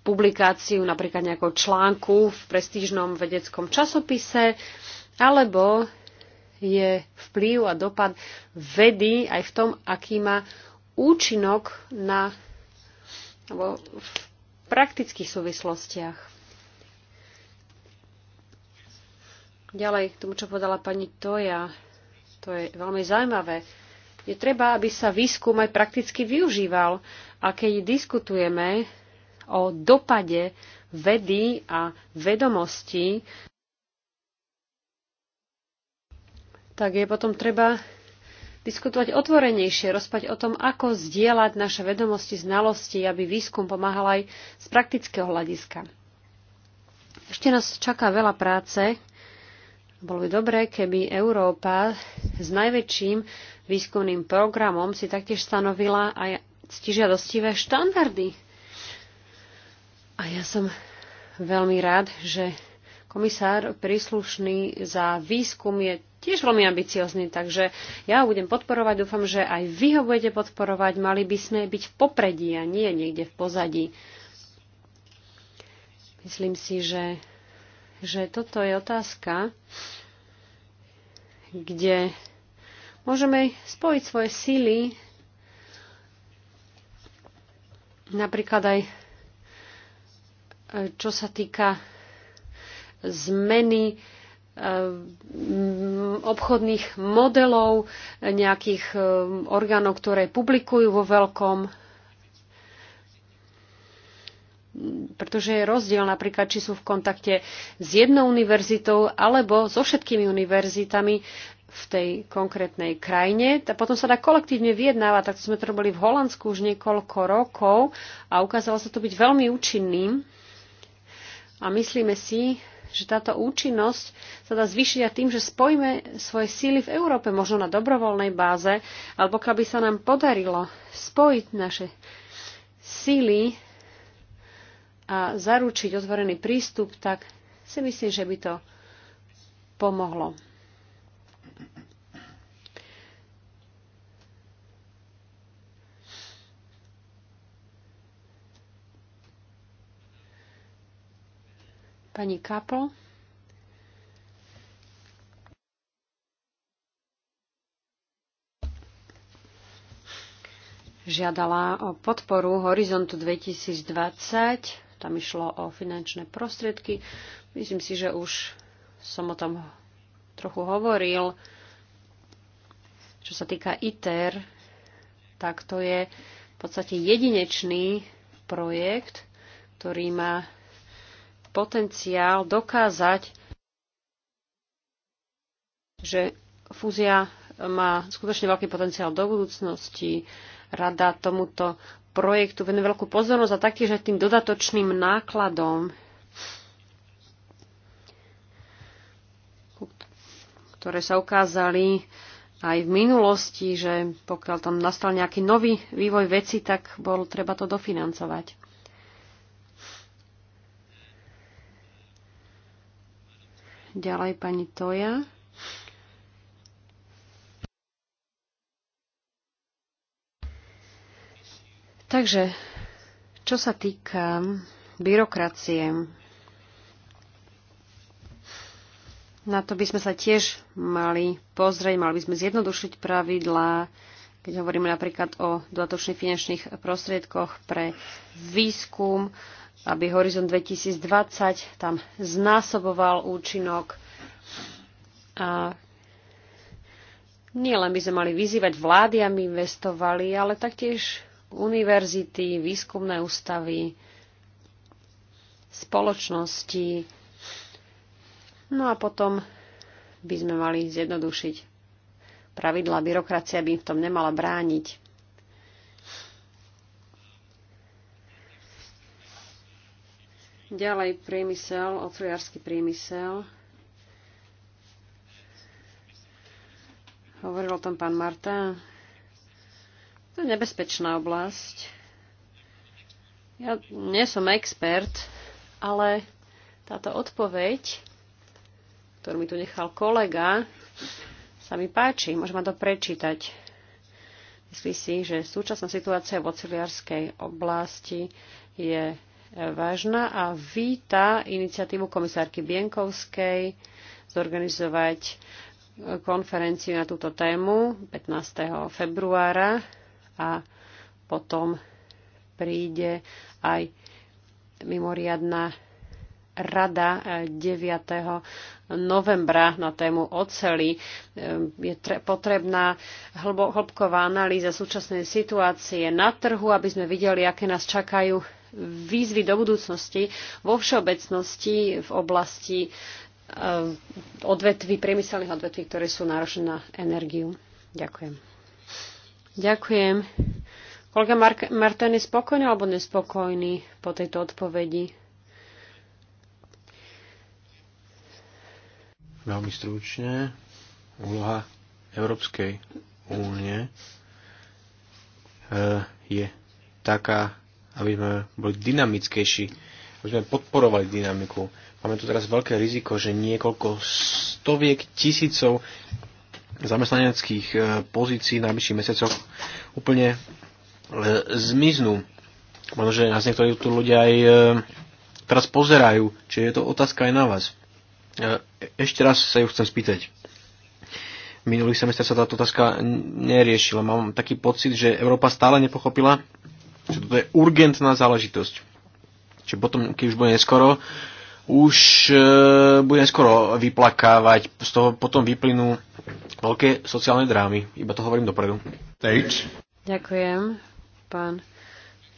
publikáciu napríklad nejakého článku v prestížnom vedeckom časopise, alebo je vplyv a dopad vedy aj v tom, aký má účinok na, v praktických súvislostiach. Ďalej k tomu, čo povedala pani Toja, to je veľmi zaujímavé. Je treba, aby sa výskum aj prakticky využíval. A keď diskutujeme o dopade vedy a vedomosti, tak je potom treba diskutovať otvorenejšie, rozpať o tom, ako zdieľať naše vedomosti, znalosti, aby výskum pomáhal aj z praktického hľadiska. Ešte nás čaká veľa práce, bolo by dobré, keby Európa s najväčším výskumným programom si taktiež stanovila aj ctižiadostivé štandardy. A ja som veľmi rád, že komisár príslušný za výskum je tiež veľmi ambiciozný, takže ja ho budem podporovať. Dúfam, že aj vy ho budete podporovať. Mali by sme byť v popredí a nie niekde v pozadí. Myslím si, že že toto je otázka, kde môžeme spojiť svoje síly napríklad aj e, čo sa týka zmeny e, obchodných modelov nejakých e, orgánov, ktoré publikujú vo veľkom pretože je rozdiel napríklad, či sú v kontakte s jednou univerzitou alebo so všetkými univerzitami v tej konkrétnej krajine. A potom sa dá kolektívne vyjednávať, tak sme to robili v Holandsku už niekoľko rokov a ukázalo sa to byť veľmi účinným. A myslíme si, že táto účinnosť sa dá zvýšiť aj tým, že spojíme svoje síly v Európe, možno na dobrovoľnej báze, alebo keby sa nám podarilo spojiť naše síly a zaručiť otvorený prístup, tak si myslím, že by to pomohlo. Pani Kapl. žiadala o podporu Horizontu 2020 tam išlo o finančné prostriedky. Myslím si, že už som o tom trochu hovoril. Čo sa týka ITER, tak to je v podstate jedinečný projekt, ktorý má potenciál dokázať, že fúzia má skutočne veľký potenciál do budúcnosti. Rada tomuto projektu venuje veľkú pozornosť a taktiež aj tým dodatočným nákladom, ktoré sa ukázali aj v minulosti, že pokiaľ tam nastal nejaký nový vývoj veci, tak bol treba to dofinancovať. Ďalej pani Toja. Takže, čo sa týka byrokracie, na to by sme sa tiež mali pozrieť, mali by sme zjednodušiť pravidlá, keď hovoríme napríklad o dodatočných finančných prostriedkoch pre výskum, aby Horizont 2020 tam znásoboval účinok. A nie len by sme mali vyzývať vlády, aby investovali, ale taktiež univerzity, výskumné ústavy, spoločnosti. No a potom by sme mali zjednodušiť pravidla, byrokracia by im v tom nemala brániť. Ďalej priemysel, oceliarský priemysel. Hovoril o tom pán Marta, to je nebezpečná oblasť. Ja nie som expert, ale táto odpoveď, ktorú mi tu nechal kolega, sa mi páči. Môžem to prečítať. Myslí si, že súčasná situácia v oceliarskej oblasti je vážna a víta iniciatívu komisárky Bienkovskej zorganizovať konferenciu na túto tému 15. februára a potom príde aj mimoriadná rada 9. Eh, novembra na tému oceli. Ehm, je potrebná hĺbková analýza súčasnej situácie na trhu, aby sme videli, aké nás čakajú výzvy do budúcnosti vo všeobecnosti v oblasti eh, odvetví, priemyselných odvetví, ktoré sú náročné na energiu. Ďakujem. Ďakujem. Kolega Mark- Martin je spokojný alebo nespokojný po tejto odpovedi? Veľmi stručne. Úloha Európskej únie e, je taká, aby sme boli dynamickejší, aby sme podporovali dynamiku. Máme tu teraz veľké riziko, že niekoľko stoviek tisícov zamestnaneckých e, pozícií na najbližších mesiacoch úplne e, zmiznú. Možno, že nás niektorí tu ľudia aj e, teraz pozerajú, čiže je to otázka aj na vás. Ešte raz sa ju chcem spýtať. Minulý semester sa táto otázka neriešila. Mám taký pocit, že Európa stále nepochopila, že toto je urgentná záležitosť. Čiže potom, keď už bude neskoro, už e, budem skoro vyplakávať, z toho potom vyplynú veľké sociálne drámy. Iba to hovorím dopredu. Tejč. Ďakujem, pán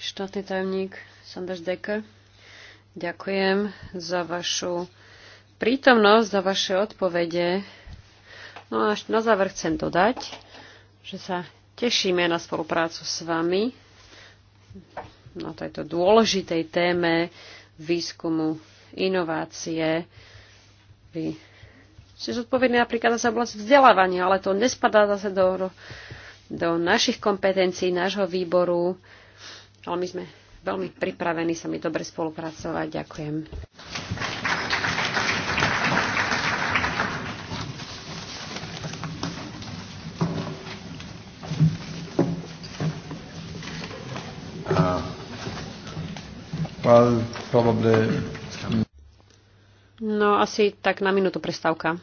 štátny tajomník Sanders Decker. Ďakujem za vašu prítomnosť, za vaše odpovede. No a na záver chcem dodať, že sa tešíme na spoluprácu s vami na tejto dôležitej téme výskumu inovácie. Vy ste zodpovední napríklad za oblasť vzdelávania, ale to nespadá zase do, do našich kompetencií, nášho výboru. Ale my sme veľmi pripravení sa mi dobre spolupracovať. Ďakujem. well, probably No asi tak na minútu prestávka.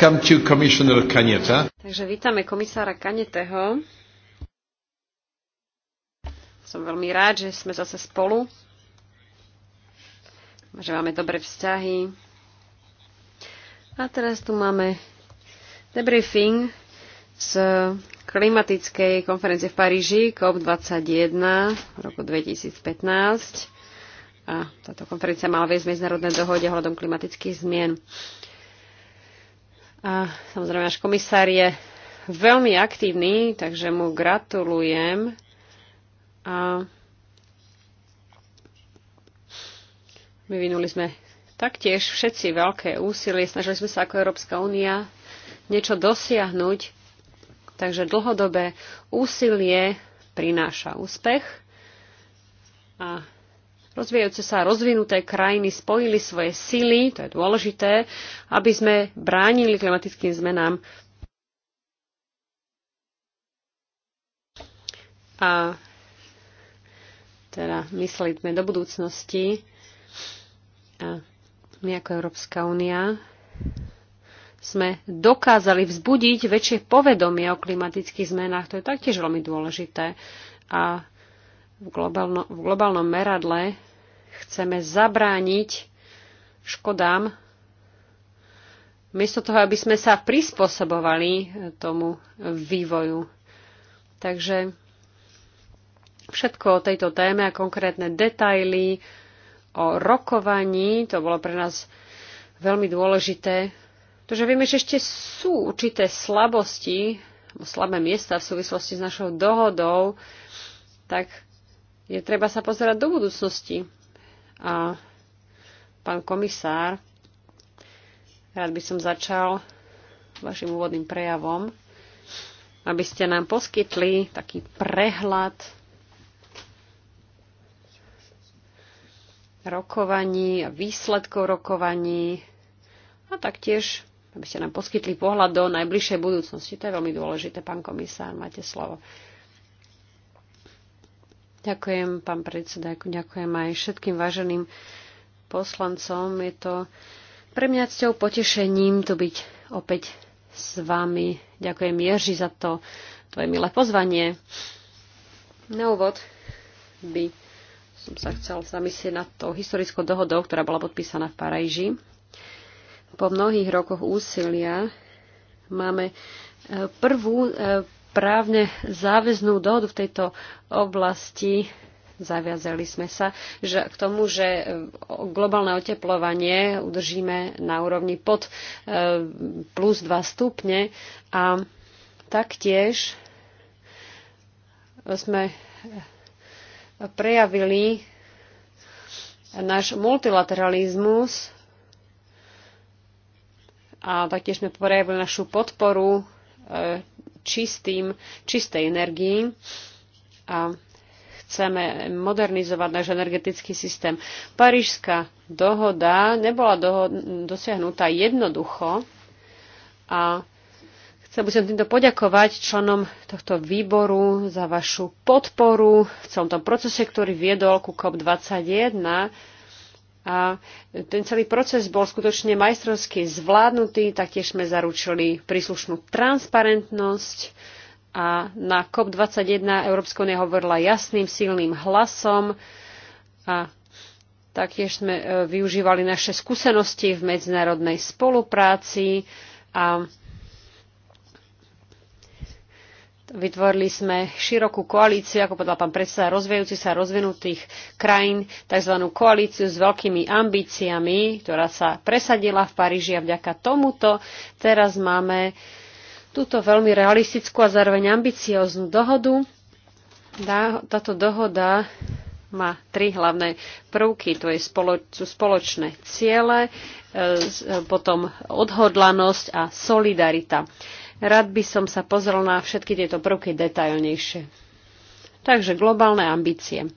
Welcome to Commissioner Takže vítame komisára Kaneteho. Som veľmi rád, že sme zase spolu. Že máme dobré vzťahy. A teraz tu máme debriefing z klimatickej konferencie v Paríži COP21 v roku 2015. A táto konferencia mala viesť medzinárodné dohode ohľadom klimatických zmien. A samozrejme, náš komisár je veľmi aktívny, takže mu gratulujem. A vyvinuli sme taktiež všetci veľké úsilie. Snažili sme sa ako Európska únia niečo dosiahnuť. Takže dlhodobé úsilie prináša úspech. A Rozvíjajúce sa rozvinuté krajiny spojili svoje sily, to je dôležité, aby sme bránili klimatickým zmenám. A teda mysleli sme do budúcnosti. A my ako Európska únia sme dokázali vzbudiť väčšie povedomie o klimatických zmenách. To je taktiež veľmi dôležité. A v, globálno, v globálnom meradle chceme zabrániť škodám, miesto toho, aby sme sa prispôsobovali e, tomu vývoju. Takže všetko o tejto téme a konkrétne detaily o rokovaní, to bolo pre nás veľmi dôležité, pretože vieme, že ešte sú určité slabosti, slabé miesta v súvislosti s našou dohodou, tak je treba sa pozerať do budúcnosti. A pán komisár, rád by som začal vašim úvodným prejavom, aby ste nám poskytli taký prehľad rokovaní a výsledkov rokovaní a taktiež, aby ste nám poskytli pohľad do najbližšej budúcnosti. To je veľmi dôležité, pán komisár, máte slovo. Ďakujem, pán predseda, ďakujem aj všetkým váženým poslancom. Je to pre mňa cťou potešením tu byť opäť s vami. Ďakujem Ježi za to tvoje milé pozvanie. Na úvod by som sa chcel zamyslieť nad tou historickou dohodou, ktorá bola podpísaná v Paríži. Po mnohých rokoch úsilia máme e, prvú e, právne záväznú dohodu v tejto oblasti. Zaviazali sme sa že k tomu, že e, globálne oteplovanie udržíme na úrovni pod e, plus 2 stupne a taktiež sme prejavili náš multilateralizmus a taktiež sme prejavili našu podporu e, čistým, čistej energii a chceme modernizovať náš energetický systém. Parížská dohoda nebola doho- dosiahnutá jednoducho a chcel by som týmto poďakovať členom tohto výboru za vašu podporu v celom tom procese, ktorý viedol ku COP21 a ten celý proces bol skutočne majstrovsky zvládnutý, taktiež sme zaručili príslušnú transparentnosť a na COP21 Európska unia hovorila jasným, silným hlasom a taktiež sme e, využívali naše skúsenosti v medzinárodnej spolupráci a Vytvorili sme širokú koalíciu, ako povedal pán predseda, rozvíjajúci sa rozvinutých krajín, tzv. koalíciu s veľkými ambíciami, ktorá sa presadila v Paríži a vďaka tomuto teraz máme túto veľmi realistickú a zároveň ambicióznu dohodu. Táto dohoda má tri hlavné prvky. To je spoloč, sú spoločné ciele, e, e, potom odhodlanosť a solidarita. Rád by som sa pozrel na všetky tieto prvky detailnejšie. Takže globálne ambície.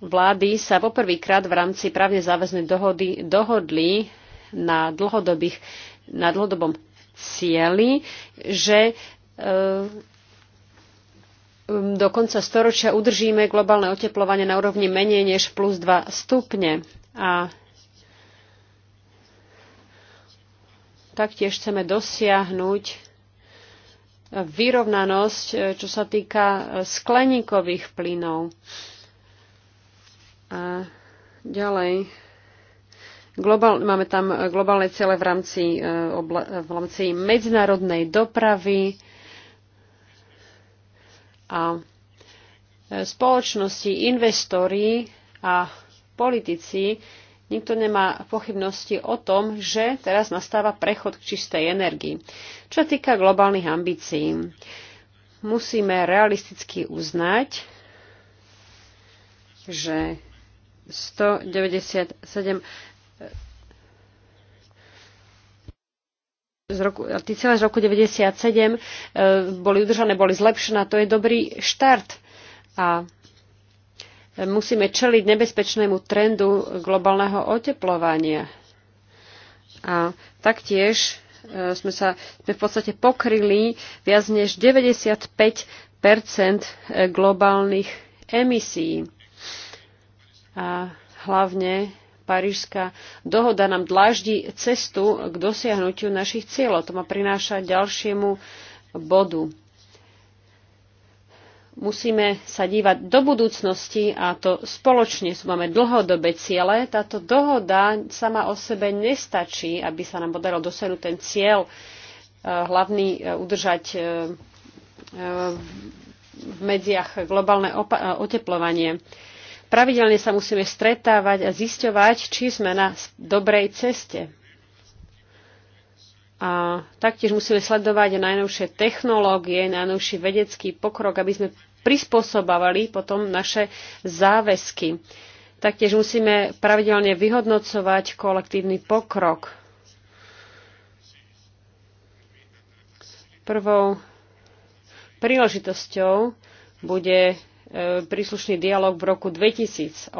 Vlády sa poprvýkrát v rámci právne záväznej dohody dohodli na, dlhodobých, na dlhodobom cieli, že e, do konca storočia udržíme globálne oteplovanie na úrovni menej než plus 2 stupne. A taktiež chceme dosiahnuť vyrovnanosť, e, čo sa týka e, skleníkových plynov. A ďalej. Globál, máme tam e, globálne cele v rámci, v rámci medzinárodnej dopravy a spoločnosti, investori a politici Nikto nemá pochybnosti o tom, že teraz nastáva prechod k čistej energii. Čo týka globálnych ambícií, musíme realisticky uznať, že 197 z roku, tie celé z roku 97 e, boli udržané, boli zlepšené. To je dobrý štart. A musíme čeliť nebezpečnému trendu globálneho oteplovania. A taktiež e, sme sa sme v podstate pokryli viac než 95 e, globálnych emisí. A hlavne Parížská dohoda nám dláždi cestu k dosiahnutiu našich cieľov. To ma prináša ďalšiemu bodu musíme sa dívať do budúcnosti a to spoločne sú máme dlhodobé ciele. Táto dohoda sama o sebe nestačí, aby sa nám podarilo dosiahnuť ten cieľ eh, hlavný eh, udržať eh, v medziach globálne oteplovanie. Pravidelne sa musíme stretávať a zisťovať, či sme na dobrej ceste. A taktiež musíme sledovať najnovšie technológie, najnovší vedecký pokrok, aby sme prispôsobovali potom naše záväzky. Taktiež musíme pravidelne vyhodnocovať kolektívny pokrok. Prvou príležitosťou bude e, príslušný dialog v roku 2018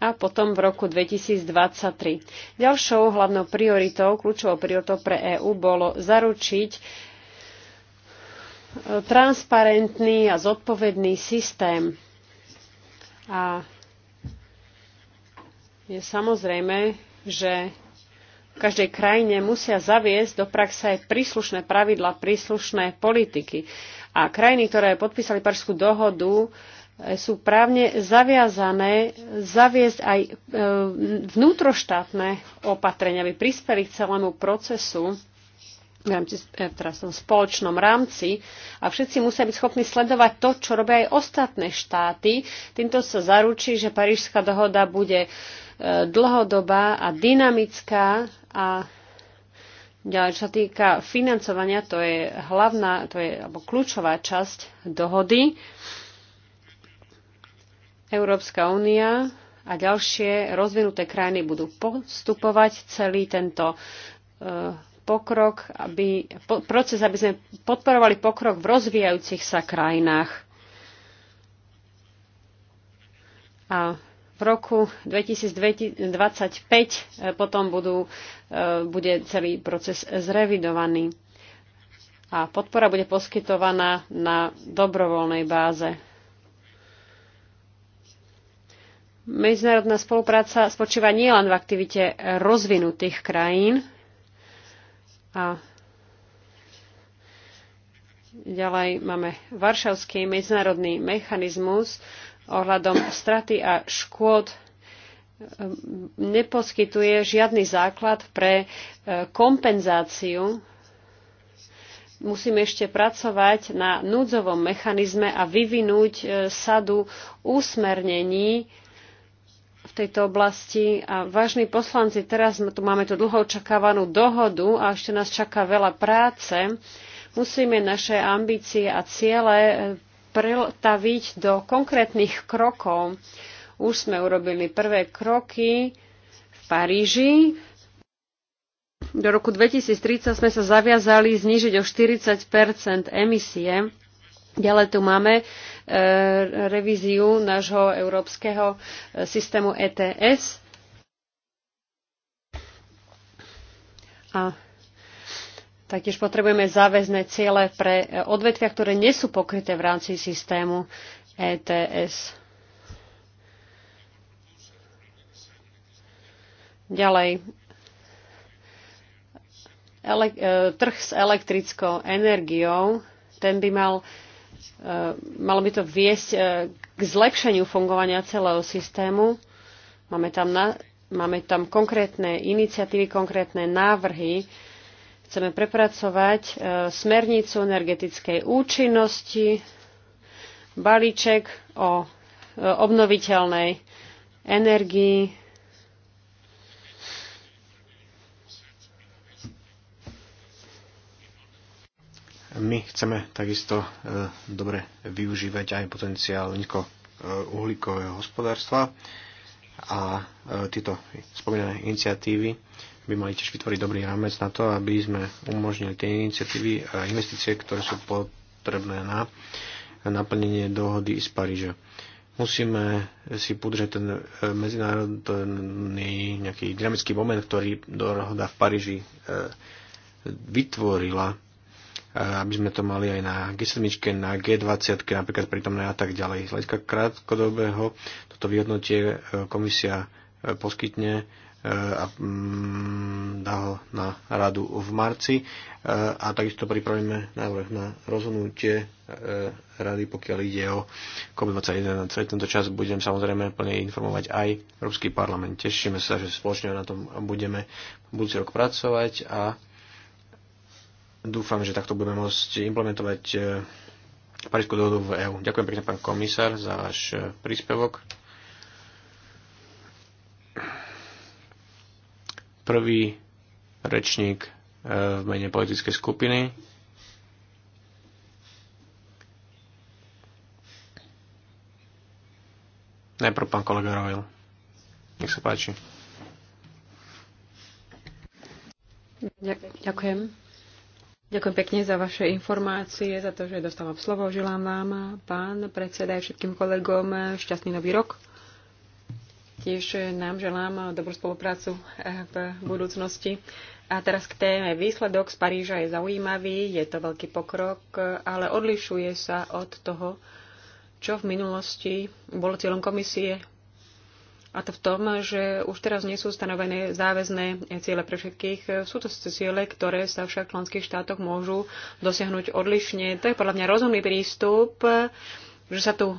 a potom v roku 2023. Ďalšou hlavnou prioritou, kľúčovou prioritou pre EÚ bolo zaručiť e, transparentný a zodpovedný systém. A je samozrejme, že v každej krajine musia zaviesť do praxe aj príslušné pravidla, príslušné politiky. A krajiny, ktoré podpísali Parížskú dohodu, E, sú právne zaviazané zaviesť aj e, vnútroštátne opatrenia, aby prispeli k celému procesu v rámci, e, teraz v spoločnom rámci a všetci musia byť schopní sledovať to, čo robia aj ostatné štáty. Týmto sa zaručí, že Parížská dohoda bude dlhodobá a dynamická a ďalej, čo sa týka financovania, to je hlavná, to je alebo kľúčová časť dohody. Uh, Európska únia a ďalšie rozvinuté krajiny budú postupovať celý tento e, pokrok, aby, proces, aby sme podporovali pokrok v rozvíjajúcich sa krajinách. A v roku 2025 e, potom budú, e, bude celý proces zrevidovaný. A podpora bude poskytovaná na dobrovoľnej báze Medzinárodná spolupráca spočíva nielen v aktivite rozvinutých krajín a ďalej máme Varšavský medzinárodný mechanizmus ohľadom straty a škôd ehm, neposkytuje žiadny základ pre e, kompenzáciu. Musíme ešte pracovať na núdzovom mechanizme a vyvinúť e, sadu úsmernení tejto oblasti. A vážni poslanci, teraz tu máme tu dlho očakávanú dohodu a ešte nás čaká veľa práce. Musíme naše ambície a ciele e, pretaviť do konkrétnych krokov. Už sme urobili prvé kroky v Paríži. Do roku 2030 sme sa zaviazali znižiť o 40 emisie Ďalej tu máme e, revíziu nášho európskeho e, systému ETS. A taktiež potrebujeme záväzné ciele pre e, odvetvia, ktoré nie sú pokryté v rámci systému ETS. Ďalej. Ele- trh s elektrickou energiou, ten by mal e, Eh, malo by to viesť eh, k zlepšeniu fungovania celého systému. Máme tam, na, máme tam konkrétne iniciatívy, konkrétne návrhy. Chceme prepracovať eh, smernicu energetickej účinnosti, balíček o obnoviteľnej energii, My chceme takisto e, dobre využívať aj potenciál uhlíkového hospodárstva a e, tieto spomínané iniciatívy by mali tiež vytvoriť dobrý rámec na to, aby sme umožnili tie iniciatívy a investície, ktoré sú potrebné na naplnenie dohody z Paríža. Musíme si podržať ten e, medzinárodný nejaký dynamický moment, ktorý dohoda v Paríži vytvorila aby sme to mali aj na G7, na G20, napríklad prítomné a tak ďalej. Z hľadiska krátkodobého toto vyhodnotie e, komisia e, poskytne e, a mm, dá ho na radu v marci a takisto pripravíme návrh na rozhodnutie rady, pokiaľ ide o COP21. Celý tento čas budem samozrejme plne informovať aj Európsky parlament. Tešíme sa, že spoločne na tom budeme budúci rok pracovať a Dúfam, že takto budeme môcť implementovať e, Parísku dohodu v EÚ. Ďakujem pekne, pán komisár, za váš e, príspevok. Prvý rečník e, v mene politickej skupiny. Najprv pán kolega Royal. Nech sa páči. Ďakujem. Ďakujem pekne za vaše informácie, za to, že dostávam slovo. Želám vám, pán predseda, aj všetkým kolegom šťastný nový rok. Tiež nám želám dobrú spoluprácu v budúcnosti. A teraz k téme. Výsledok z Paríža je zaujímavý, je to veľký pokrok, ale odlišuje sa od toho, čo v minulosti bolo cieľom komisie a to v tom, že už teraz nie sú stanovené záväzné ciele pre všetkých. Sú to ciele, ktoré sa však v členských štátoch môžu dosiahnuť odlišne. To je podľa mňa rozumný prístup, že sa tu um,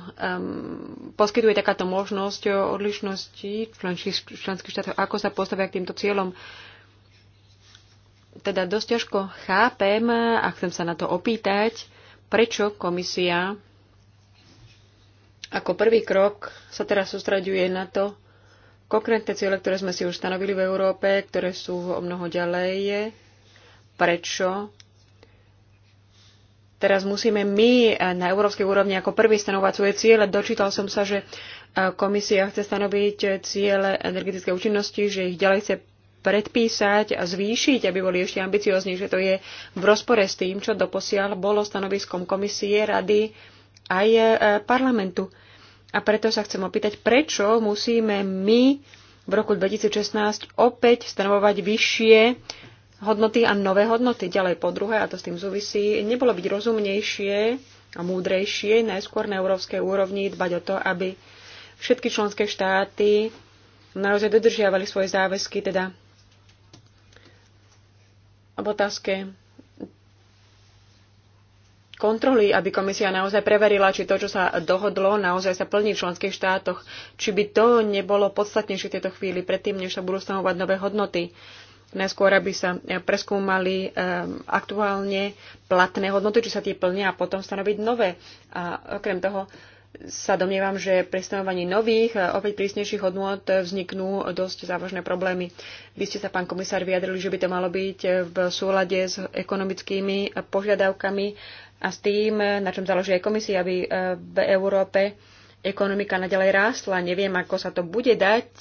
poskytuje takáto možnosť odlišnosti v členských, členských štátoch, ako sa postavia k týmto cieľom. Teda dosť ťažko chápem a chcem sa na to opýtať, prečo komisia ako prvý krok sa teraz sústraďuje na to, konkrétne ciele, ktoré sme si už stanovili v Európe, ktoré sú o mnoho ďalej, prečo teraz musíme my eh, na európskej úrovni ako prvý stanovať svoje ciele. Dočítal som sa, že eh, komisia chce stanoviť eh, ciele energetické účinnosti, že ich ďalej chce predpísať a zvýšiť, aby boli ešte ambicioznejšie. To je v rozpore s tým, čo doposiaľ bolo stanoviskom komisie, rady aj e, parlamentu. A preto sa chcem opýtať, prečo musíme my v roku 2016 opäť stanovovať vyššie hodnoty a nové hodnoty. Ďalej po druhé, a to s tým súvisí, nebolo byť rozumnejšie a múdrejšie najskôr na európskej úrovni dbať o to, aby všetky členské štáty naozaj dodržiavali svoje záväzky, teda v otázke kontroly, aby komisia naozaj preverila, či to, čo sa dohodlo, naozaj sa plní v členských štátoch, či by to nebolo podstatnejšie v tejto chvíli, predtým, než sa budú stanovať nové hodnoty. Najskôr, aby sa eh, preskúmali eh, aktuálne platné hodnoty, či sa tie plnia a potom stanoviť nové. A okrem toho, sa domnievam, že pri stanovaní nových, e, opäť prísnejších hodnôt e, vzniknú dosť závažné problémy. Vy ste sa, pán komisár, vyjadrili, že by to malo byť e, v súlade s ekonomickými požiadavkami a s tým, na čom založí aj komisia, aby v Európe ekonomika nadalej rástla. Neviem, ako sa to bude dať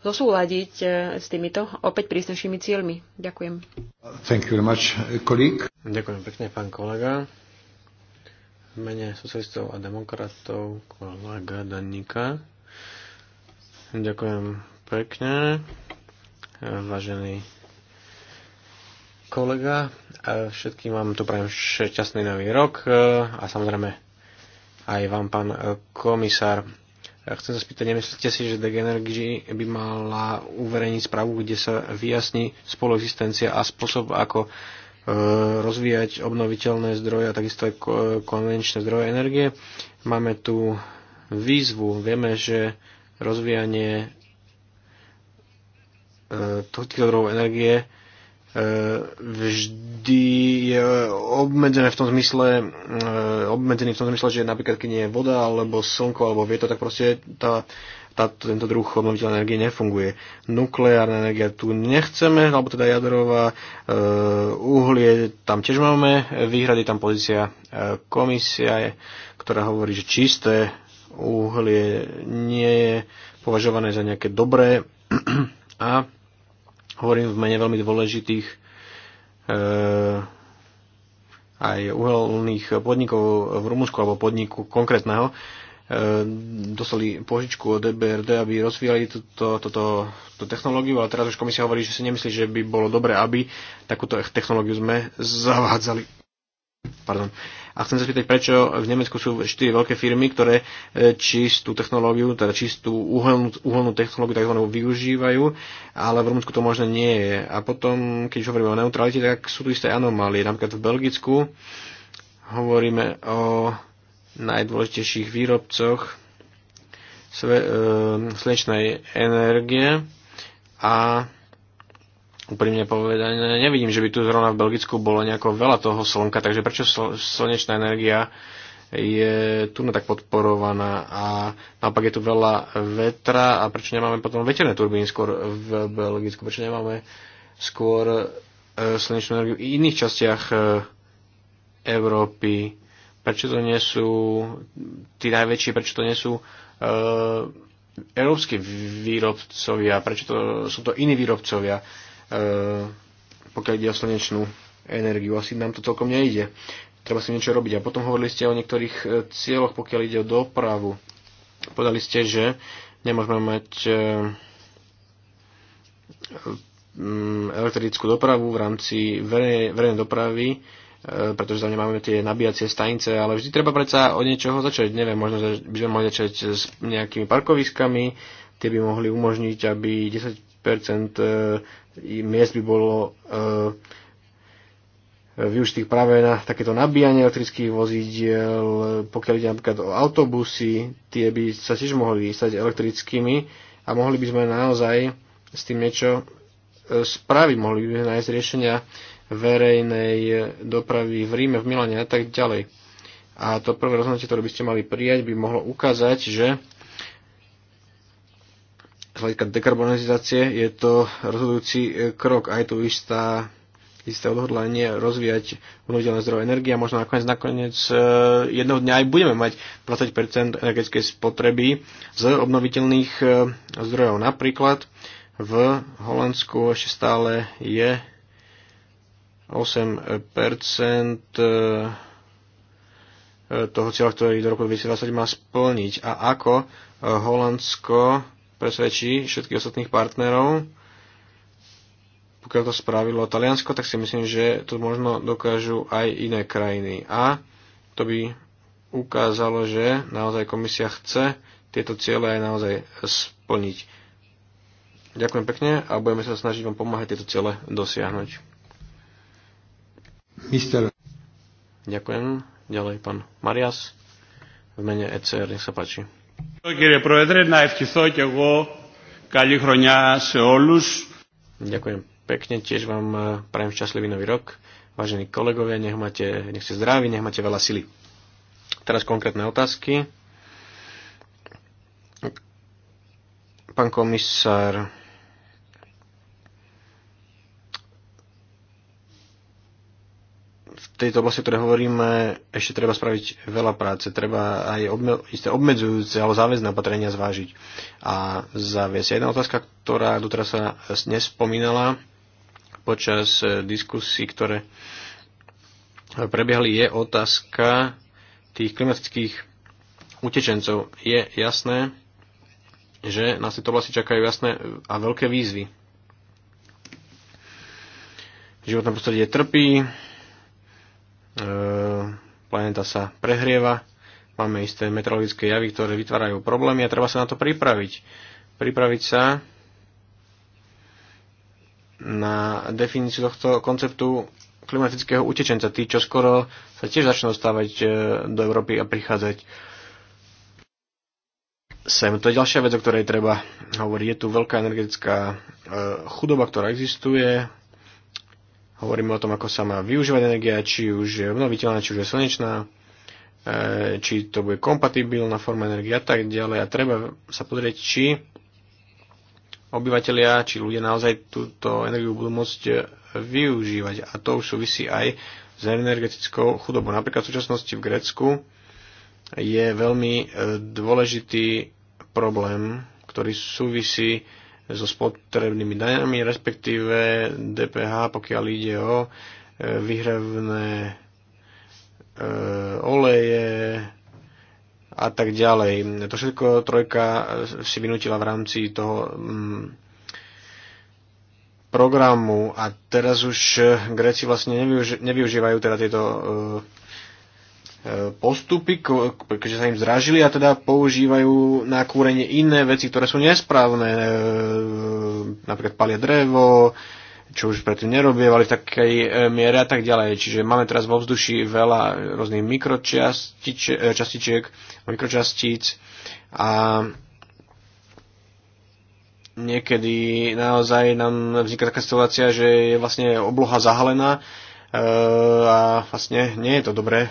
zosúľadiť s týmito opäť prísnejšími cieľmi. Ďakujem. Thank you very much, Ďakujem pekne, pán kolega mene socialistov a demokratov kolega Danika. Ďakujem pekne, vážený kolega. Všetkým vám tu prajem šťastný nový rok e, a samozrejme aj vám, pán komisár. E, chcem sa spýtať, nemyslíte si, že DG Energy by mala uverejniť správu, kde sa vyjasní spoluexistencia a spôsob, ako rozvíjať obnoviteľné zdroje a takisto aj konvenčné zdroje energie. Máme tu výzvu. Vieme, že rozvíjanie e, týchto zdrojov energie e, vždy je obmedzené v tom zmysle, e, obmedzený v tom zmysle, že napríklad keď nie je voda, alebo slnko, alebo vieto, tak proste tá táto, tento druh obnoviteľnej energie nefunguje. Nukleárna energia tu nechceme, alebo teda jadrová, e, uhlie tam tiež máme, výhrady tam pozícia e, komisia, je, ktorá hovorí, že čisté uhlie nie je považované za nejaké dobré a hovorím v mene veľmi dôležitých e, aj uhelných podnikov v Rumúnsku alebo podniku konkrétneho, E, dostali požičku od EBRD, aby rozvíjali túto, túto, túto technológiu, ale teraz už komisia hovorí, že si nemyslí, že by bolo dobré, aby takúto e- technológiu sme zavádzali. Pardon. A chcem sa spýtať, prečo v Nemecku sú štyri veľké firmy, ktoré e, čistú technológiu, teda čistú uholnú, uholnú technológiu tzv. využívajú, ale v Rumunsku to možno nie je. A potom, keď hovoríme o neutralite, tak sú tu isté anomálie. Napríklad v Belgicku hovoríme o najdôležitejších výrobcoch sve, e, slnečnej energie a úprimne povedané, nevidím, že by tu zrovna v Belgicku bolo nejako veľa toho slnka, takže prečo slnečná energia je tu tak podporovaná a naopak je tu veľa vetra a prečo nemáme potom veterné turbíny skôr v Belgicku, prečo nemáme skôr e, slnečnú energiu v iných častiach e, Európy prečo to nie sú tí najväčší, prečo to nie sú e, európsky výrobcovia, prečo to, sú to iní výrobcovia, e, pokiaľ ide o slnečnú energiu. Asi nám to celkom nejde. Treba si niečo robiť. A potom hovorili ste o niektorých e, cieľoch, pokiaľ ide o dopravu. Podali ste, že nemôžeme mať e, e elektrickú dopravu v rámci verejnej, verejnej dopravy, E, pretože tam nemáme tie nabíjacie stanice, ale vždy treba predsa od niečoho začať. Neviem, možno by sme mohli začať s nejakými parkoviskami, tie by mohli umožniť, aby 10% e, miest by bolo e, využitých práve na takéto nabíjanie elektrických vozidiel, pokiaľ ide napríklad o autobusy, tie by sa tiež mohli stať elektrickými a mohli by sme naozaj s tým niečo spraviť, mohli by sme nájsť riešenia verejnej dopravy v Ríme, v Milane a tak ďalej. A to prvé rozhodnutie, ktoré by ste mali prijať, by mohlo ukázať, že z hľadiska dekarbonizácie je to rozhodujúci e, krok. Aj tu istá isté odhodlanie rozvíjať obnoviteľné zdroje energie a možno nakoniec, nakoniec e, jedného dňa aj budeme mať 20 energetickej spotreby z obnoviteľných e, zdrojov. Napríklad v Holandsku ešte stále je 8% e, e, toho cieľa, ktorý do roku 2020 má splniť a ako e, Holandsko presvedčí všetkých ostatných partnerov, pokiaľ to spravilo Taliansko, tak si myslím, že to možno dokážu aj iné krajiny. A to by ukázalo, že naozaj komisia chce tieto ciele aj naozaj splniť. Ďakujem pekne a budeme sa snažiť vám pomáhať tieto ciele dosiahnuť. Mister. Ďakujem. Ďalej pán Marias v mene ECR. Nech sa páči. Ďakujem pekne, tiež vám e, prajem šťastlivý nový rok. Vážení kolegovia, nech, máte, nech ste zdraví, nech máte veľa sily. Teraz konkrétne otázky. Pán komisár, tejto oblasti, o ktorej hovoríme, ešte treba spraviť veľa práce. Treba aj obme- isté obmedzujúce alebo záväzné opatrenia zvážiť a zaviesť. Jedna otázka, ktorá doteraz sa nespomínala počas diskusí, ktoré prebiehali, je otázka tých klimatických utečencov. Je jasné, že nás tieto oblasti čakajú jasné a veľké výzvy. Životné prostredie trpí, E, planéta sa prehrieva, máme isté meteorologické javy, ktoré vytvárajú problémy a treba sa na to pripraviť. Pripraviť sa na definíciu tohto konceptu klimatického utečenca, tí, čo skoro sa tiež začnú stávať e, do Európy a prichádzať sem. To je ďalšia vec, o ktorej treba hovoriť. Je tu veľká energetická e, chudoba, ktorá existuje, Hovoríme o tom, ako sa má využívať energia, či už je obnoviteľná, či už je slnečná, e, či to bude kompatibilná forma energie a tak ďalej. A treba sa pozrieť, či obyvateľia, či ľudia naozaj túto energiu budú môcť e, využívať. A to už súvisí aj s energetickou chudobou. Napríklad v súčasnosti v Grécku je veľmi e, dôležitý problém, ktorý súvisí so spotrebnými daňami, respektíve DPH, pokiaľ ide o e, vyhrevné e, oleje a tak ďalej. To všetko trojka e, si vynutila v rámci toho mm, programu a teraz už Gréci vlastne nevyužívajú teda tieto E, postupy, keďže sa im zražili a teda používajú na kúrenie iné veci, ktoré sú nesprávne, e, napríklad palia drevo, čo už predtým nerobievali v takej e, miere a tak ďalej. Čiže máme teraz vo vzduši veľa rôznych mikročastičiek, mikročastíc a niekedy naozaj nám vzniká taká situácia, že je vlastne obloha zahalená, a vlastne nie je to dobré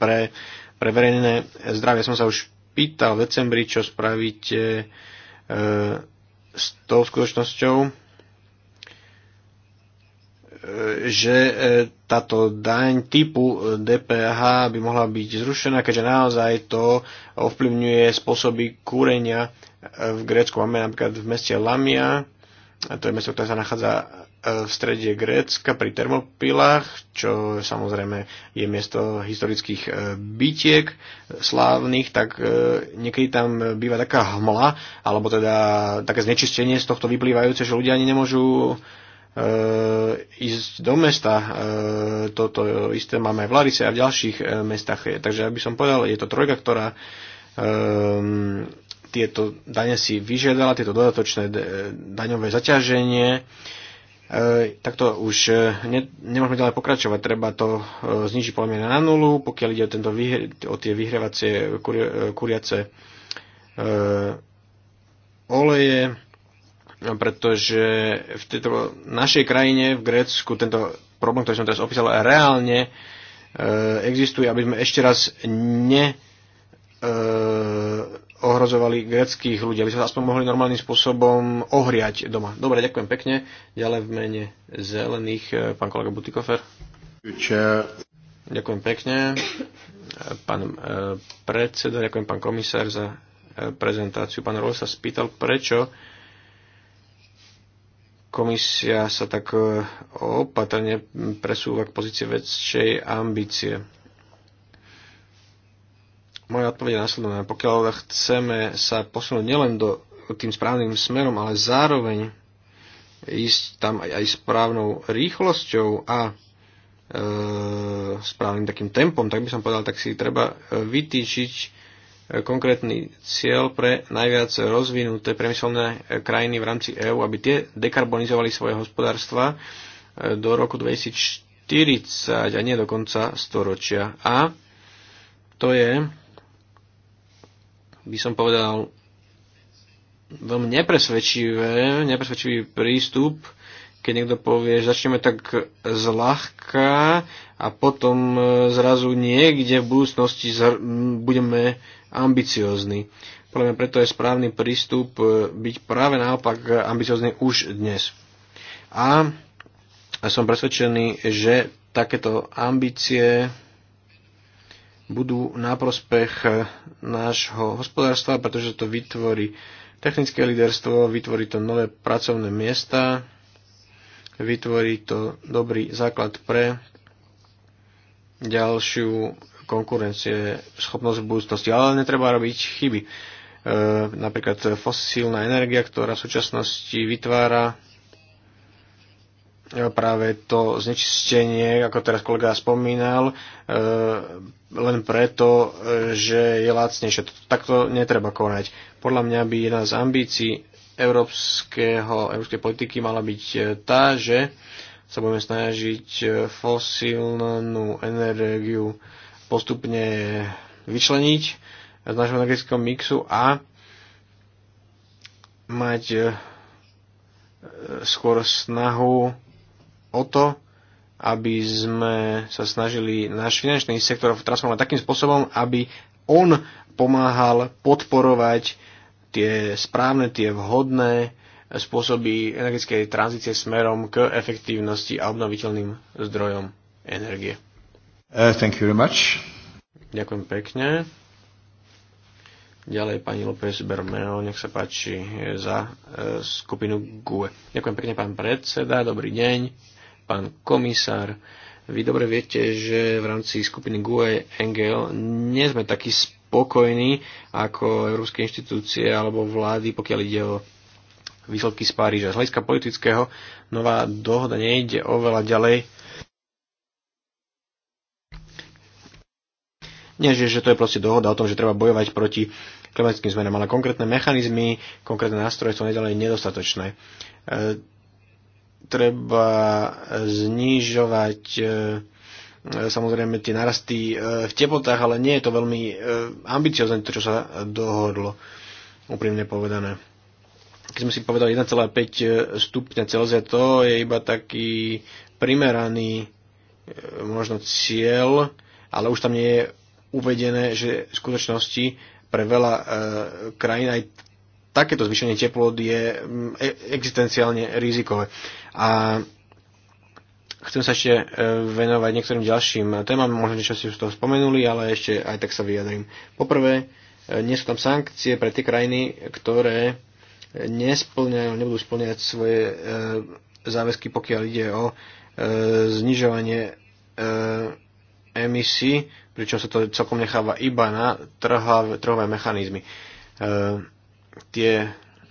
pre, pre verejné zdravie. Som sa už pýtal v decembri, čo spravíte e, s tou skutočnosťou, e, že e, táto daň typu e, DPH by mohla byť zrušená, keďže naozaj to ovplyvňuje spôsoby kúrenia e, v Grécku. Máme napríklad v meste Lamia, to je mesto, ktoré sa nachádza E, v strede Grécka pri Termopilách, čo samozrejme je miesto historických e, bytiek slávnych, tak e, niekedy tam býva taká hmla, alebo teda také znečistenie z tohto vyplývajúce, že ľudia ani nemôžu ísť do mesta. Toto isté máme aj v Larise a v ďalších mestách. Takže aby som povedal, je to trojka, ktorá tieto dane si vyžiadala, tieto dodatočné daňové zaťaženie E, takto už e, ne, nemôžeme ďalej pokračovať. Treba to e, znižiť poľa na nulu, pokiaľ ide o, tento vyhr, o tie vyhrievacie kuri, kuriace e, oleje, no, pretože v tejto našej krajine, v Grécku, tento problém, ktorý som teraz opísal, reálne e, existuje, aby sme ešte raz ne e, ohrozovali greckých ľudí, aby sa aspoň mohli normálnym spôsobom ohriať doma. Dobre, ďakujem pekne. Ďalej v mene zelených, e, pán kolega Butikofer. Ďakujem pekne. Pán e, predseda, ďakujem pán komisár za e, prezentáciu. Pán Rol sa spýtal, prečo komisia sa tak opatrne presúva k pozícii väčšej ambície moja odpoveď je následná. Pokiaľ chceme sa posunúť nielen do tým správnym smerom, ale zároveň ísť tam aj, aj správnou rýchlosťou a e, správnym takým tempom, tak by som povedal, tak si treba e, vytýčiť e, konkrétny cieľ pre najviac rozvinuté priemyselné e, krajiny v rámci EÚ, aby tie dekarbonizovali svoje hospodárstva do roku 2040 a nie do konca storočia. A to je by som povedal, veľmi nepresvedčivé, nepresvedčivý prístup, keď niekto povie, že začneme tak zľahka a potom e, zrazu niekde v budúcnosti budeme ambiciozni. Podľa mňa preto je správny prístup e, byť práve naopak ambiciozný už dnes. A som presvedčený, že takéto ambície budú na prospech e, nášho hospodárstva, pretože to vytvorí technické líderstvo, vytvorí to nové pracovné miesta, vytvorí to dobrý základ pre ďalšiu konkurencie, schopnosť v budúcnosti. Ale netreba robiť chyby. E, napríklad fosílna energia, ktorá v súčasnosti vytvára E, práve to znečistenie, ako teraz kolega spomínal, e, len preto, e, že je lacnejšie. Takto netreba konať. Podľa mňa by jedna z ambícií európskeho, európskej politiky mala byť tá, že sa budeme snažiť fosílnu energiu postupne vyčleniť z našho energetického mixu a mať skôr snahu o to, aby sme sa snažili náš finančný sektor transformovať takým spôsobom, aby on pomáhal podporovať tie správne, tie vhodné spôsoby energetickej tranzície smerom k efektívnosti a obnoviteľným zdrojom energie. Uh, thank you very much. Ďakujem pekne. Ďalej pani López Bermeo, nech sa páči za e, skupinu GUE. Ďakujem pekne, pán predseda, dobrý deň pán komisár, vy dobre viete, že v rámci skupiny GUE NGL nie sme takí spokojní ako európske inštitúcie alebo vlády, pokiaľ ide o výsledky z Paríža. Z hľadiska politického nová dohoda nejde oveľa ďalej. Nie, že, že to je proste dohoda o tom, že treba bojovať proti klimatickým zmenám, ale konkrétne mechanizmy, konkrétne nástroje sú nedalej nedostatočné. E, treba znižovať e, e, samozrejme tie narasty e, v teplotách, ale nie je to veľmi ambiciozne to, čo sa dohodlo, úprimne povedané. Keď sme si povedali 1,5 stupňa Celzia, to je iba taký primeraný možno cieľ, ale už tam nie je uvedené, že v skutočnosti pre veľa krajín aj takéto zvýšenie teplot je mm, e, existenciálne rizikové. A chcem sa ešte e, venovať niektorým ďalším témam, možno niečo už to spomenuli, ale ešte aj tak sa vyjadrím. Poprvé, e, nie sú tam sankcie pre tie krajiny, ktoré nesplňajú, nebudú splňať svoje záväzky, pokiaľ ide o znižovanie emisí, pričom sa to celkom necháva iba na trhové mechanizmy tie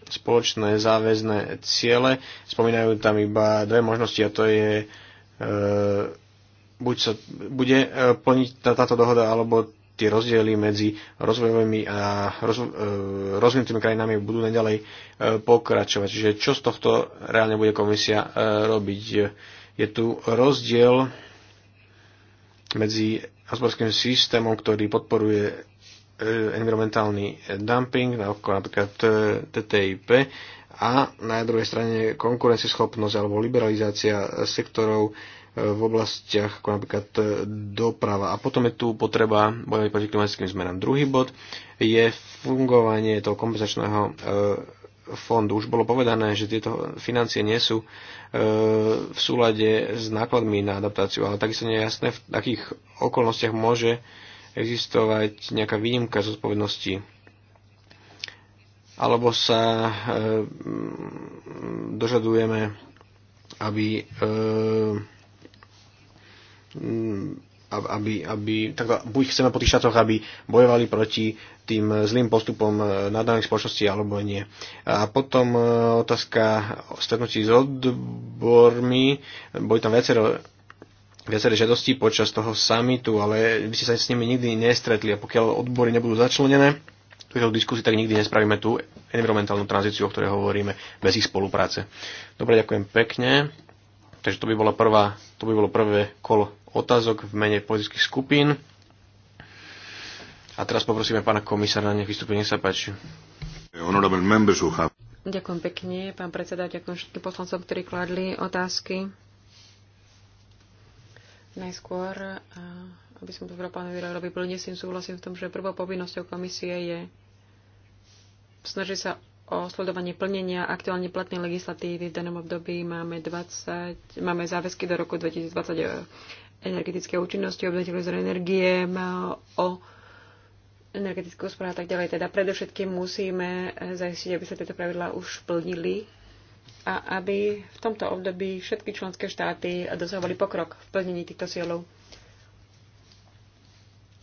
spoločné záväzné ciele. Spomínajú tam iba dve možnosti a to je e, buď sa bude e, plniť tá, táto dohoda, alebo tie rozdiely medzi rozvojovými a rozvo- e, rozvinutými krajinami budú naďalej e, pokračovať. Čiže čo z tohto reálne bude komisia robiť? Je tu rozdiel medzi hospodárským systémom, ktorý podporuje Eh, environmentálny dumping, napríklad eh, TTIP, a na druhej strane konkurencieschopnosť alebo liberalizácia sektorov eh, v oblastiach ako napríklad doprava. A potom je tu potreba bojovať proti klimatickým zmenám. Druhý bod je fungovanie toho kompenzačného fondu. Už bolo povedané, že tieto financie nie sú v súlade s nákladmi na adaptáciu, ale takisto nie je jasné, v akých okolnostiach môže existovať nejaká výnimka zodpovednosti. Alebo sa e, dožadujeme, aby, e, aby, aby tak, buď chceme po tých štátoch, aby bojovali proti tým zlým postupom e, nadnárodných spoločností, alebo nie. A potom e, otázka o stretnutí s odbormi. Boli tam viacero viaceré žiadosti počas toho summitu, ale vy ste sa s nimi nikdy nestretli a pokiaľ odbory nebudú začlenené, tejto diskusii, tak nikdy nespravíme tú environmentálnu tranzíciu, o ktorej hovoríme, bez ich spolupráce. Dobre, ďakujem pekne. Takže to by, bola prvá, to by bolo prvé kolo otázok v mene politických skupín. A teraz poprosíme pána komisára, nech vystúpenie sa páči. Ďakujem pekne, pán predseda, ďakujem všetkým poslancom, ktorí kladli otázky. Najskôr, aby som povedal pánovi Robi, plne s tým súhlasím v tom, že prvou povinnosťou komisie je snažiť sa o sledovanie plnenia aktuálne platnej legislatívy. V danom období máme, 20, máme záväzky do roku 2020 energetické účinnosti, obnoviteľov zdrojov energie, o energetickú správu a tak ďalej. Teda predovšetkým musíme zajistiť, aby sa tieto pravidlá už plnili a aby v tomto období všetky členské štáty dosahovali pokrok v plnení týchto cieľov.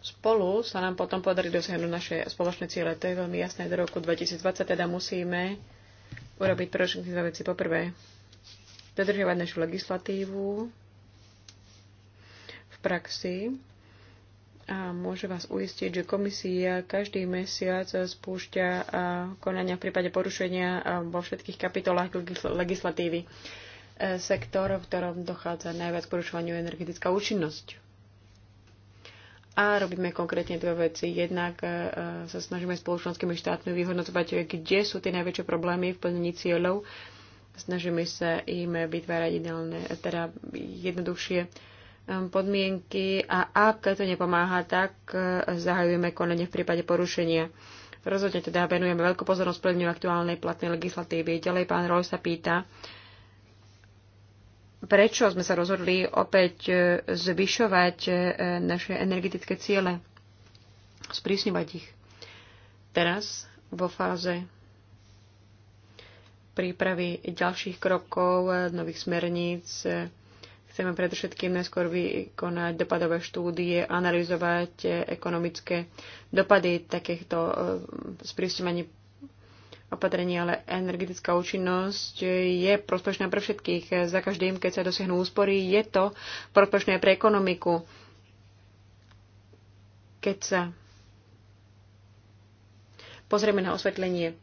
Spolu sa nám potom podarí dosiahnuť naše spoločné ciele. To je veľmi jasné. Do roku 2020 teda musíme urobiť pre všetky dva veci. Poprvé, dodržiavať našu legislatívu v praxi, a môžem vás uistiť, že komisia každý mesiac spúšťa konania v prípade porušenia vo všetkých kapitolách legislatívy. E, sektor, v ktorom dochádza najviac porušovaniu energetická účinnosť. A robíme konkrétne dve veci. Jednak e, e, sa snažíme spoločenskými štátmi vyhodnocovať, kde sú tie najväčšie problémy v plnení cieľov. Snažíme sa im vytvárať ideálne, teda jednoduchšie Um, podmienky a ak to nepomáha, tak uh, zahajujeme konanie v prípade porušenia. Rozhodne teda venujeme veľkú pozornosť plneniu aktuálnej platnej legislatívy. Ďalej pán Roj sa pýta, prečo sme sa rozhodli opäť uh, zvyšovať uh, naše energetické ciele, sprísňovať ich. Teraz vo fáze prípravy ďalších krokov, nových smerníc, Chceme predovšetkým najskôr vykonať dopadové štúdie, analyzovať ekonomické dopady takýchto sprísťovaní eh, opatrení, ale energetická účinnosť je prospešná pre všetkých. Za každým, keď sa dosiahnu úspory, je to prospešné pre ekonomiku. Keď sa pozrieme na osvetlenie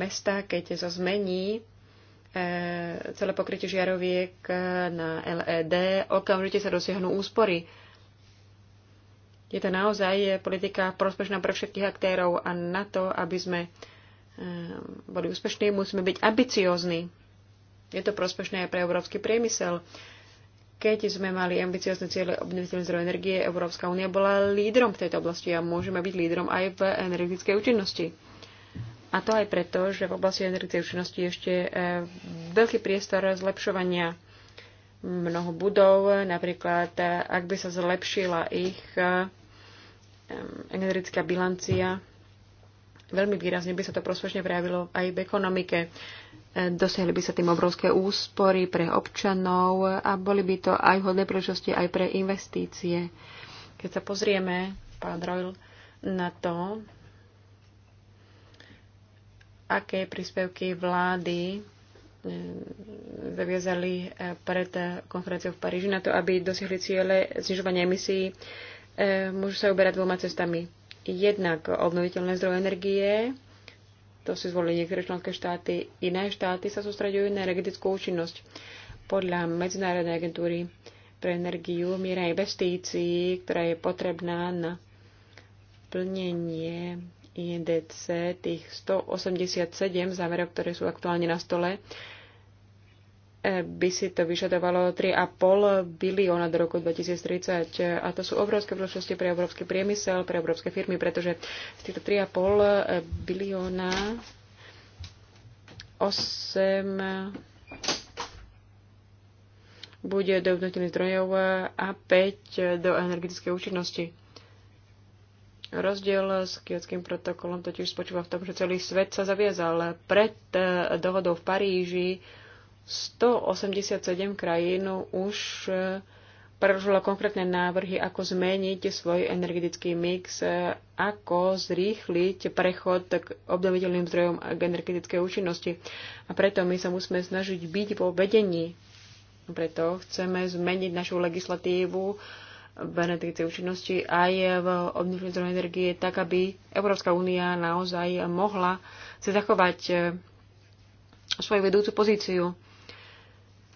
mesta, keď sa zmení E, celé pokrytie žiaroviek e, na LED, okamžite sa dosiahnu úspory. Je to naozaj politika prospešná pre všetkých aktérov a na to, aby sme e, boli úspešní, musíme byť ambiciózni. Je to prospešné aj pre európsky priemysel. Keď sme mali ambiciózne cieľe obnoviteľných zdrojov energie, Európska únia bola lídrom v tejto oblasti a môžeme byť lídrom aj v energetickej účinnosti. A to aj preto, že v oblasti energetickej účinnosti je ešte e, veľký priestor zlepšovania mnoho budov. Napríklad, e, ak by sa zlepšila ich e, energetická bilancia, veľmi výrazne by sa to prospešne prejavilo aj v ekonomike. Dosiahli by sa tým obrovské úspory pre občanov a boli by to aj hodné príležitosti aj pre investície. Keď sa pozrieme, pán Royl, na to, aké príspevky vlády eh, zaviazali eh, pred eh, konferenciou v Paríži na to, aby dosiahli ciele znižovania emisí, môžu sa uberať dvoma cestami. Jednak obnoviteľné zdroje energie, to si zvolili niektoré členské štáty, iné štáty sa sústredujú na energetickú účinnosť. Podľa Medzinárodnej agentúry pre energiu miera investícií, ktorá je potrebná na plnenie INDC, tých 187 zámerov, ktoré sú aktuálne na stole, e, by si to vyžadovalo 3,5 bilióna do roku 2030. A to sú obrovské príležitosti pre európsky priemysel, pre európske firmy, pretože z týchto 3,5 e, bilióna 8 bude do obnoviteľných zdrojov a 5 do energetickej účinnosti. Rozdiel s kiotským protokolom totiž spočíva v tom, že celý svet sa zaviazal pred e, dohodou v Paríži 187 krajín už e, predložilo konkrétne návrhy, ako zmeniť svoj energetický mix, e, ako zrýchliť prechod k obnoviteľným zdrojom a k energetickej účinnosti. A preto my sa musíme snažiť byť vo vedení. Preto chceme zmeniť našu legislatívu, benefity účinnosti aj v obnoviteľných zdrojoch energie, tak aby Európska únia naozaj mohla si zachovať e, svoju vedúcu pozíciu.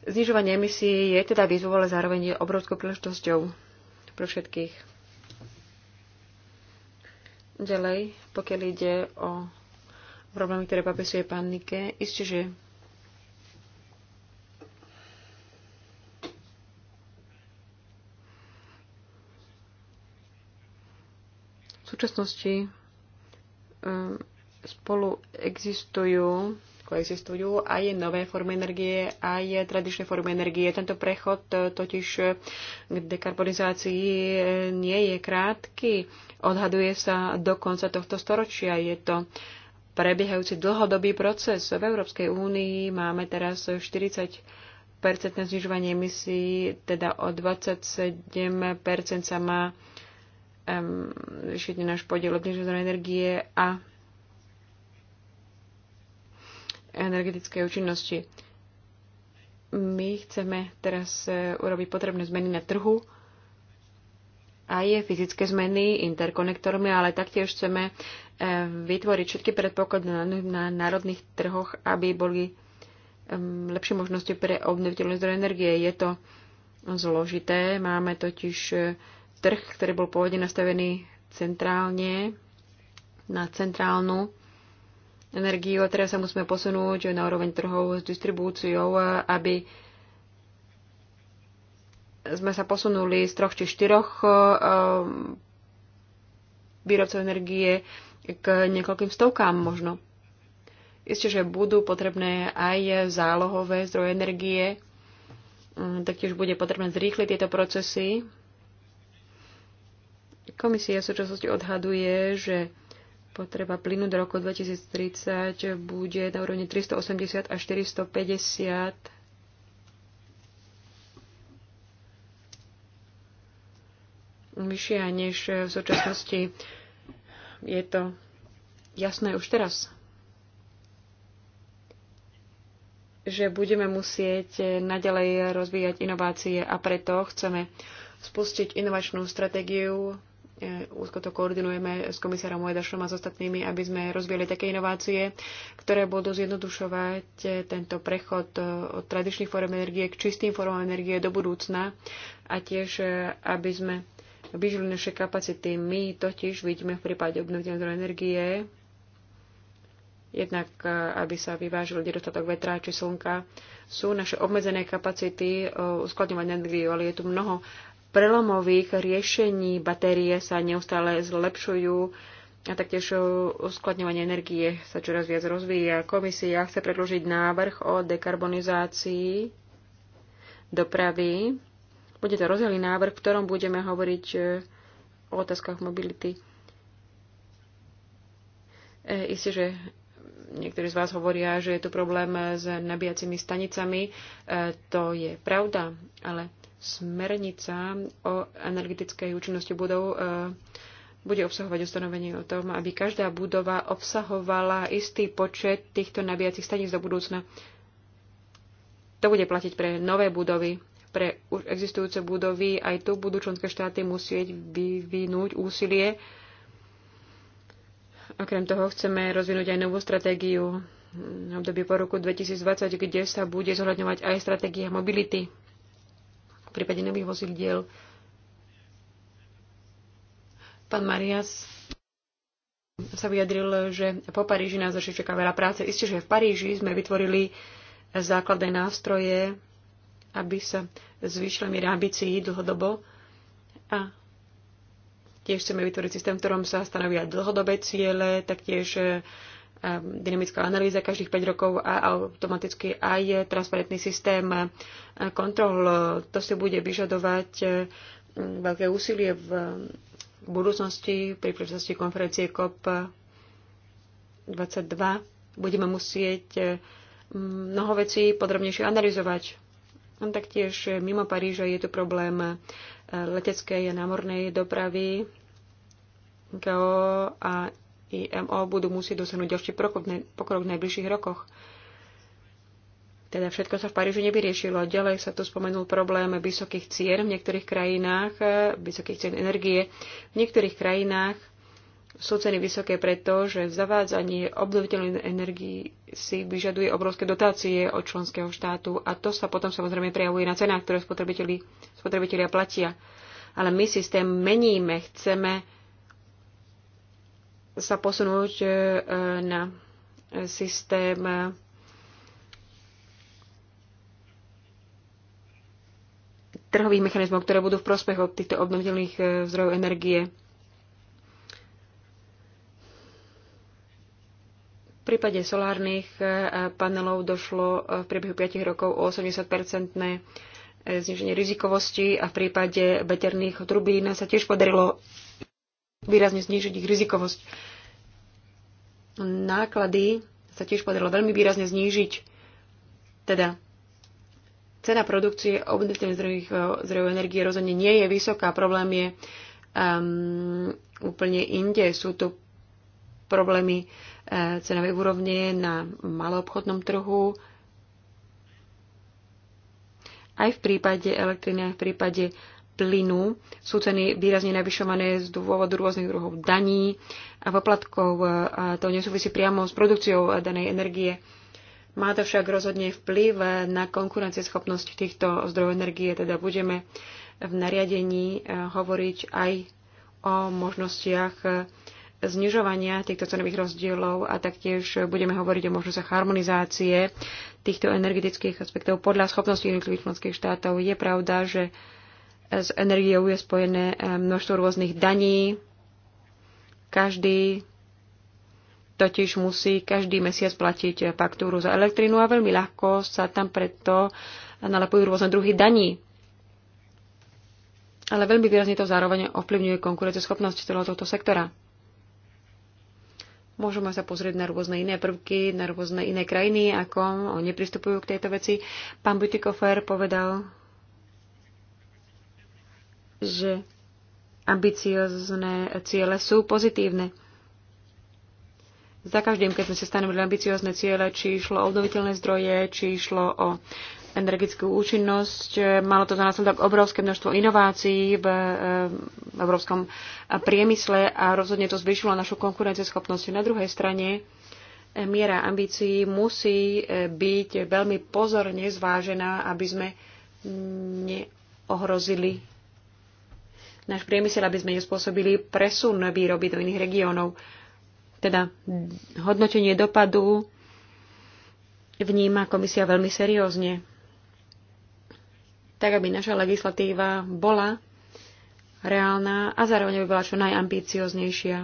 Znižovanie emisí je teda výzvou, ale zároveň je obrovskou príležitosťou pre všetkých. Ďalej, pokiaľ ide o problémy, ktoré popisuje pán Nike, isté, že súčasnosti eh, spolu existujú, koexistujú aj nové formy energie, aj tradičné formy energie. Tento prechod eh, totiž eh, k dekarbonizácii nie je krátky. Odhaduje sa do konca tohto storočia. Je to prebiehajúci dlhodobý proces. V Európskej únii máme teraz 40 percentné znižovanie emisí, teda o 27 sa má um, zvýšiť náš podiel obnežovnej energie a energetickej účinnosti. My chceme teraz e, urobiť potrebné zmeny na trhu a je fyzické zmeny interkonektormi, ale taktiež chceme e, vytvoriť všetky predpoklady na národných trhoch, aby boli lepšie možnosti pre obnoviteľné zdroje energie. Je to zložité, máme totiž e, trh, ktorý bol pôvodne nastavený centrálne na centrálnu energiu a teraz sa musíme posunúť na úroveň trhov s distribúciou, aby sme sa posunuli z troch či štyroch e, výrobcov energie k niekoľkým stovkám možno. Isté, že budú potrebné aj zálohové zdroje energie, mm, taktiež bude potrebné zrýchliť tieto procesy, Komisia v súčasnosti odhaduje, že potreba plynu do roku 2030 bude na úrovni 380 až 450 vyššia než v súčasnosti. Je to jasné už teraz, že budeme musieť naďalej rozvíjať inovácie a preto chceme spustiť inovačnú stratégiu E, úzko to koordinujeme s komisárom Mojedašom a s ostatnými, aby sme rozvíjali také inovácie, ktoré budú zjednodušovať e, tento prechod e, od tradičných form energie k čistým formám energie do budúcna a tiež, aby sme vyžili naše kapacity. My totiž vidíme v prípade obnoviteľnej zdrojov energie, jednak aby sa vyvážil nedostatok vetra či slnka, sú naše obmedzené kapacity uskladňovať energiu, ale je tu mnoho prelomových riešení. Batérie sa neustále zlepšujú a taktiež uskladňovanie energie sa čoraz viac rozvíja. Komisia chce predložiť návrh o dekarbonizácii dopravy. Bude to rozdielný návrh, v ktorom budeme hovoriť e, o otázkach mobility. E, isté, že niektorí z vás hovoria, že je tu problém s nabíjacími stanicami. E, to je pravda, ale Smernica o energetickej účinnosti budov e, bude obsahovať ustanovenie o tom, aby každá budova obsahovala istý počet týchto nabíjacích staníc do budúcna. To bude platiť pre nové budovy, pre už existujúce budovy. Aj tu budú členské štáty musieť vyvinúť úsilie. Okrem toho chceme rozvinúť aj novú stratégiu na období po roku 2020, kde sa bude zohľadňovať aj stratégia mobility prípade nových vozidiel. Pán Marias sa vyjadril, že po Paríži nás ešte čaká veľa práce. Isté, že v Paríži sme vytvorili základné nástroje, aby sa zvýšila miera ambícií dlhodobo a tiež chceme vytvoriť systém, v ktorom sa stanovia dlhodobé ciele, taktiež dynamická analýza každých 5 rokov a automaticky aj transparentný systém kontrol. To si bude vyžadovať e, veľké úsilie v budúcnosti pri príležitosti konferencie COP22. Budeme musieť e, mnoho vecí podrobnejšie analyzovať. Taktiež mimo Paríža je tu problém e, leteckej a námornej dopravy KO a IMO budú musieť dosiahnuť ďalší pokrok v najbližších rokoch. Teda všetko sa v Paríži nevyriešilo. Ďalej sa tu spomenul problém vysokých cien v niektorých krajinách, e, vysokých cien energie. V niektorých krajinách sú ceny vysoké preto, že zavádzanie obnoviteľnej energii si vyžaduje obrovské dotácie od členského štátu a to sa potom samozrejme prejavuje na cenách, ktoré spotrebitelia platia. Ale my systém meníme, chceme sa posunúť e, na systém e, trhových mechanizmov, ktoré budú v prospech od týchto obnoviteľných e, zdrojov energie. V prípade solárnych panelov došlo v priebehu 5 rokov o 80-percentné zniženie rizikovosti a v prípade veterných turbín sa tiež podarilo výrazne znížiť ich rizikovosť. No, náklady sa tiež podarilo veľmi výrazne znížiť. Teda cena produkcie obnoviteľných zdrojov, e, zdrojov energie rozhodne nie je vysoká. Problém je um, úplne inde. Sú tu problémy uh, cenovej úrovne na maloobchodnom trhu. Aj v prípade elektriny, aj v prípade uh, plynu sú ceny výrazne navyšované z dôvodu rôznych druhov daní a poplatkov. A to nesúvisí priamo s produkciou danej energie. Má to však rozhodne vplyv na konkurencieschopnosť týchto zdrojov energie, teda budeme v nariadení eh, hovoriť aj o možnostiach eh, znižovania týchto cenových rozdielov a taktiež budeme hovoriť o možnostiach harmonizácie týchto energetických aspektov podľa schopností jednotlivých členských štátov. Je pravda, že s energiou je spojené eh, množstvo rôznych daní. Každý totiž musí každý mesiac platiť eh, faktúru za elektrínu a veľmi ľahko sa tam preto eh, nalepujú rôzne druhy daní. Ale veľmi výrazne to zároveň ovplyvňuje konkurenceschopnosť celého tohto sektora. Môžeme sa pozrieť na rôzne iné prvky, na rôzne iné krajiny, ako oni pristupujú k tejto veci. Pán Butikofer povedal že ambiciozne ciele sú pozitívne. Za každým, keď sme sa stanovili ambiciozne ciele, či išlo o obnoviteľné zdroje, či išlo o energetickú účinnosť. Malo to za následok obrovské množstvo inovácií v európskom priemysle a rozhodne to zvyšilo našu konkurencieschopnosť. Na druhej strane miera ambícií musí byť veľmi pozorne zvážená, aby sme neohrozili náš priemysel, aby sme nespôsobili presun výroby do iných regiónov. Teda hodnotenie dopadu vníma komisia veľmi seriózne. Tak, aby naša legislatíva bola reálna a zároveň by bola čo najambicioznejšia.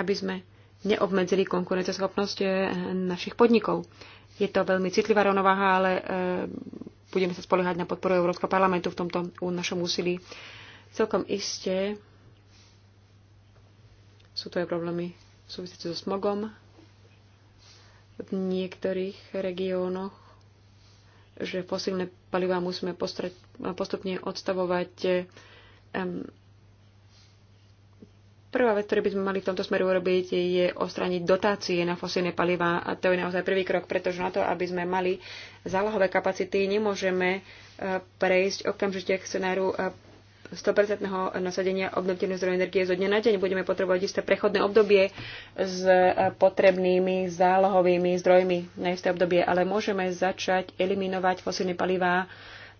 Aby sme neobmedzili konkurenceschopnosť eh, našich podnikov. Je to veľmi citlivá rovnováha, ale eh, budeme sa spoliehať na podporu Európskeho parlamentu v tomto našom úsilí. Celkom iste sú to aj problémy súvisiace so smogom v niektorých regiónoch, že fosílne palivá musíme postupne odstavovať um, Prvá vec, ktorú by sme mali v tomto smeru urobiť, je ostraniť dotácie na fosílne paliva a to je naozaj prvý krok, pretože na to, aby sme mali zálohové kapacity, nemôžeme e, prejsť okamžite k scenáru 100% e, nasadenia obnoviteľných zdrojov energie zo dňa na deň. Budeme potrebovať isté prechodné obdobie s e, potrebnými zálohovými zdrojmi na isté obdobie, ale môžeme začať eliminovať fosílne palivá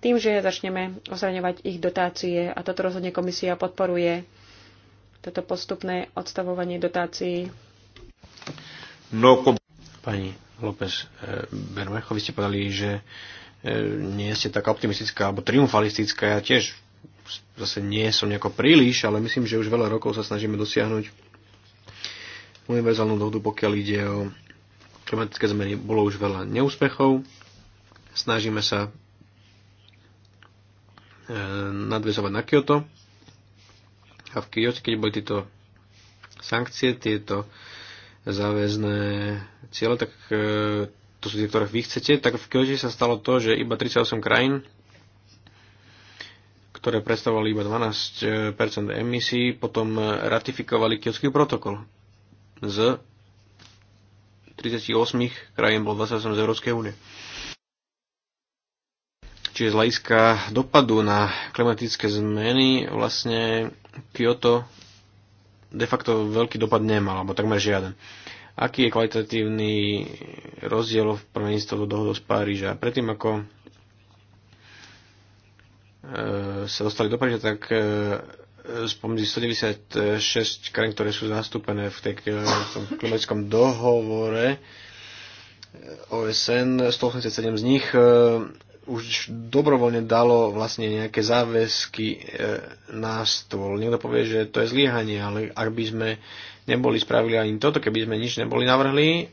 tým, že začneme ostraňovať ich dotácie a toto rozhodne komisia podporuje toto postupné odstavovanie dotácií. No, Pani López eh, Bermecho, vy ste povedali, že eh, nie ste taká optimistická alebo triumfalistická. Ja tiež zase nie som nejako príliš, ale myslím, že už veľa rokov sa snažíme dosiahnuť univerzálnu dohodu, pokiaľ ide o klimatické zmeny. Bolo už veľa neúspechov. Snažíme sa eh, nadvezovať na Kyoto a v Kyoto, keď boli tieto sankcie, tieto záväzné ciele, tak e, to sú tie, ktoré vy chcete, tak v Kyoto sa stalo to, že iba 38 krajín, ktoré predstavovali iba 12 emisí, potom ratifikovali Kyotský protokol. Z 38 krajín bol 28 z Európskej únie. Čiže z hľadiska dopadu na klimatické zmeny vlastne Kyoto de facto veľký dopad nemal, alebo takmer žiaden. Aký je kvalitatívny rozdiel v prvení z toho dohodu z Paríža? Predtým ako e, sa dostali do Paríža, tak e, spomedzi 196 krajín, ktoré sú zastúpené v, tej, e, v tom klimatickom dohovore OSN, 187 z nich už dobrovoľne dalo vlastne nejaké záväzky e, na stôl. Niekto povie, že to je zlyhanie, ale ak by sme neboli spravili ani toto, keby sme nič neboli navrhli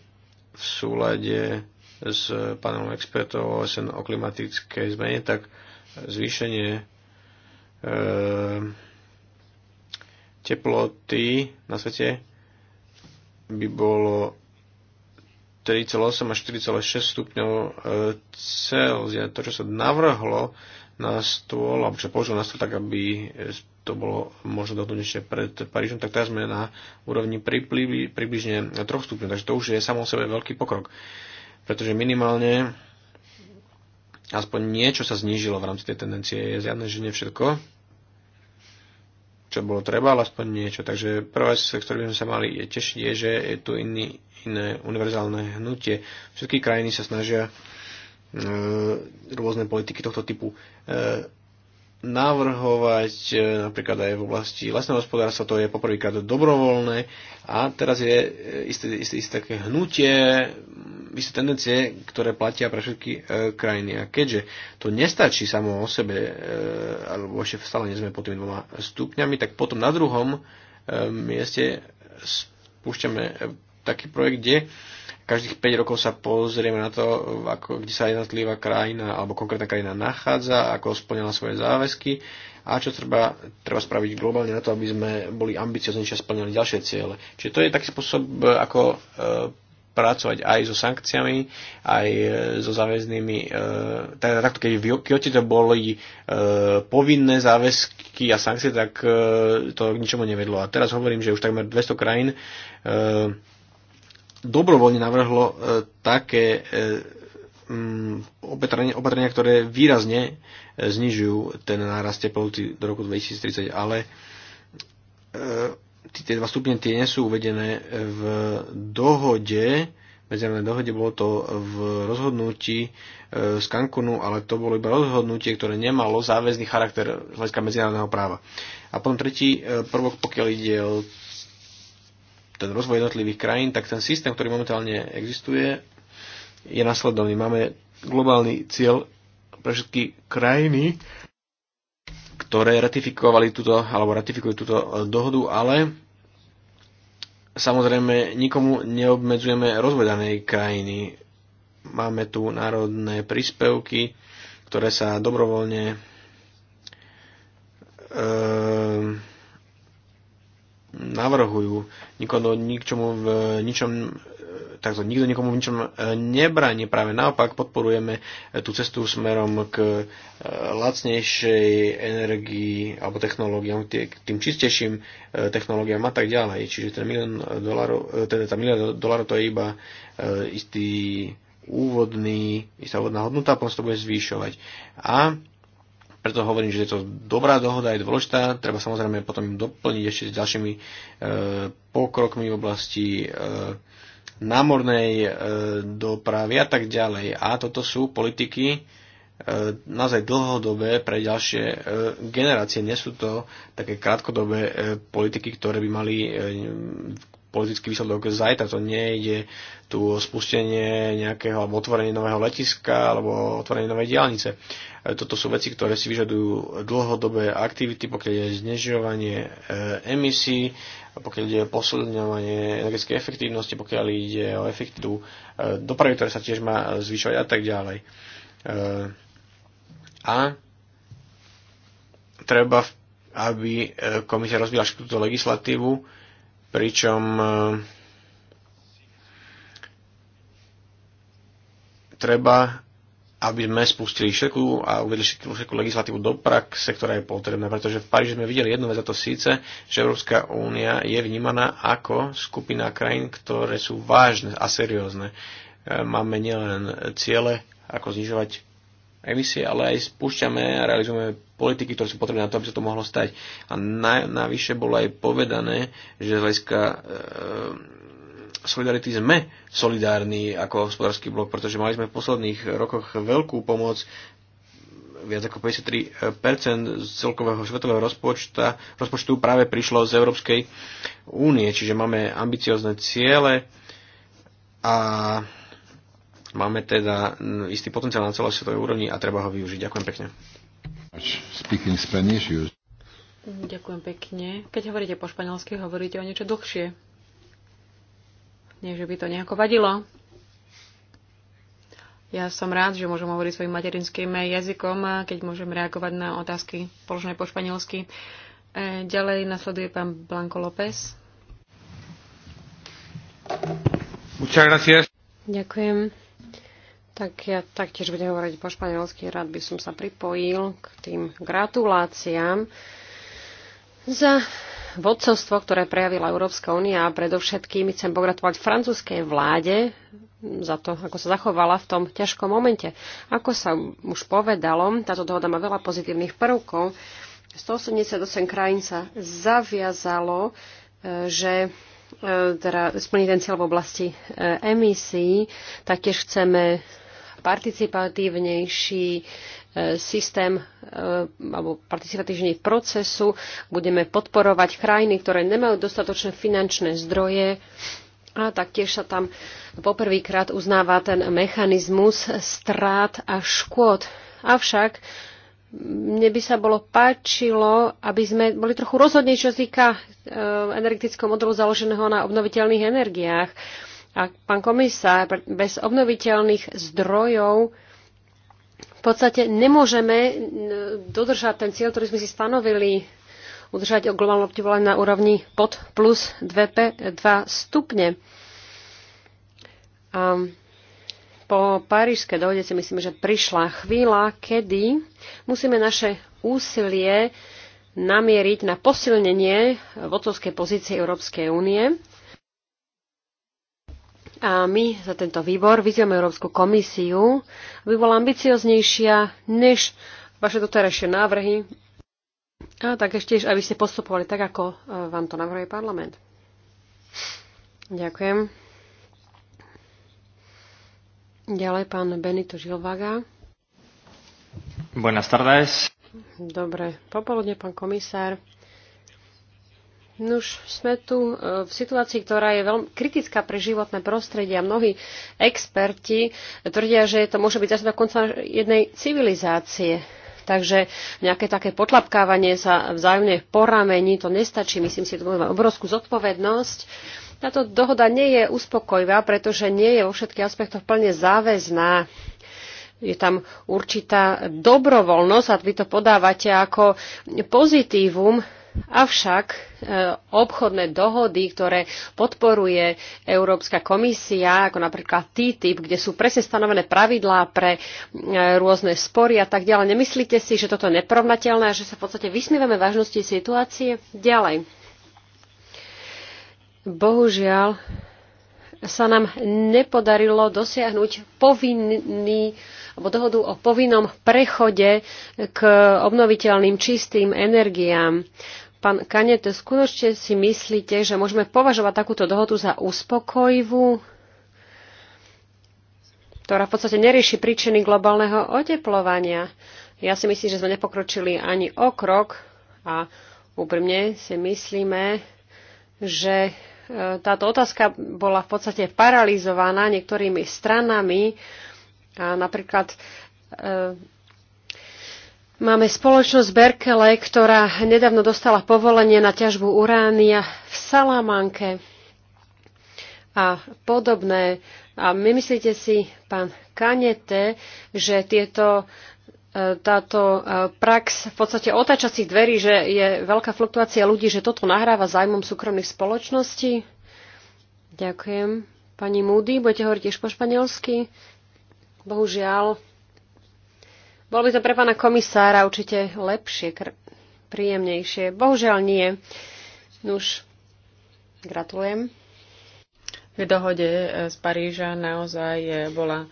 v súlade s panelom expertov OSN o klimatickej zmene, tak zvýšenie e, teploty na svete by bolo 3,8 až 4,6 stupňov e, Celzia. To, čo sa navrhlo na stôl, alebo čo použil na stôl tak, aby e, to bolo možno dohodnutie pred Parížom, tak teraz sme na úrovni približne 3 stupňov, takže to už je samo o sebe veľký pokrok. Pretože minimálne aspoň niečo sa znížilo v rámci tej tendencie. Je zjavné, že nie všetko, čo bolo treba, ale aspoň niečo. Takže prvá vec, ktorú sme sa mali tešiť, je, že je tu iný, iné univerzálne hnutie. Všetky krajiny sa snažia e, rôzne politiky tohto typu e, navrhovať e, napríklad aj v oblasti lesného hospodárstva, to je poprvýkrát dobrovoľné a teraz je e, isté, isté, isté také hnutie, mm, isté tendencie, ktoré platia pre všetky e, krajiny. A keďže to nestačí samo o sebe, e, alebo ešte stále nie sme pod tými dvoma stupňami, tak potom na druhom e, mieste spúšťame e, taký projekt, kde každých 5 rokov sa pozrieme na to, ako, kde sa jednotlivá krajina alebo konkrétna krajina nachádza, ako splňala svoje záväzky a čo treba, treba spraviť globálne na to, aby sme boli ambicioznejšie a splňali ďalšie ciele. Čiže to je taký spôsob, e, ako e, pracovať aj so sankciami, aj e, so záväznými, e, teda takto, keď v Kyoto to boli e, povinné záväzky a sankcie, tak e, to k ničomu nevedlo. A teraz hovorím, že už takmer 200 krajín e, dobrovoľne navrhlo e, také e, mm, opatrenia, opatrenia, ktoré výrazne e, znižujú ten nárast teploty do roku 2030, ale tie dva stupne tie nie sú uvedené v dohode, medzinárodnej dohode, bolo to v rozhodnutí z Cancunu, ale to bolo iba rozhodnutie, ktoré nemalo záväzný charakter z hľadiska medzinárodného práva. A potom tretí prvok, pokiaľ ide o ten rozvoj jednotlivých krajín, tak ten systém, ktorý momentálne existuje, je nasledovný. Máme globálny cieľ pre všetky krajiny, ktoré ratifikovali túto, alebo ratifikujú túto e, dohodu, ale samozrejme nikomu neobmedzujeme rozvoj danej krajiny. Máme tu národné príspevky, ktoré sa dobrovoľne e, navrhujú. Nikomu, nikčomu v ničom, takto, nikto nikomu v ničom e, nebráni. Práve naopak podporujeme e, tú cestu smerom k e, lacnejšej energii alebo technológiám, k tým čistejším technológiám a tak ďalej. Čiže ten milión dolarov, teda tá milión dolarov to je iba istý úvodný, istá úvodná hodnota, potom sa to bude zvýšovať. A preto hovorím, že je to dobrá dohoda, je dôležitá. Treba samozrejme potom doplniť ešte s ďalšími e, pokrokmi v oblasti e, námornej e, dopravy a tak ďalej. A toto sú politiky e, naozaj dlhodobé pre ďalšie e, generácie. Nie sú to také krátkodobé e, politiky, ktoré by mali e, politický výsledok zajtra. To nie ide tu o spustenie nejakého alebo otvorenie nového letiska alebo otvorenie novej diálnice. E, toto sú veci, ktoré si vyžadujú dlhodobé aktivity, pokiaľ je znežovanie e, emisí, pokiaľ ide o posilňovanie energetickej efektívnosti, pokiaľ ide o efektivitu e, dopravy, ktoré sa tiež má zvyšovať a tak ďalej. A treba, aby komisia rozvíjala túto legislatívu, pričom e, treba, aby sme spustili všetku a uvedli všetku, všetku legislatívu do praxe, ktorá je potrebná, pretože v Paríži sme videli jednu vec a to síce, že Európska únia je vnímaná ako skupina krajín, ktoré sú vážne a seriózne. E, máme nielen ciele, ako znižovať emisie, ale aj spúšťame a realizujeme politiky, ktoré sú potrebné na to, aby sa to mohlo stať. A na, navyše bolo aj povedané, že z hľadiska e, solidarity sme solidárni ako hospodársky blok, pretože mali sme v posledných rokoch veľkú pomoc viac ako 53% z celkového svetového rozpočta, rozpočtu práve prišlo z Európskej únie, čiže máme ambiciozne ciele a Máme teda istý potenciál na celosvetovej úrovni a treba ho využiť. Ďakujem pekne. Ďakujem pekne. Keď hovoríte po španielsky, hovoríte o niečo dlhšie. Nie, že by to nejako vadilo. Ja som rád, že môžem hovoriť svojim materinským jazykom, keď môžem reagovať na otázky položené po španielsky. E, ďalej nasleduje pán Blanco López. Ďakujem. Tak ja taktiež budem hovoriť po španielsky. Rád by som sa pripojil k tým gratuláciám za vodcovstvo, ktoré prejavila Európska únia a predovšetkým chcem pogratulovať francúzskej vláde za to, ako sa zachovala v tom ťažkom momente. Ako sa už povedalo, táto dohoda má veľa pozitívnych prvkov. 188 krajín sa zaviazalo, e, že e, teda splní ten cieľ v oblasti e, emisí. Taktiež chceme participatívnejší e, systém e, alebo participatívnej procesu. Budeme podporovať krajiny, ktoré nemajú dostatočné finančné zdroje a taktiež sa tam poprvýkrát uznáva ten mechanizmus strát a škôd. Avšak mne by sa bolo páčilo, aby sme boli trochu rozhodnejšie, čo týka e, energetického modelu založeného na obnoviteľných energiách. A pán komisár, bez obnoviteľných zdrojov v podstate nemôžeme dodržať ten cieľ, ktorý sme si stanovili, udržať globálne oteplovanie na úrovni pod plus 2, stupne. A po parížskej dohode si myslím, že prišla chvíľa, kedy musíme naše úsilie namieriť na posilnenie vodcovskej pozície Európskej únie a my za tento výbor vyzývame Európsku komisiu, aby bola ambicioznejšia než vaše doterajšie návrhy a tak ešte, aby ste postupovali tak, ako e, vám to navrhuje parlament. Ďakujem. Ďalej pán Benito Žilvaga. Buenas tardes. Dobre, popoludne, pán komisár. Nuž, sme tu e, v situácii, ktorá je veľmi kritická pre životné prostredie a mnohí experti tvrdia, že to môže byť zase dokonca jednej civilizácie. Takže nejaké také potlapkávanie sa vzájomne poramení, to nestačí. Myslím si, to bude obrovskú zodpovednosť. Táto dohoda nie je uspokojivá, pretože nie je vo všetkých aspektoch plne záväzná je tam určitá dobrovoľnosť a vy to podávate ako pozitívum, Avšak e, obchodné dohody, ktoré podporuje Európska komisia, ako napríklad TTIP, kde sú presne stanovené pravidlá pre e, rôzne spory a tak ďalej, nemyslíte si, že toto je neporovnateľné a že sa v podstate vysmievame vážnosti situácie? Ďalej. Bohužiaľ, sa nám nepodarilo dosiahnuť povinný alebo dohodu o povinnom prechode k obnoviteľným čistým energiám. Pán Kanete, skutočne si myslíte, že môžeme považovať takúto dohodu za uspokojivú, ktorá v podstate nerieši príčiny globálneho oteplovania? Ja si myslím, že sme nepokročili ani o krok a úprimne si myslíme, že táto otázka bola v podstate paralizovaná niektorými stranami. A napríklad e, Máme spoločnosť Berkele, ktorá nedávno dostala povolenie na ťažbu uránia v Salamanke a podobné. A my myslíte si, pán Kanete, že tieto táto e, prax v podstate otáčacích dverí, že je veľká fluktuácia ľudí, že toto nahráva zájmom súkromných spoločností? Ďakujem. Pani Moody, budete hovoriť tiež po španielsky? Bohužiaľ. Bolo by to pre pána komisára určite lepšie, príjemnejšie. Bohužiaľ nie. Nuž, gratulujem. V dohode e, z Paríža naozaj e, bola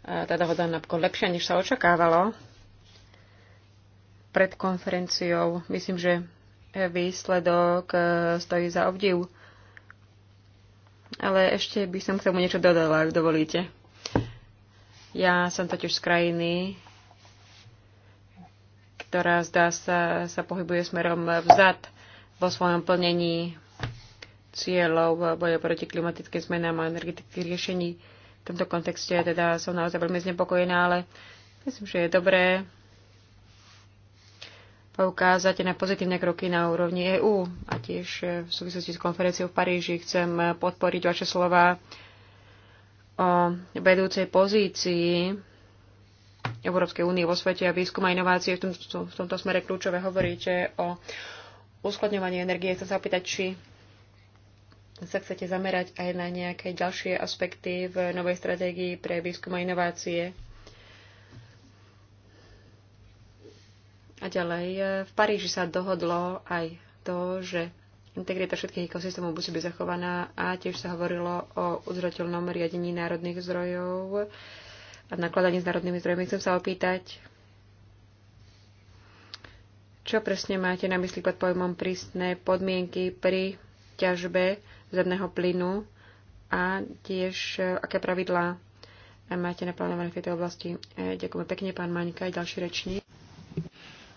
tá dohoda napokon lepšia, než sa očakávalo pred konferenciou. Myslím, že výsledok e, stojí za obdiv. Ale ešte by som k tomu niečo dodala, ak dovolíte. Ja som totiž z krajiny, ktorá zdá sa, sa pohybuje smerom vzad vo svojom plnení cieľov boja proti klimatickým zmenám a energetických riešení. V tomto kontexte teda som naozaj veľmi znepokojená, ale myslím, že je dobré poukázať na pozitívne kroky na úrovni EÚ a tiež e, v súvislosti s konferenciou v Paríži chcem podporiť vaše slova o vedúcej pozícii Európskej únie vo svete a výskum a inovácie v, tom, v tomto smere kľúčové hovoríte o uskladňovaní energie. Chcem sa opýtať, či sa chcete zamerať aj na nejaké ďalšie aspekty v novej stratégii pre výskum a inovácie A ďalej, e, v Paríži sa dohodlo aj to, že integrita všetkých ekosystémov musí byť zachovaná a tiež sa hovorilo o udržateľnom riadení národných zdrojov a nakladaní s národnými zdrojmi. Chcem sa opýtať, čo presne máte na mysli pod pojmom prísne podmienky pri ťažbe zemného plynu a tiež e, aké pravidlá máte naplánované v tejto oblasti. E, ďakujem pekne, pán Maňka, aj ďalší rečník.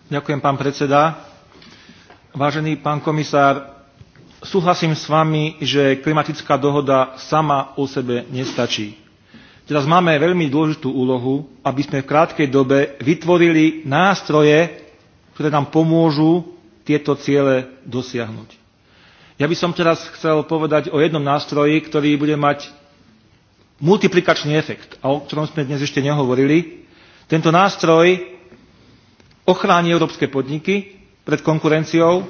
Ďakujem, pán predseda. Vážený pán komisár, súhlasím s vami, že klimatická dohoda sama o sebe nestačí. Teraz máme veľmi dôležitú úlohu, aby sme v krátkej dobe vytvorili nástroje, ktoré nám pomôžu tieto ciele dosiahnuť. Ja by som teraz chcel povedať o jednom nástroji, ktorý bude mať multiplikačný efekt, a o ktorom sme dnes ešte nehovorili. Tento nástroj ochráni európske podniky pred konkurenciou,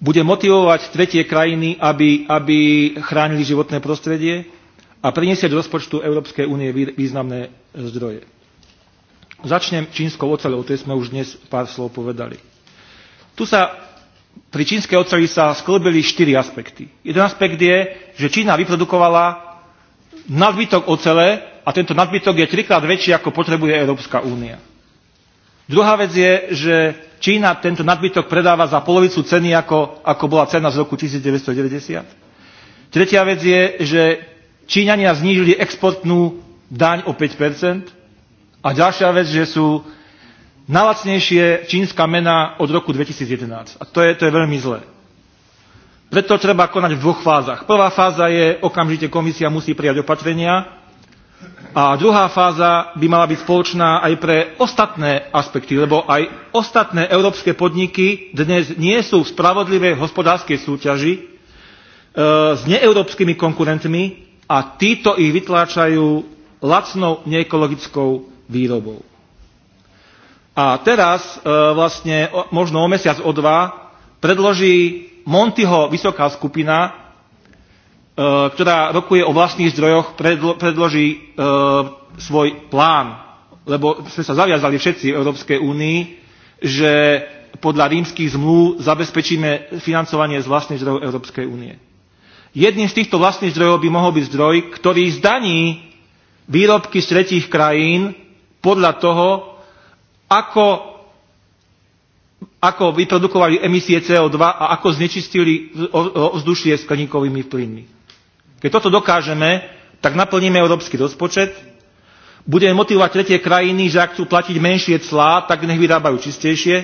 bude motivovať tretie krajiny, aby, aby chránili životné prostredie a priniesie do rozpočtu Európskej únie významné zdroje. Začnem čínskou oceľou, to sme už dnes pár slov povedali. Tu sa pri čínskej oceli sa sklbili štyri aspekty. Jeden aspekt je, že Čína vyprodukovala nadbytok ocele a tento nadbytok je trikrát väčší, ako potrebuje Európska únia. Druhá vec je, že Čína tento nadbytok predáva za polovicu ceny, ako, ako bola cena z roku 1990. Tretia vec je, že Číňania znížili exportnú daň o 5 A ďalšia vec, že sú najlacnejšie čínska mena od roku 2011. A to je, to je veľmi zlé. Preto treba konať v dvoch fázach. Prvá fáza je, okamžite komisia musí prijať opatrenia, a druhá fáza by mala byť spoločná aj pre ostatné aspekty, lebo aj ostatné európske podniky dnes nie sú v spravodlivej hospodárskej súťaži e, s neeurópskymi konkurentmi a títo ich vytláčajú lacnou neekologickou výrobou. A teraz e, vlastne o, možno o mesiac, o dva predloží Montyho vysoká skupina E, ktorá rokuje o vlastných zdrojoch, predloží e, svoj plán, lebo sme sa zaviazali všetci v Európskej únii, že podľa rímskych zmluv zabezpečíme financovanie z vlastných zdrojov Európskej únie. Jedným z týchto vlastných zdrojov by mohol byť zdroj, ktorý zdaní výrobky z tretích krajín podľa toho, ako ako vyprodukovali emisie CO2 a ako znečistili ovzdušie skleníkovými plynmi. Keď toto dokážeme, tak naplníme európsky rozpočet, budeme motivovať tretie krajiny, že ak chcú platiť menšie clá, tak nech vyrábajú čistejšie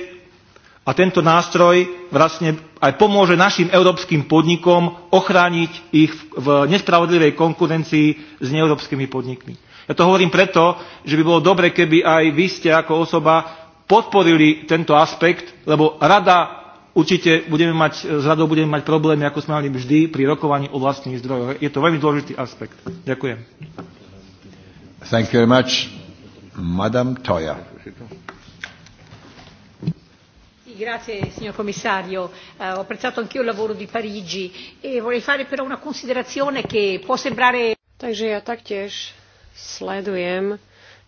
a tento nástroj vlastne aj pomôže našim európskym podnikom ochrániť ich v nespravodlivej konkurencii s neeurópskymi podnikmi. Ja to hovorím preto, že by bolo dobre, keby aj vy ste ako osoba podporili tento aspekt, lebo rada Určite budeme mať, s radou budeme mať problémy, ako sme mali vždy pri rokovaní o vlastných zdrojoch. Je to veľmi dôležitý aspekt. Ďakujem. Thank you very much. Madam Toya. Grazie signor commissario, eh, ho apprezzato anch'io il lavoro di Parigi e vorrei fare però una considerazione che può sembrare. Takže ja taktiež sledujem,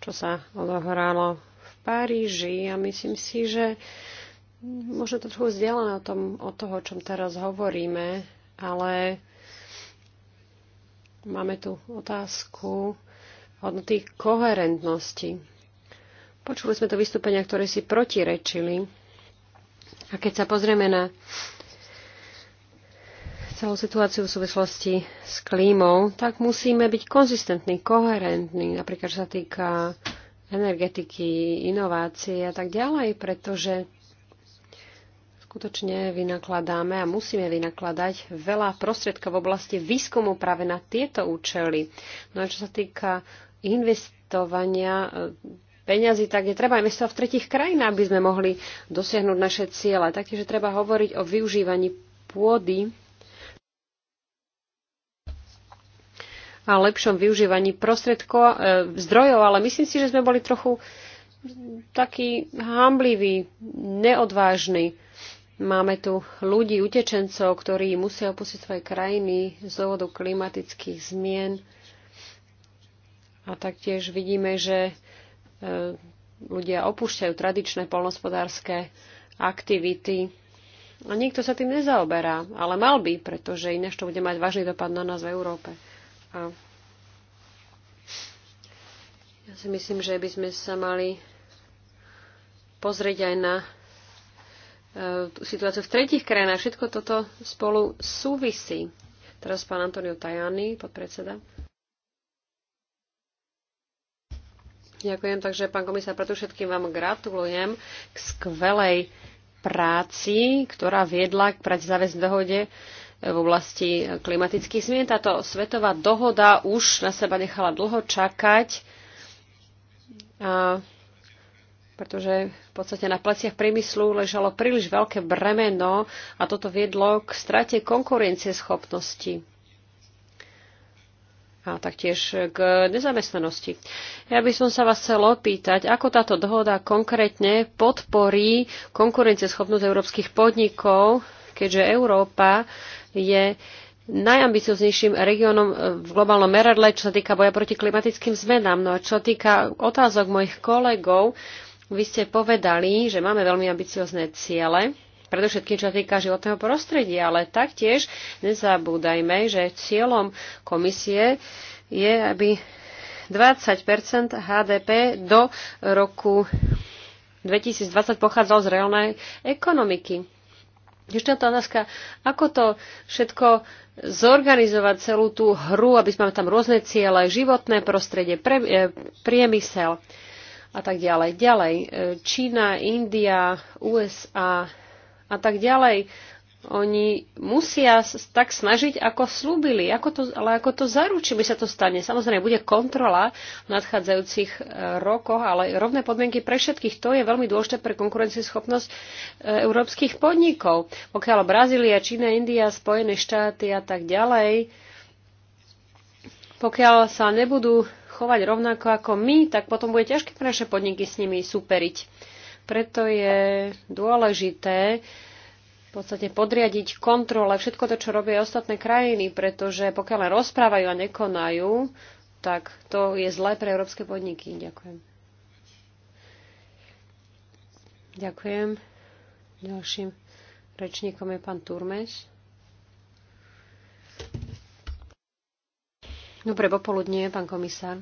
čo sa odohralo v Paríži a myslím si, že eh, možno to trochu vzdialené o tom, od toho, o čom teraz hovoríme, ale máme tu otázku hodnoty koherentnosti. Počuli sme to vystúpenia, ktoré si protirečili. A keď sa pozrieme na celú situáciu v súvislosti s klímou, tak musíme byť konzistentní, koherentní, napríklad čo sa týka energetiky, inovácií a tak ďalej, pretože skutočne vynakladáme a musíme vynakladať veľa prostriedkov v oblasti výskumu práve na tieto účely. No a čo sa týka investovania e, peňazí, tak je treba investovať v tretich krajinách, aby sme mohli dosiahnuť naše ciele. Takže treba hovoriť o využívaní pôdy a lepšom využívaní prostriedkov, e, zdrojov, ale myslím si, že sme boli trochu taký hamblivý, neodvážny. Máme tu ľudí, utečencov, ktorí musia opustiť svoje krajiny z dôvodu klimatických zmien. A taktiež vidíme, že e, ľudia opúšťajú tradičné polnospodárske aktivity. A nikto sa tým nezaoberá, ale mal by, pretože ináč to bude mať vážny dopad na nás v Európe. A ja si myslím, že by sme sa mali pozrieť aj na E, situáciu v tretich krajinách. Všetko toto spolu súvisí. Teraz pán Antonio Tajani, podpredseda. Ďakujem, takže pán komisár, preto všetkým vám gratulujem k skvelej práci, ktorá viedla k práci záväznej dohode e, v oblasti klimatických zmien. Táto svetová dohoda už na seba nechala dlho čakať. A pretože v podstate na pleciach priemyslu ležalo príliš veľké bremeno a toto viedlo k strate konkurencieschopnosti a taktiež k nezamestnanosti. Ja by som sa vás chcel opýtať, ako táto dohoda konkrétne podporí konkurencieschopnosť európskych podnikov, keďže Európa je najambicioznejším regiónom v globálnom meradle, čo sa týka boja proti klimatickým zmenám. No a čo sa týka otázok mojich kolegov, vy ste povedali, že máme veľmi ambiciozne ciele, predovšetkým čo sa týka životného prostredia, ale taktiež nezabúdajme, že cieľom komisie je, aby 20 HDP do roku 2020 pochádzalo z reálnej ekonomiky. Ešte tá otázka, ako to všetko zorganizovať celú tú hru, aby sme tam rôzne ciele, životné prostredie, pre, e, priemysel a tak ďalej. Ďalej, e, Čína, India, USA a tak ďalej. Oni musia tak snažiť, ako slúbili, ako to, ale ako to by sa to stane. Samozrejme, bude kontrola v nadchádzajúcich e, rokoch, ale rovné podmienky pre všetkých, to je veľmi dôležité pre konkurencieschopnosť e, európskych podnikov. Pokiaľ Brazília, Čína, India, Spojené štáty a tak ďalej, pokiaľ sa nebudú chovať rovnako ako my, tak potom bude ťažké pre naše podniky s nimi superiť. Preto je dôležité v podstate podriadiť kontrole všetko to, čo robia ostatné krajiny, pretože pokiaľ len rozprávajú a nekonajú, tak to je zlé pre európske podniky. Ďakujem. Ďakujem. Ďalším rečníkom je pán Turmes. Dobre popoludnie, pán komisár.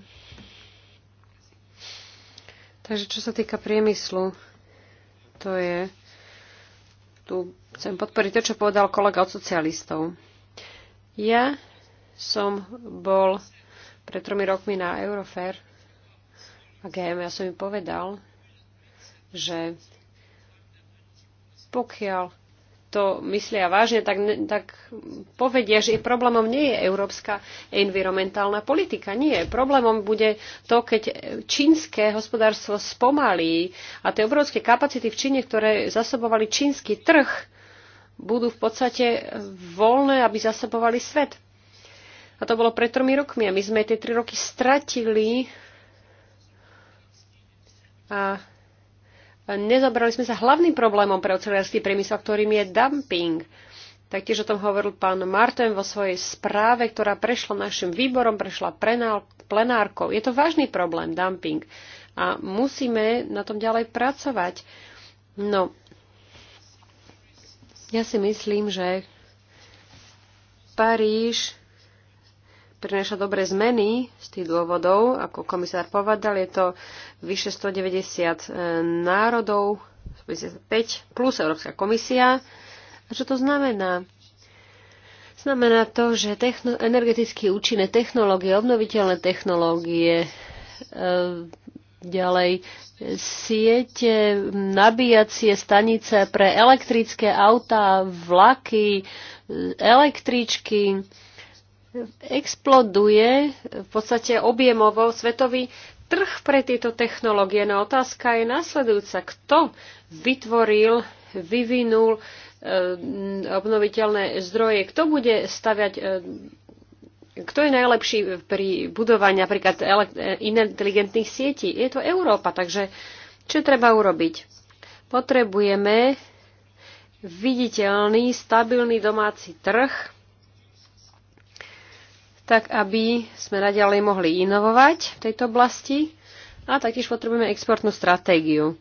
Takže čo sa týka priemyslu, to je... Tu chcem podporiť to, čo povedal kolega od socialistov. Ja som bol pred tromi rokmi na Eurofair a GM, ja som im povedal, že pokiaľ to myslia vážne, tak, tak povedia, že problémom nie je európska environmentálna politika. Nie, problémom bude to, keď čínske hospodárstvo spomalí a tie obrovské kapacity v Číne, ktoré zasobovali čínsky trh, budú v podstate voľné, aby zasobovali svet. A to bolo pred tromi rokmi a my sme tie tri roky stratili a nezabrali sme sa hlavným problémom pre oceliarský priemysel, ktorým je dumping. Taktiež o tom hovoril pán Martin vo svojej správe, ktorá prešla našim výborom, prešla plenárkou. Je to vážny problém, dumping. A musíme na tom ďalej pracovať. No, ja si myslím, že Paríž prináša dobré zmeny z tých dôvodov. Ako komisár povedal, je to vyše 190 e, národov, 55 plus Európska komisia. A čo to znamená? Znamená to, že techno- energeticky účinné technológie, obnoviteľné technológie, e, ďalej siete, nabíjacie stanice pre elektrické autá, vlaky, e, električky, exploduje v podstate objemovo svetový trh pre tieto technológie. No otázka je nasledujúca. Kto vytvoril, vyvinul e, obnoviteľné zdroje? Kto bude staviať e, kto je najlepší pri budovaní napríklad e, inteligentných sietí? Je to Európa, takže čo treba urobiť? Potrebujeme viditeľný, stabilný domáci trh, tak aby sme naďalej mohli inovovať v tejto oblasti a taktiež potrebujeme exportnú stratégiu.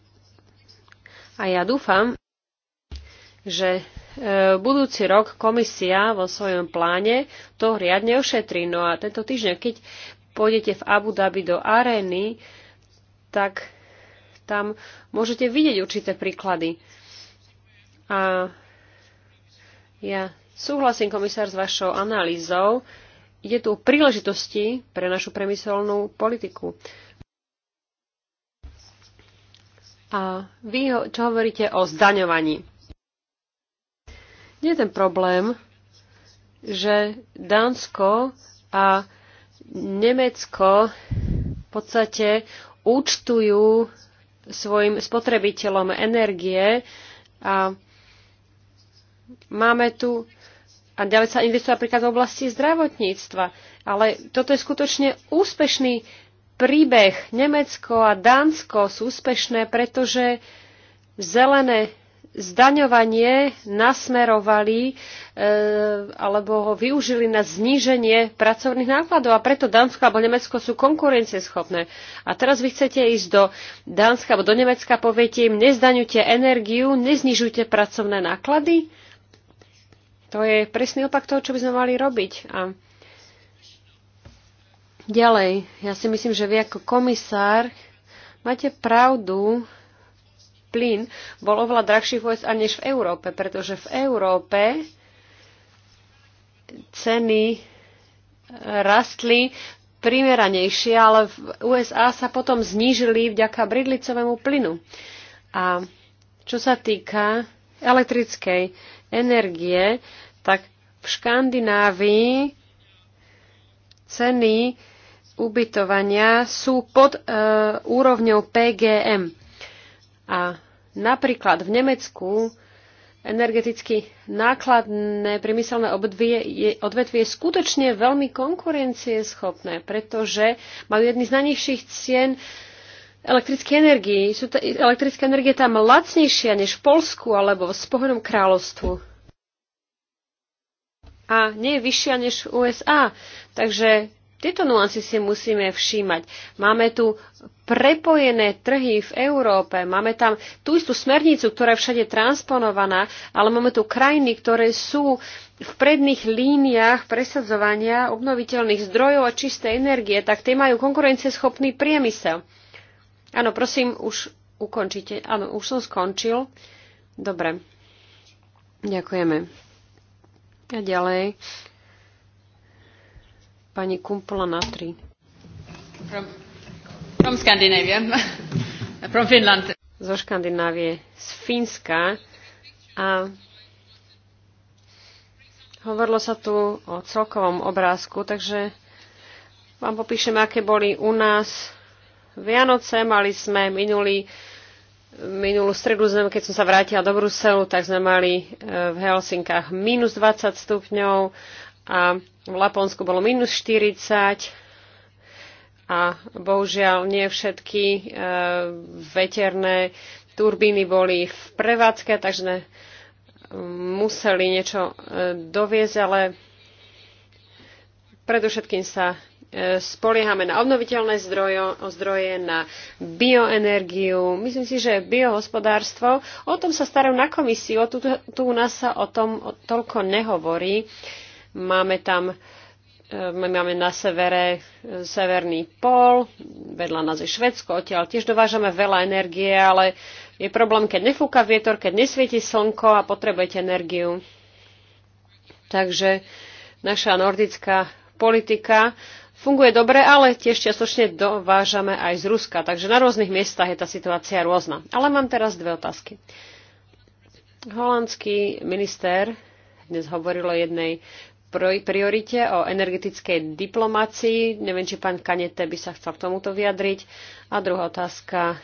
A ja dúfam, že e, budúci rok komisia vo svojom pláne to riadne ošetrí. No a tento týždeň, keď pôjdete v Abu Dhabi do arény, tak tam môžete vidieť určité príklady. A ja súhlasím, komisár, s vašou analýzou, ide tu o príležitosti pre našu premyselnú politiku. A vy čo hovoríte o zdaňovaní? Nie je ten problém, že Dánsko a Nemecko v podstate účtujú svojim spotrebiteľom energie a máme tu a ďalej sa investuje napríklad v oblasti zdravotníctva. Ale toto je skutočne úspešný príbeh. Nemecko a Dánsko sú úspešné, pretože zelené zdaňovanie nasmerovali e, alebo ho využili na zníženie pracovných nákladov a preto Dánsko alebo Nemecko sú konkurencieschopné. A teraz vy chcete ísť do Dánska alebo do Nemecka, poviete im, nezdaňujte energiu, neznižujte pracovné náklady. To je presný opak toho, čo by sme mali robiť. A ďalej, ja si myslím, že vy ako komisár máte pravdu, plyn bol oveľa drahší v USA než v Európe, pretože v Európe ceny e, rastli primeranejšie, ale v USA sa potom znížili vďaka bridlicovému plynu. A čo sa týka elektrickej energie, tak v Škandinávii ceny ubytovania sú pod e, úrovňou PGM. A napríklad v Nemecku energeticky nákladné priemyselné odvetvie je, skutočne veľmi konkurencieschopné, pretože majú jedny z najnižších cien elektrické energii. Sú ta, elektrická energie je tam lacnejšia než v Polsku alebo v Spojenom kráľovstvu. A nie je vyššia než v USA. Takže tieto nuancy si musíme všímať. Máme tu prepojené trhy v Európe, máme tam tú istú smernicu, ktorá je všade transponovaná, ale máme tu krajiny, ktoré sú v predných líniách presadzovania obnoviteľných zdrojov a čistej energie, tak tie majú konkurencieschopný priemysel. Áno, prosím, už ukončite. Áno, už som skončil. Dobre. Ďakujeme. A ďalej. Pani Kumpula na tri. From, from Scandinavia. from Finland. Zo Škandinávie. Z Fínska. A hovorilo sa tu o celkovom obrázku, takže vám popíšem, aké boli u nás Vianoce. Mali sme minulý minulú stredu, keď som sa vrátila do Bruselu, tak sme mali e, v Helsinkách minus 20 stupňov a v Laponsku bolo minus 40 a bohužiaľ nie všetky e, veterné turbíny boli v prevádzke, takže sme museli niečo e, doviezť, ale predovšetkým sa E, spoliehame na obnoviteľné zdroje, zdroje na bioenergiu. Myslím si, že biohospodárstvo, o tom sa starajú na komisiu, tu, tu u nás sa o tom toľko nehovorí. Máme tam e, my máme na severe e, severný pol, vedľa nás je Švedsko, odtiaľ tiež dovážame veľa energie, ale je problém, keď nefúka vietor, keď nesvieti slnko a potrebujete energiu. Takže naša nordická politika funguje dobre, ale tiež čiastočne dovážame aj z Ruska. Takže na rôznych miestach je tá situácia rôzna. Ale mám teraz dve otázky. Holandský minister dnes hovoril o jednej priorite, o energetickej diplomácii. Neviem, či pán Kanete by sa chcel k tomuto vyjadriť. A druhá otázka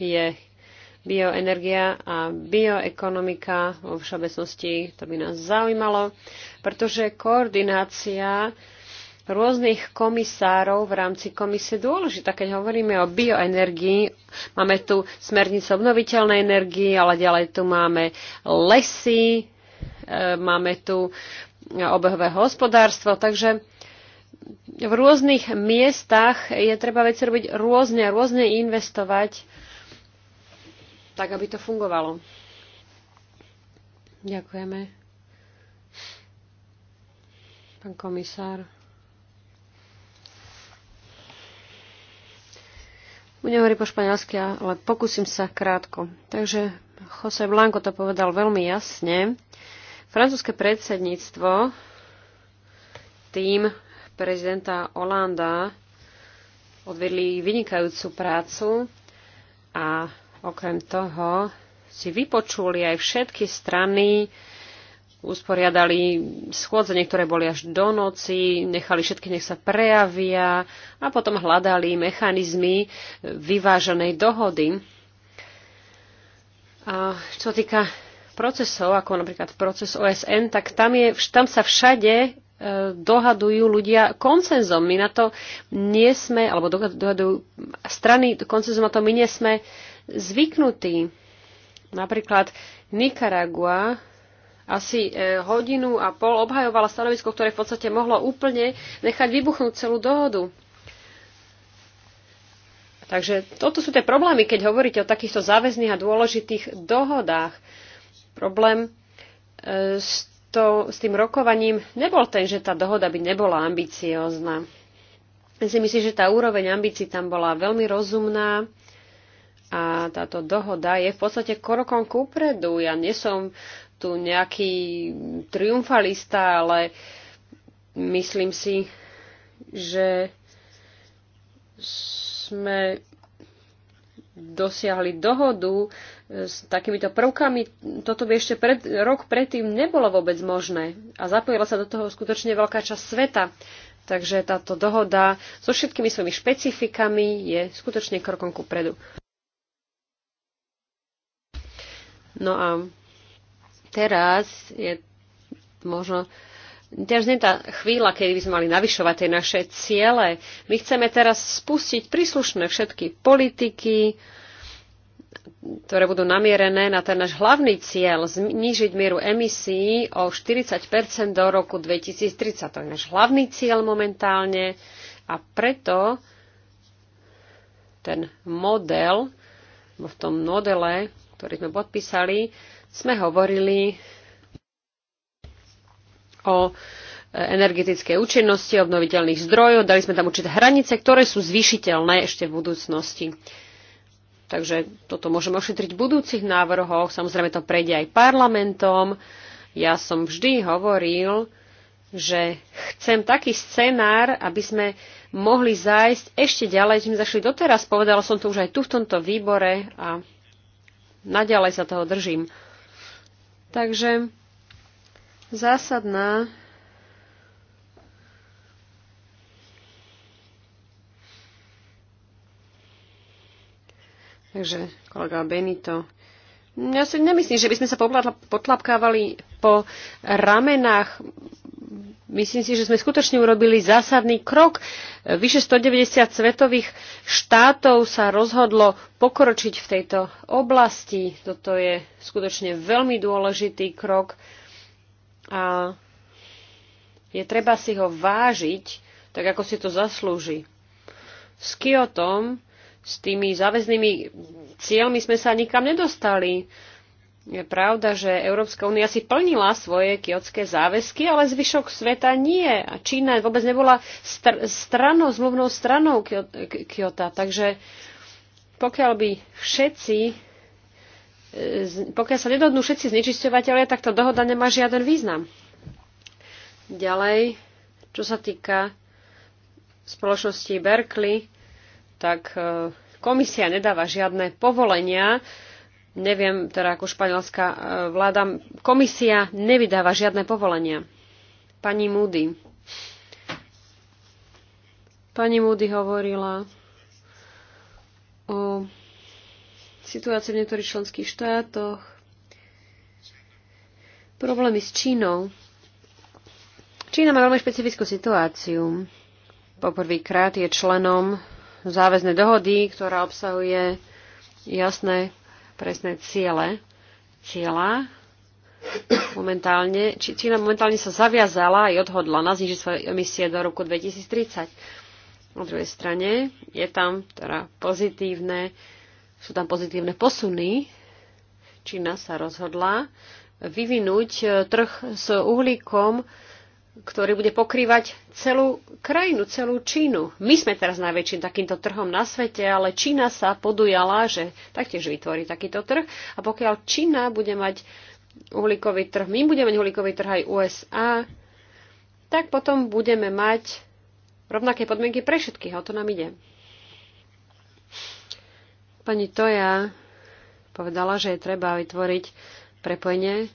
je bioenergia a bioekonomika vo všeobecnosti. To by nás zaujímalo, pretože koordinácia rôznych komisárov v rámci komisie dôležitá. Keď hovoríme o bioenergii, máme tu smernicu obnoviteľnej energii, ale ďalej tu máme lesy, e, máme tu obehové hospodárstvo, takže v rôznych miestach je treba veci robiť rôzne, rôzne investovať, tak aby to fungovalo. Ďakujeme. Pán komisár. Budem hovoriť po španielsky, ale pokúsim sa krátko. Takže Jose Blanco to povedal veľmi jasne. Francúzske predsedníctvo tým prezidenta Holanda odvedli vynikajúcu prácu a okrem toho si vypočuli aj všetky strany, usporiadali schôdze, niektoré boli až do noci, nechali všetky nech sa prejavia a potom hľadali mechanizmy vyváženej dohody. A čo týka procesov, ako napríklad proces OSN, tak tam, je, tam sa všade e, dohadujú ľudia koncenzom. My na to nie sme, alebo dohadujú strany koncenzom, na to my nie sme zvyknutí. Napríklad Nicaragua asi e, hodinu a pol obhajovala stanovisko, ktoré v podstate mohlo úplne nechať vybuchnúť celú dohodu. Takže toto sú tie problémy, keď hovoríte o takýchto záväzných a dôležitých dohodách. Problém e, s, to, s tým rokovaním nebol ten, že tá dohoda by nebola ambiciózna. Ja si myslím, že tá úroveň ambícií tam bola veľmi rozumná a táto dohoda je v podstate krokom kúpredu. Ja nie som tu nejaký triumfalista, ale myslím si, že sme dosiahli dohodu s takýmito prvkami, toto by ešte pred, rok predtým nebolo vôbec možné. A zapojila sa do toho skutočne veľká časť sveta. Takže táto dohoda so všetkými svojimi špecifikami je skutočne krokom ku predu. No a teraz je možno Teraz nie je tá chvíľa, kedy by sme mali navyšovať tie naše ciele. My chceme teraz spustiť príslušné všetky politiky, ktoré budú namierené na ten náš hlavný cieľ znižiť mieru emisí o 40 do roku 2030. To je náš hlavný cieľ momentálne a preto ten model, v tom modele ktorý sme podpísali, sme hovorili o e, energetickej účinnosti, obnoviteľných zdrojov. Dali sme tam určité hranice, ktoré sú zvyšiteľné ešte v budúcnosti. Takže toto môžeme ošetriť v budúcich návrhoch. Samozrejme to prejde aj parlamentom. Ja som vždy hovoril, že chcem taký scenár, aby sme mohli zájsť ešte ďalej, sme zašli doteraz. Povedala som to už aj tu v tomto výbore a naďalej sa toho držím. Takže zásadná Takže kolega Benito ja si nemyslím, že by sme sa potlapkávali po ramenách. Myslím si, že sme skutočne urobili zásadný krok. Vyše 190 svetových štátov sa rozhodlo pokročiť v tejto oblasti. Toto je skutočne veľmi dôležitý krok a je treba si ho vážiť tak, ako si to zaslúži. S Kyotom s tými záväznými cieľmi sme sa nikam nedostali. Je pravda, že Európska únia si plnila svoje kiotské záväzky, ale zvyšok sveta nie. A Čína vôbec nebola str- stranou, zmluvnou stranou Kiota. Takže pokiaľ by všetci e, pokiaľ sa nedodnú všetci znečisťovateľia, tak tá dohoda nemá žiaden význam. Ďalej, čo sa týka spoločnosti Berkeley, tak e, komisia nedáva žiadne povolenia. Neviem, teda ako španielská e, vláda, komisia nevydáva žiadne povolenia. Pani Moody. Pani Moody hovorila o situácii v niektorých členských štátoch, problémy s Čínou. Čína má veľmi špecifickú situáciu. Poprvýkrát je členom záväzné dohody, ktorá obsahuje jasné, presné ciele. Ciela momentálne, či Čína momentálne sa zaviazala aj na znižiť svoje emisie do roku 2030. Na druhej strane je tam teda pozitívne, sú tam pozitívne posuny. Čína sa rozhodla vyvinúť eh, trh s uhlíkom ktorý bude pokrývať celú krajinu, celú Čínu. My sme teraz najväčším takýmto trhom na svete, ale Čína sa podujala, že taktiež vytvorí takýto trh. A pokiaľ Čína bude mať uhlíkový trh, my budeme mať uhlíkový trh aj USA, tak potom budeme mať rovnaké podmienky pre všetkých. O to nám ide. Pani Toja povedala, že je treba vytvoriť prepojenie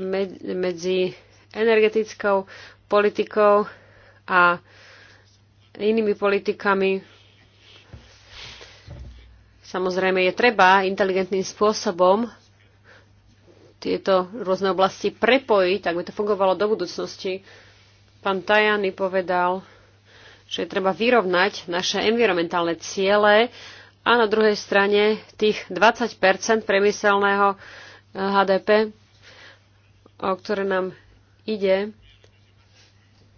medzi energetickou politikou a inými politikami. Samozrejme je treba inteligentným spôsobom tieto rôzne oblasti prepojiť, tak by to fungovalo do budúcnosti. Pán Tajany povedal, že treba vyrovnať naše environmentálne ciele a na druhej strane tých 20 priemyselného HDP, eh, o ktoré nám ide.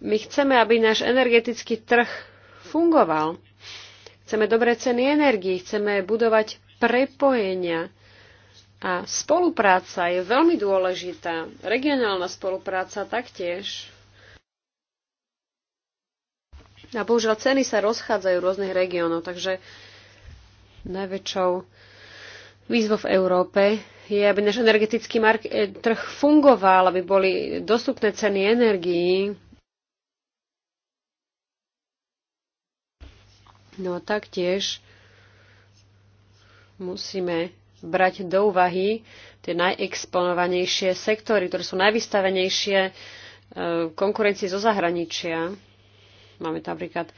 My chceme, aby náš energetický trh fungoval. Chceme dobré ceny energii, chceme budovať prepojenia. A spolupráca je veľmi dôležitá. Regionálna spolupráca taktiež. A bohužiaľ ceny sa rozchádzajú v rôznych regiónoch, takže najväčšou výzvou v Európe je, aby náš energetický e, trh fungoval, aby boli dostupné ceny energií. No a taktiež musíme brať do úvahy tie najexponovanejšie sektory, ktoré sú najvystavenejšie e, konkurencii zo zahraničia. Máme tam napríklad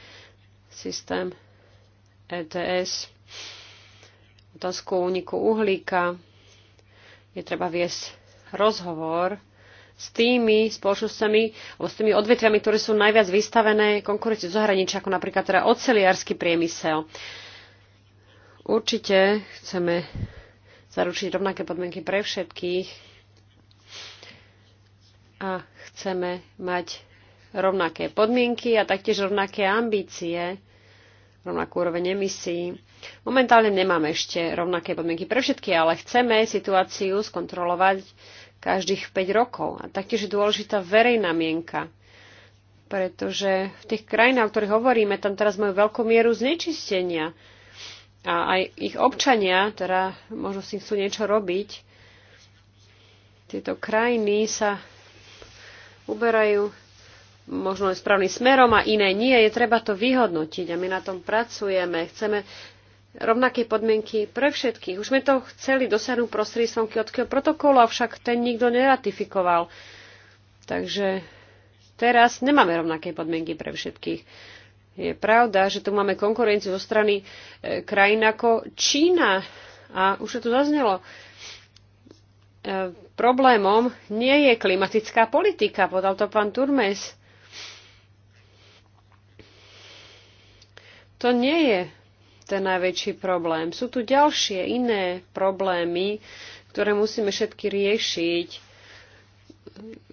systém ETS, otázku úniku uhlíka, je treba viesť rozhovor s tými spoločnosťami, alebo s tými odvetviami, ktoré sú najviac vystavené konkurencii zahraničia, ako napríklad teda oceliársky priemysel. Určite chceme zaručiť rovnaké podmienky pre všetkých a chceme mať rovnaké podmienky a taktiež rovnaké ambície, rovnakú úroveň emisí. Momentálne nemáme ešte rovnaké podmienky pre všetky, ale chceme situáciu skontrolovať každých 5 rokov. A taktiež je dôležitá verejná mienka, pretože v tých krajinách, o ktorých hovoríme, tam teraz majú veľkú mieru znečistenia. A aj ich občania, teda možno si chcú niečo robiť, tieto krajiny sa uberajú možno správnym smerom a iné nie. Je treba to vyhodnotiť a my na tom pracujeme. Chceme rovnaké podmienky pre všetkých. Už sme to chceli dosiahnuť prostredstvom Kyotského protokolu, avšak ten nikto neratifikoval. Takže teraz nemáme rovnaké podmienky pre všetkých. Je pravda, že tu máme konkurenciu zo strany e, krajín ako Čína. A už sa tu zaznelo, e, problémom nie je klimatická politika, podal to pán Turmes. To nie je ten najväčší problém. Sú tu ďalšie iné problémy, ktoré musíme všetky riešiť.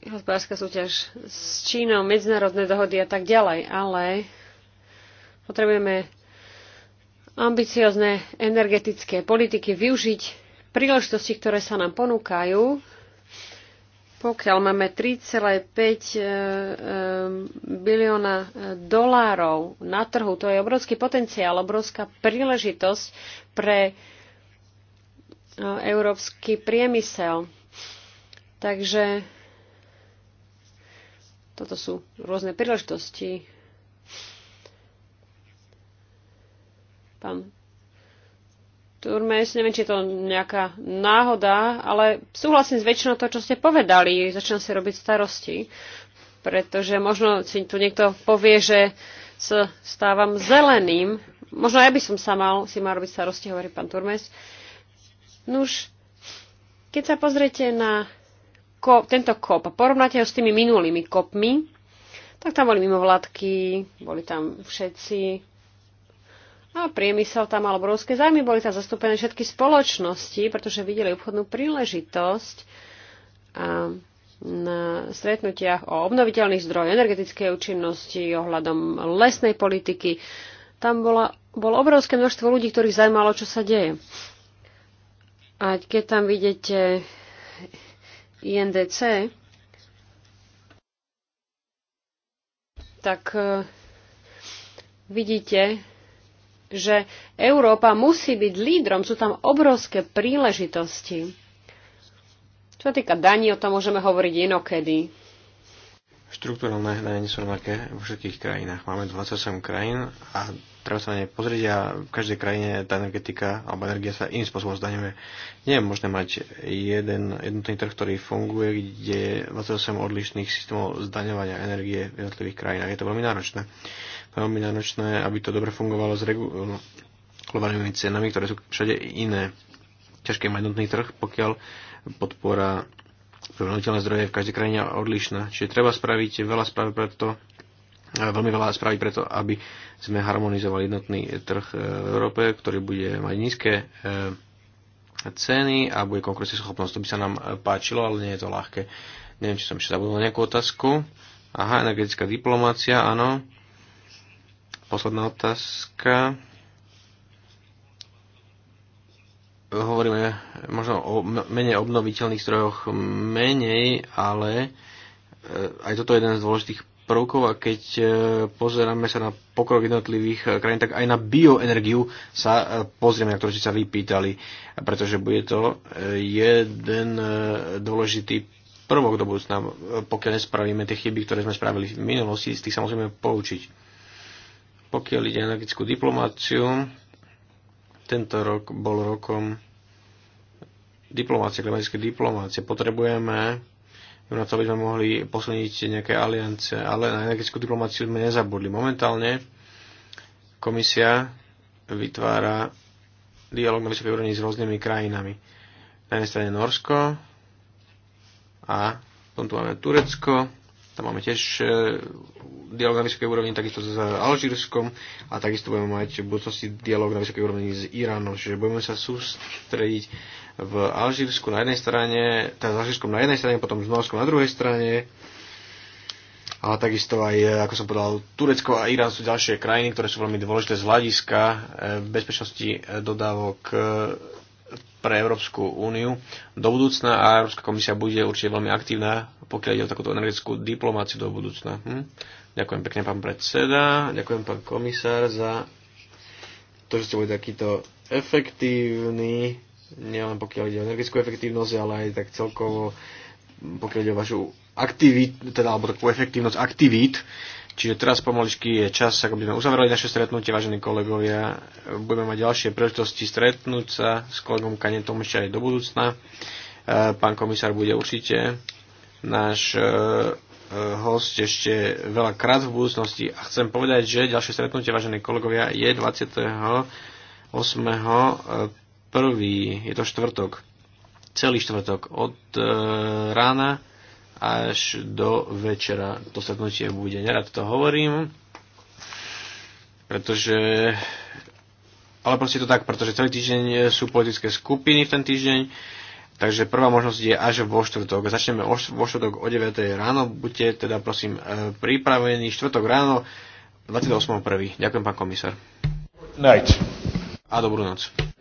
Hospodárska súťaž s Čínou, medzinárodné dohody a tak ďalej, ale potrebujeme ambiciozne energetické politiky využiť príležitosti, ktoré sa nám ponúkajú pokiaľ máme 3,5 e, e, bilióna dolárov na trhu, to je obrovský potenciál, obrovská príležitosť pre e, európsky priemysel. Takže toto sú rôzne príležitosti. Pán Turmes, neviem, či je to nejaká náhoda, ale súhlasím s väčšinou to, čo ste povedali. Začínam si robiť starosti, pretože možno si tu niekto povie, že sa stávam zeleným. Možno ja by som sa mal, si mal robiť starosti, hovorí pán Turmes. Nuž, keď sa pozriete na kop, tento kop a porovnáte ho s tými minulými kopmi, tak tam boli mimovládky, boli tam všetci, a priemysel tam mal obrovské zájmy, boli tam zastúpené všetky spoločnosti, pretože videli obchodnú príležitosť. A na stretnutiach o obnoviteľných zdrojoch, energetickej účinnosti, ohľadom lesnej politiky. Tam bola, bolo obrovské množstvo ľudí, ktorých zaujímalo, čo sa deje. A keď tam vidíte INDC, tak e, vidíte, že Európa musí byť lídrom. Sú tam obrovské príležitosti. Čo sa týka daní, o tom môžeme hovoriť inokedy. Štruktúralné hranie sú rovnaké vo všetkých krajinách. Máme 28 krajín a treba sa na ne pozrieť a v každej krajine tá energetika alebo energia sa iným spôsobom zdaňuje. Nie je možné mať jeden jednotný trh, ktorý funguje, kde je 28 odlišných systémov zdaňovania energie v jednotlivých krajinách. Je to veľmi náročné. Veľmi náročné, aby to dobre fungovalo s no, globálnymi cenami, ktoré sú všade iné. Ťažké mať jednotný trh, pokiaľ podpora obnoviteľné zdroje v každej krajine odlišná. Čiže treba spraviť veľa správ preto, veľmi veľa spraviť preto, aby sme harmonizovali jednotný trh v Európe, ktorý bude mať nízke e, ceny a bude konkurencieschopnosť. To by sa nám páčilo, ale nie je to ľahké. Neviem, či som ešte zabudol nejakú otázku. Aha, energetická diplomácia, áno. Posledná otázka. hovoríme možno o menej obnoviteľných zdrojoch menej, ale e, aj toto je jeden z dôležitých prvkov a keď e, pozeráme sa na pokrok jednotlivých e, krajín, tak aj na bioenergiu sa pozrieme, na ktorú ste sa vypýtali, pretože bude to jeden dôležitý prvok do budúcna, pokiaľ nespravíme tie chyby, ktoré sme spravili v minulosti, z tých sa musíme poučiť. Pokiaľ ide energetickú diplomáciu, tento rok bol rokom diplomácie, klimatické diplomácie. Potrebujeme ju na to, aby sme mohli posilniť nejaké aliance, ale na energetickú diplomáciu sme nezabudli. Momentálne komisia vytvára dialog na vysokej úrovni s rôznymi krajinami. Na jednej strane Norsko a potom tu máme Turecko, tam máme tiež e, dialog na vysokej úrovni, takisto s Alžírskom a takisto budeme mať v budúcnosti dialog na vysokej úrovni s Iránom. Čiže budeme sa sústrediť v Alžírsku na jednej strane, teda s Alžírskom na jednej strane, potom s Norskom na druhej strane. Ale takisto aj, e, ako som povedal, Turecko a Irán sú ďalšie krajiny, ktoré sú veľmi dôležité z hľadiska e, bezpečnosti dodávok pre Európsku úniu do budúcna a Európska komisia bude určite veľmi aktívna, pokiaľ ide o takúto energetickú diplomáciu do budúcna. Hm? Ďakujem pekne, pán predseda, ďakujem, pán komisár, za to, že ste boli takýto efektívny, nielen pokiaľ ide o energetickú efektívnosť, ale aj tak celkovo, pokiaľ ide o vašu aktivít, teda, alebo takú efektívnosť aktivít Čiže teraz pomaličky je čas, ako by sme uzavreli naše stretnutie, vážení kolegovia. Budeme mať ďalšie príležitosti stretnúť sa s kolegom Kanetom ešte aj do budúcna. E, pán komisár bude určite náš e, e, host ešte veľa krát v budúcnosti. A chcem povedať, že ďalšie stretnutie, vážení kolegovia, je 28.1. Je to štvrtok. Celý štvrtok od rána až do večera. To stretnutie bude. Nerad to hovorím, pretože... Ale proste to tak, pretože celý týždeň sú politické skupiny v ten týždeň, takže prvá možnosť je až vo štvrtok. Začneme vo štvrtok o 9. ráno, buďte teda prosím e, pripravení. Štvrtok ráno 28.1. Ďakujem pán komisár. Night. A dobrú noc.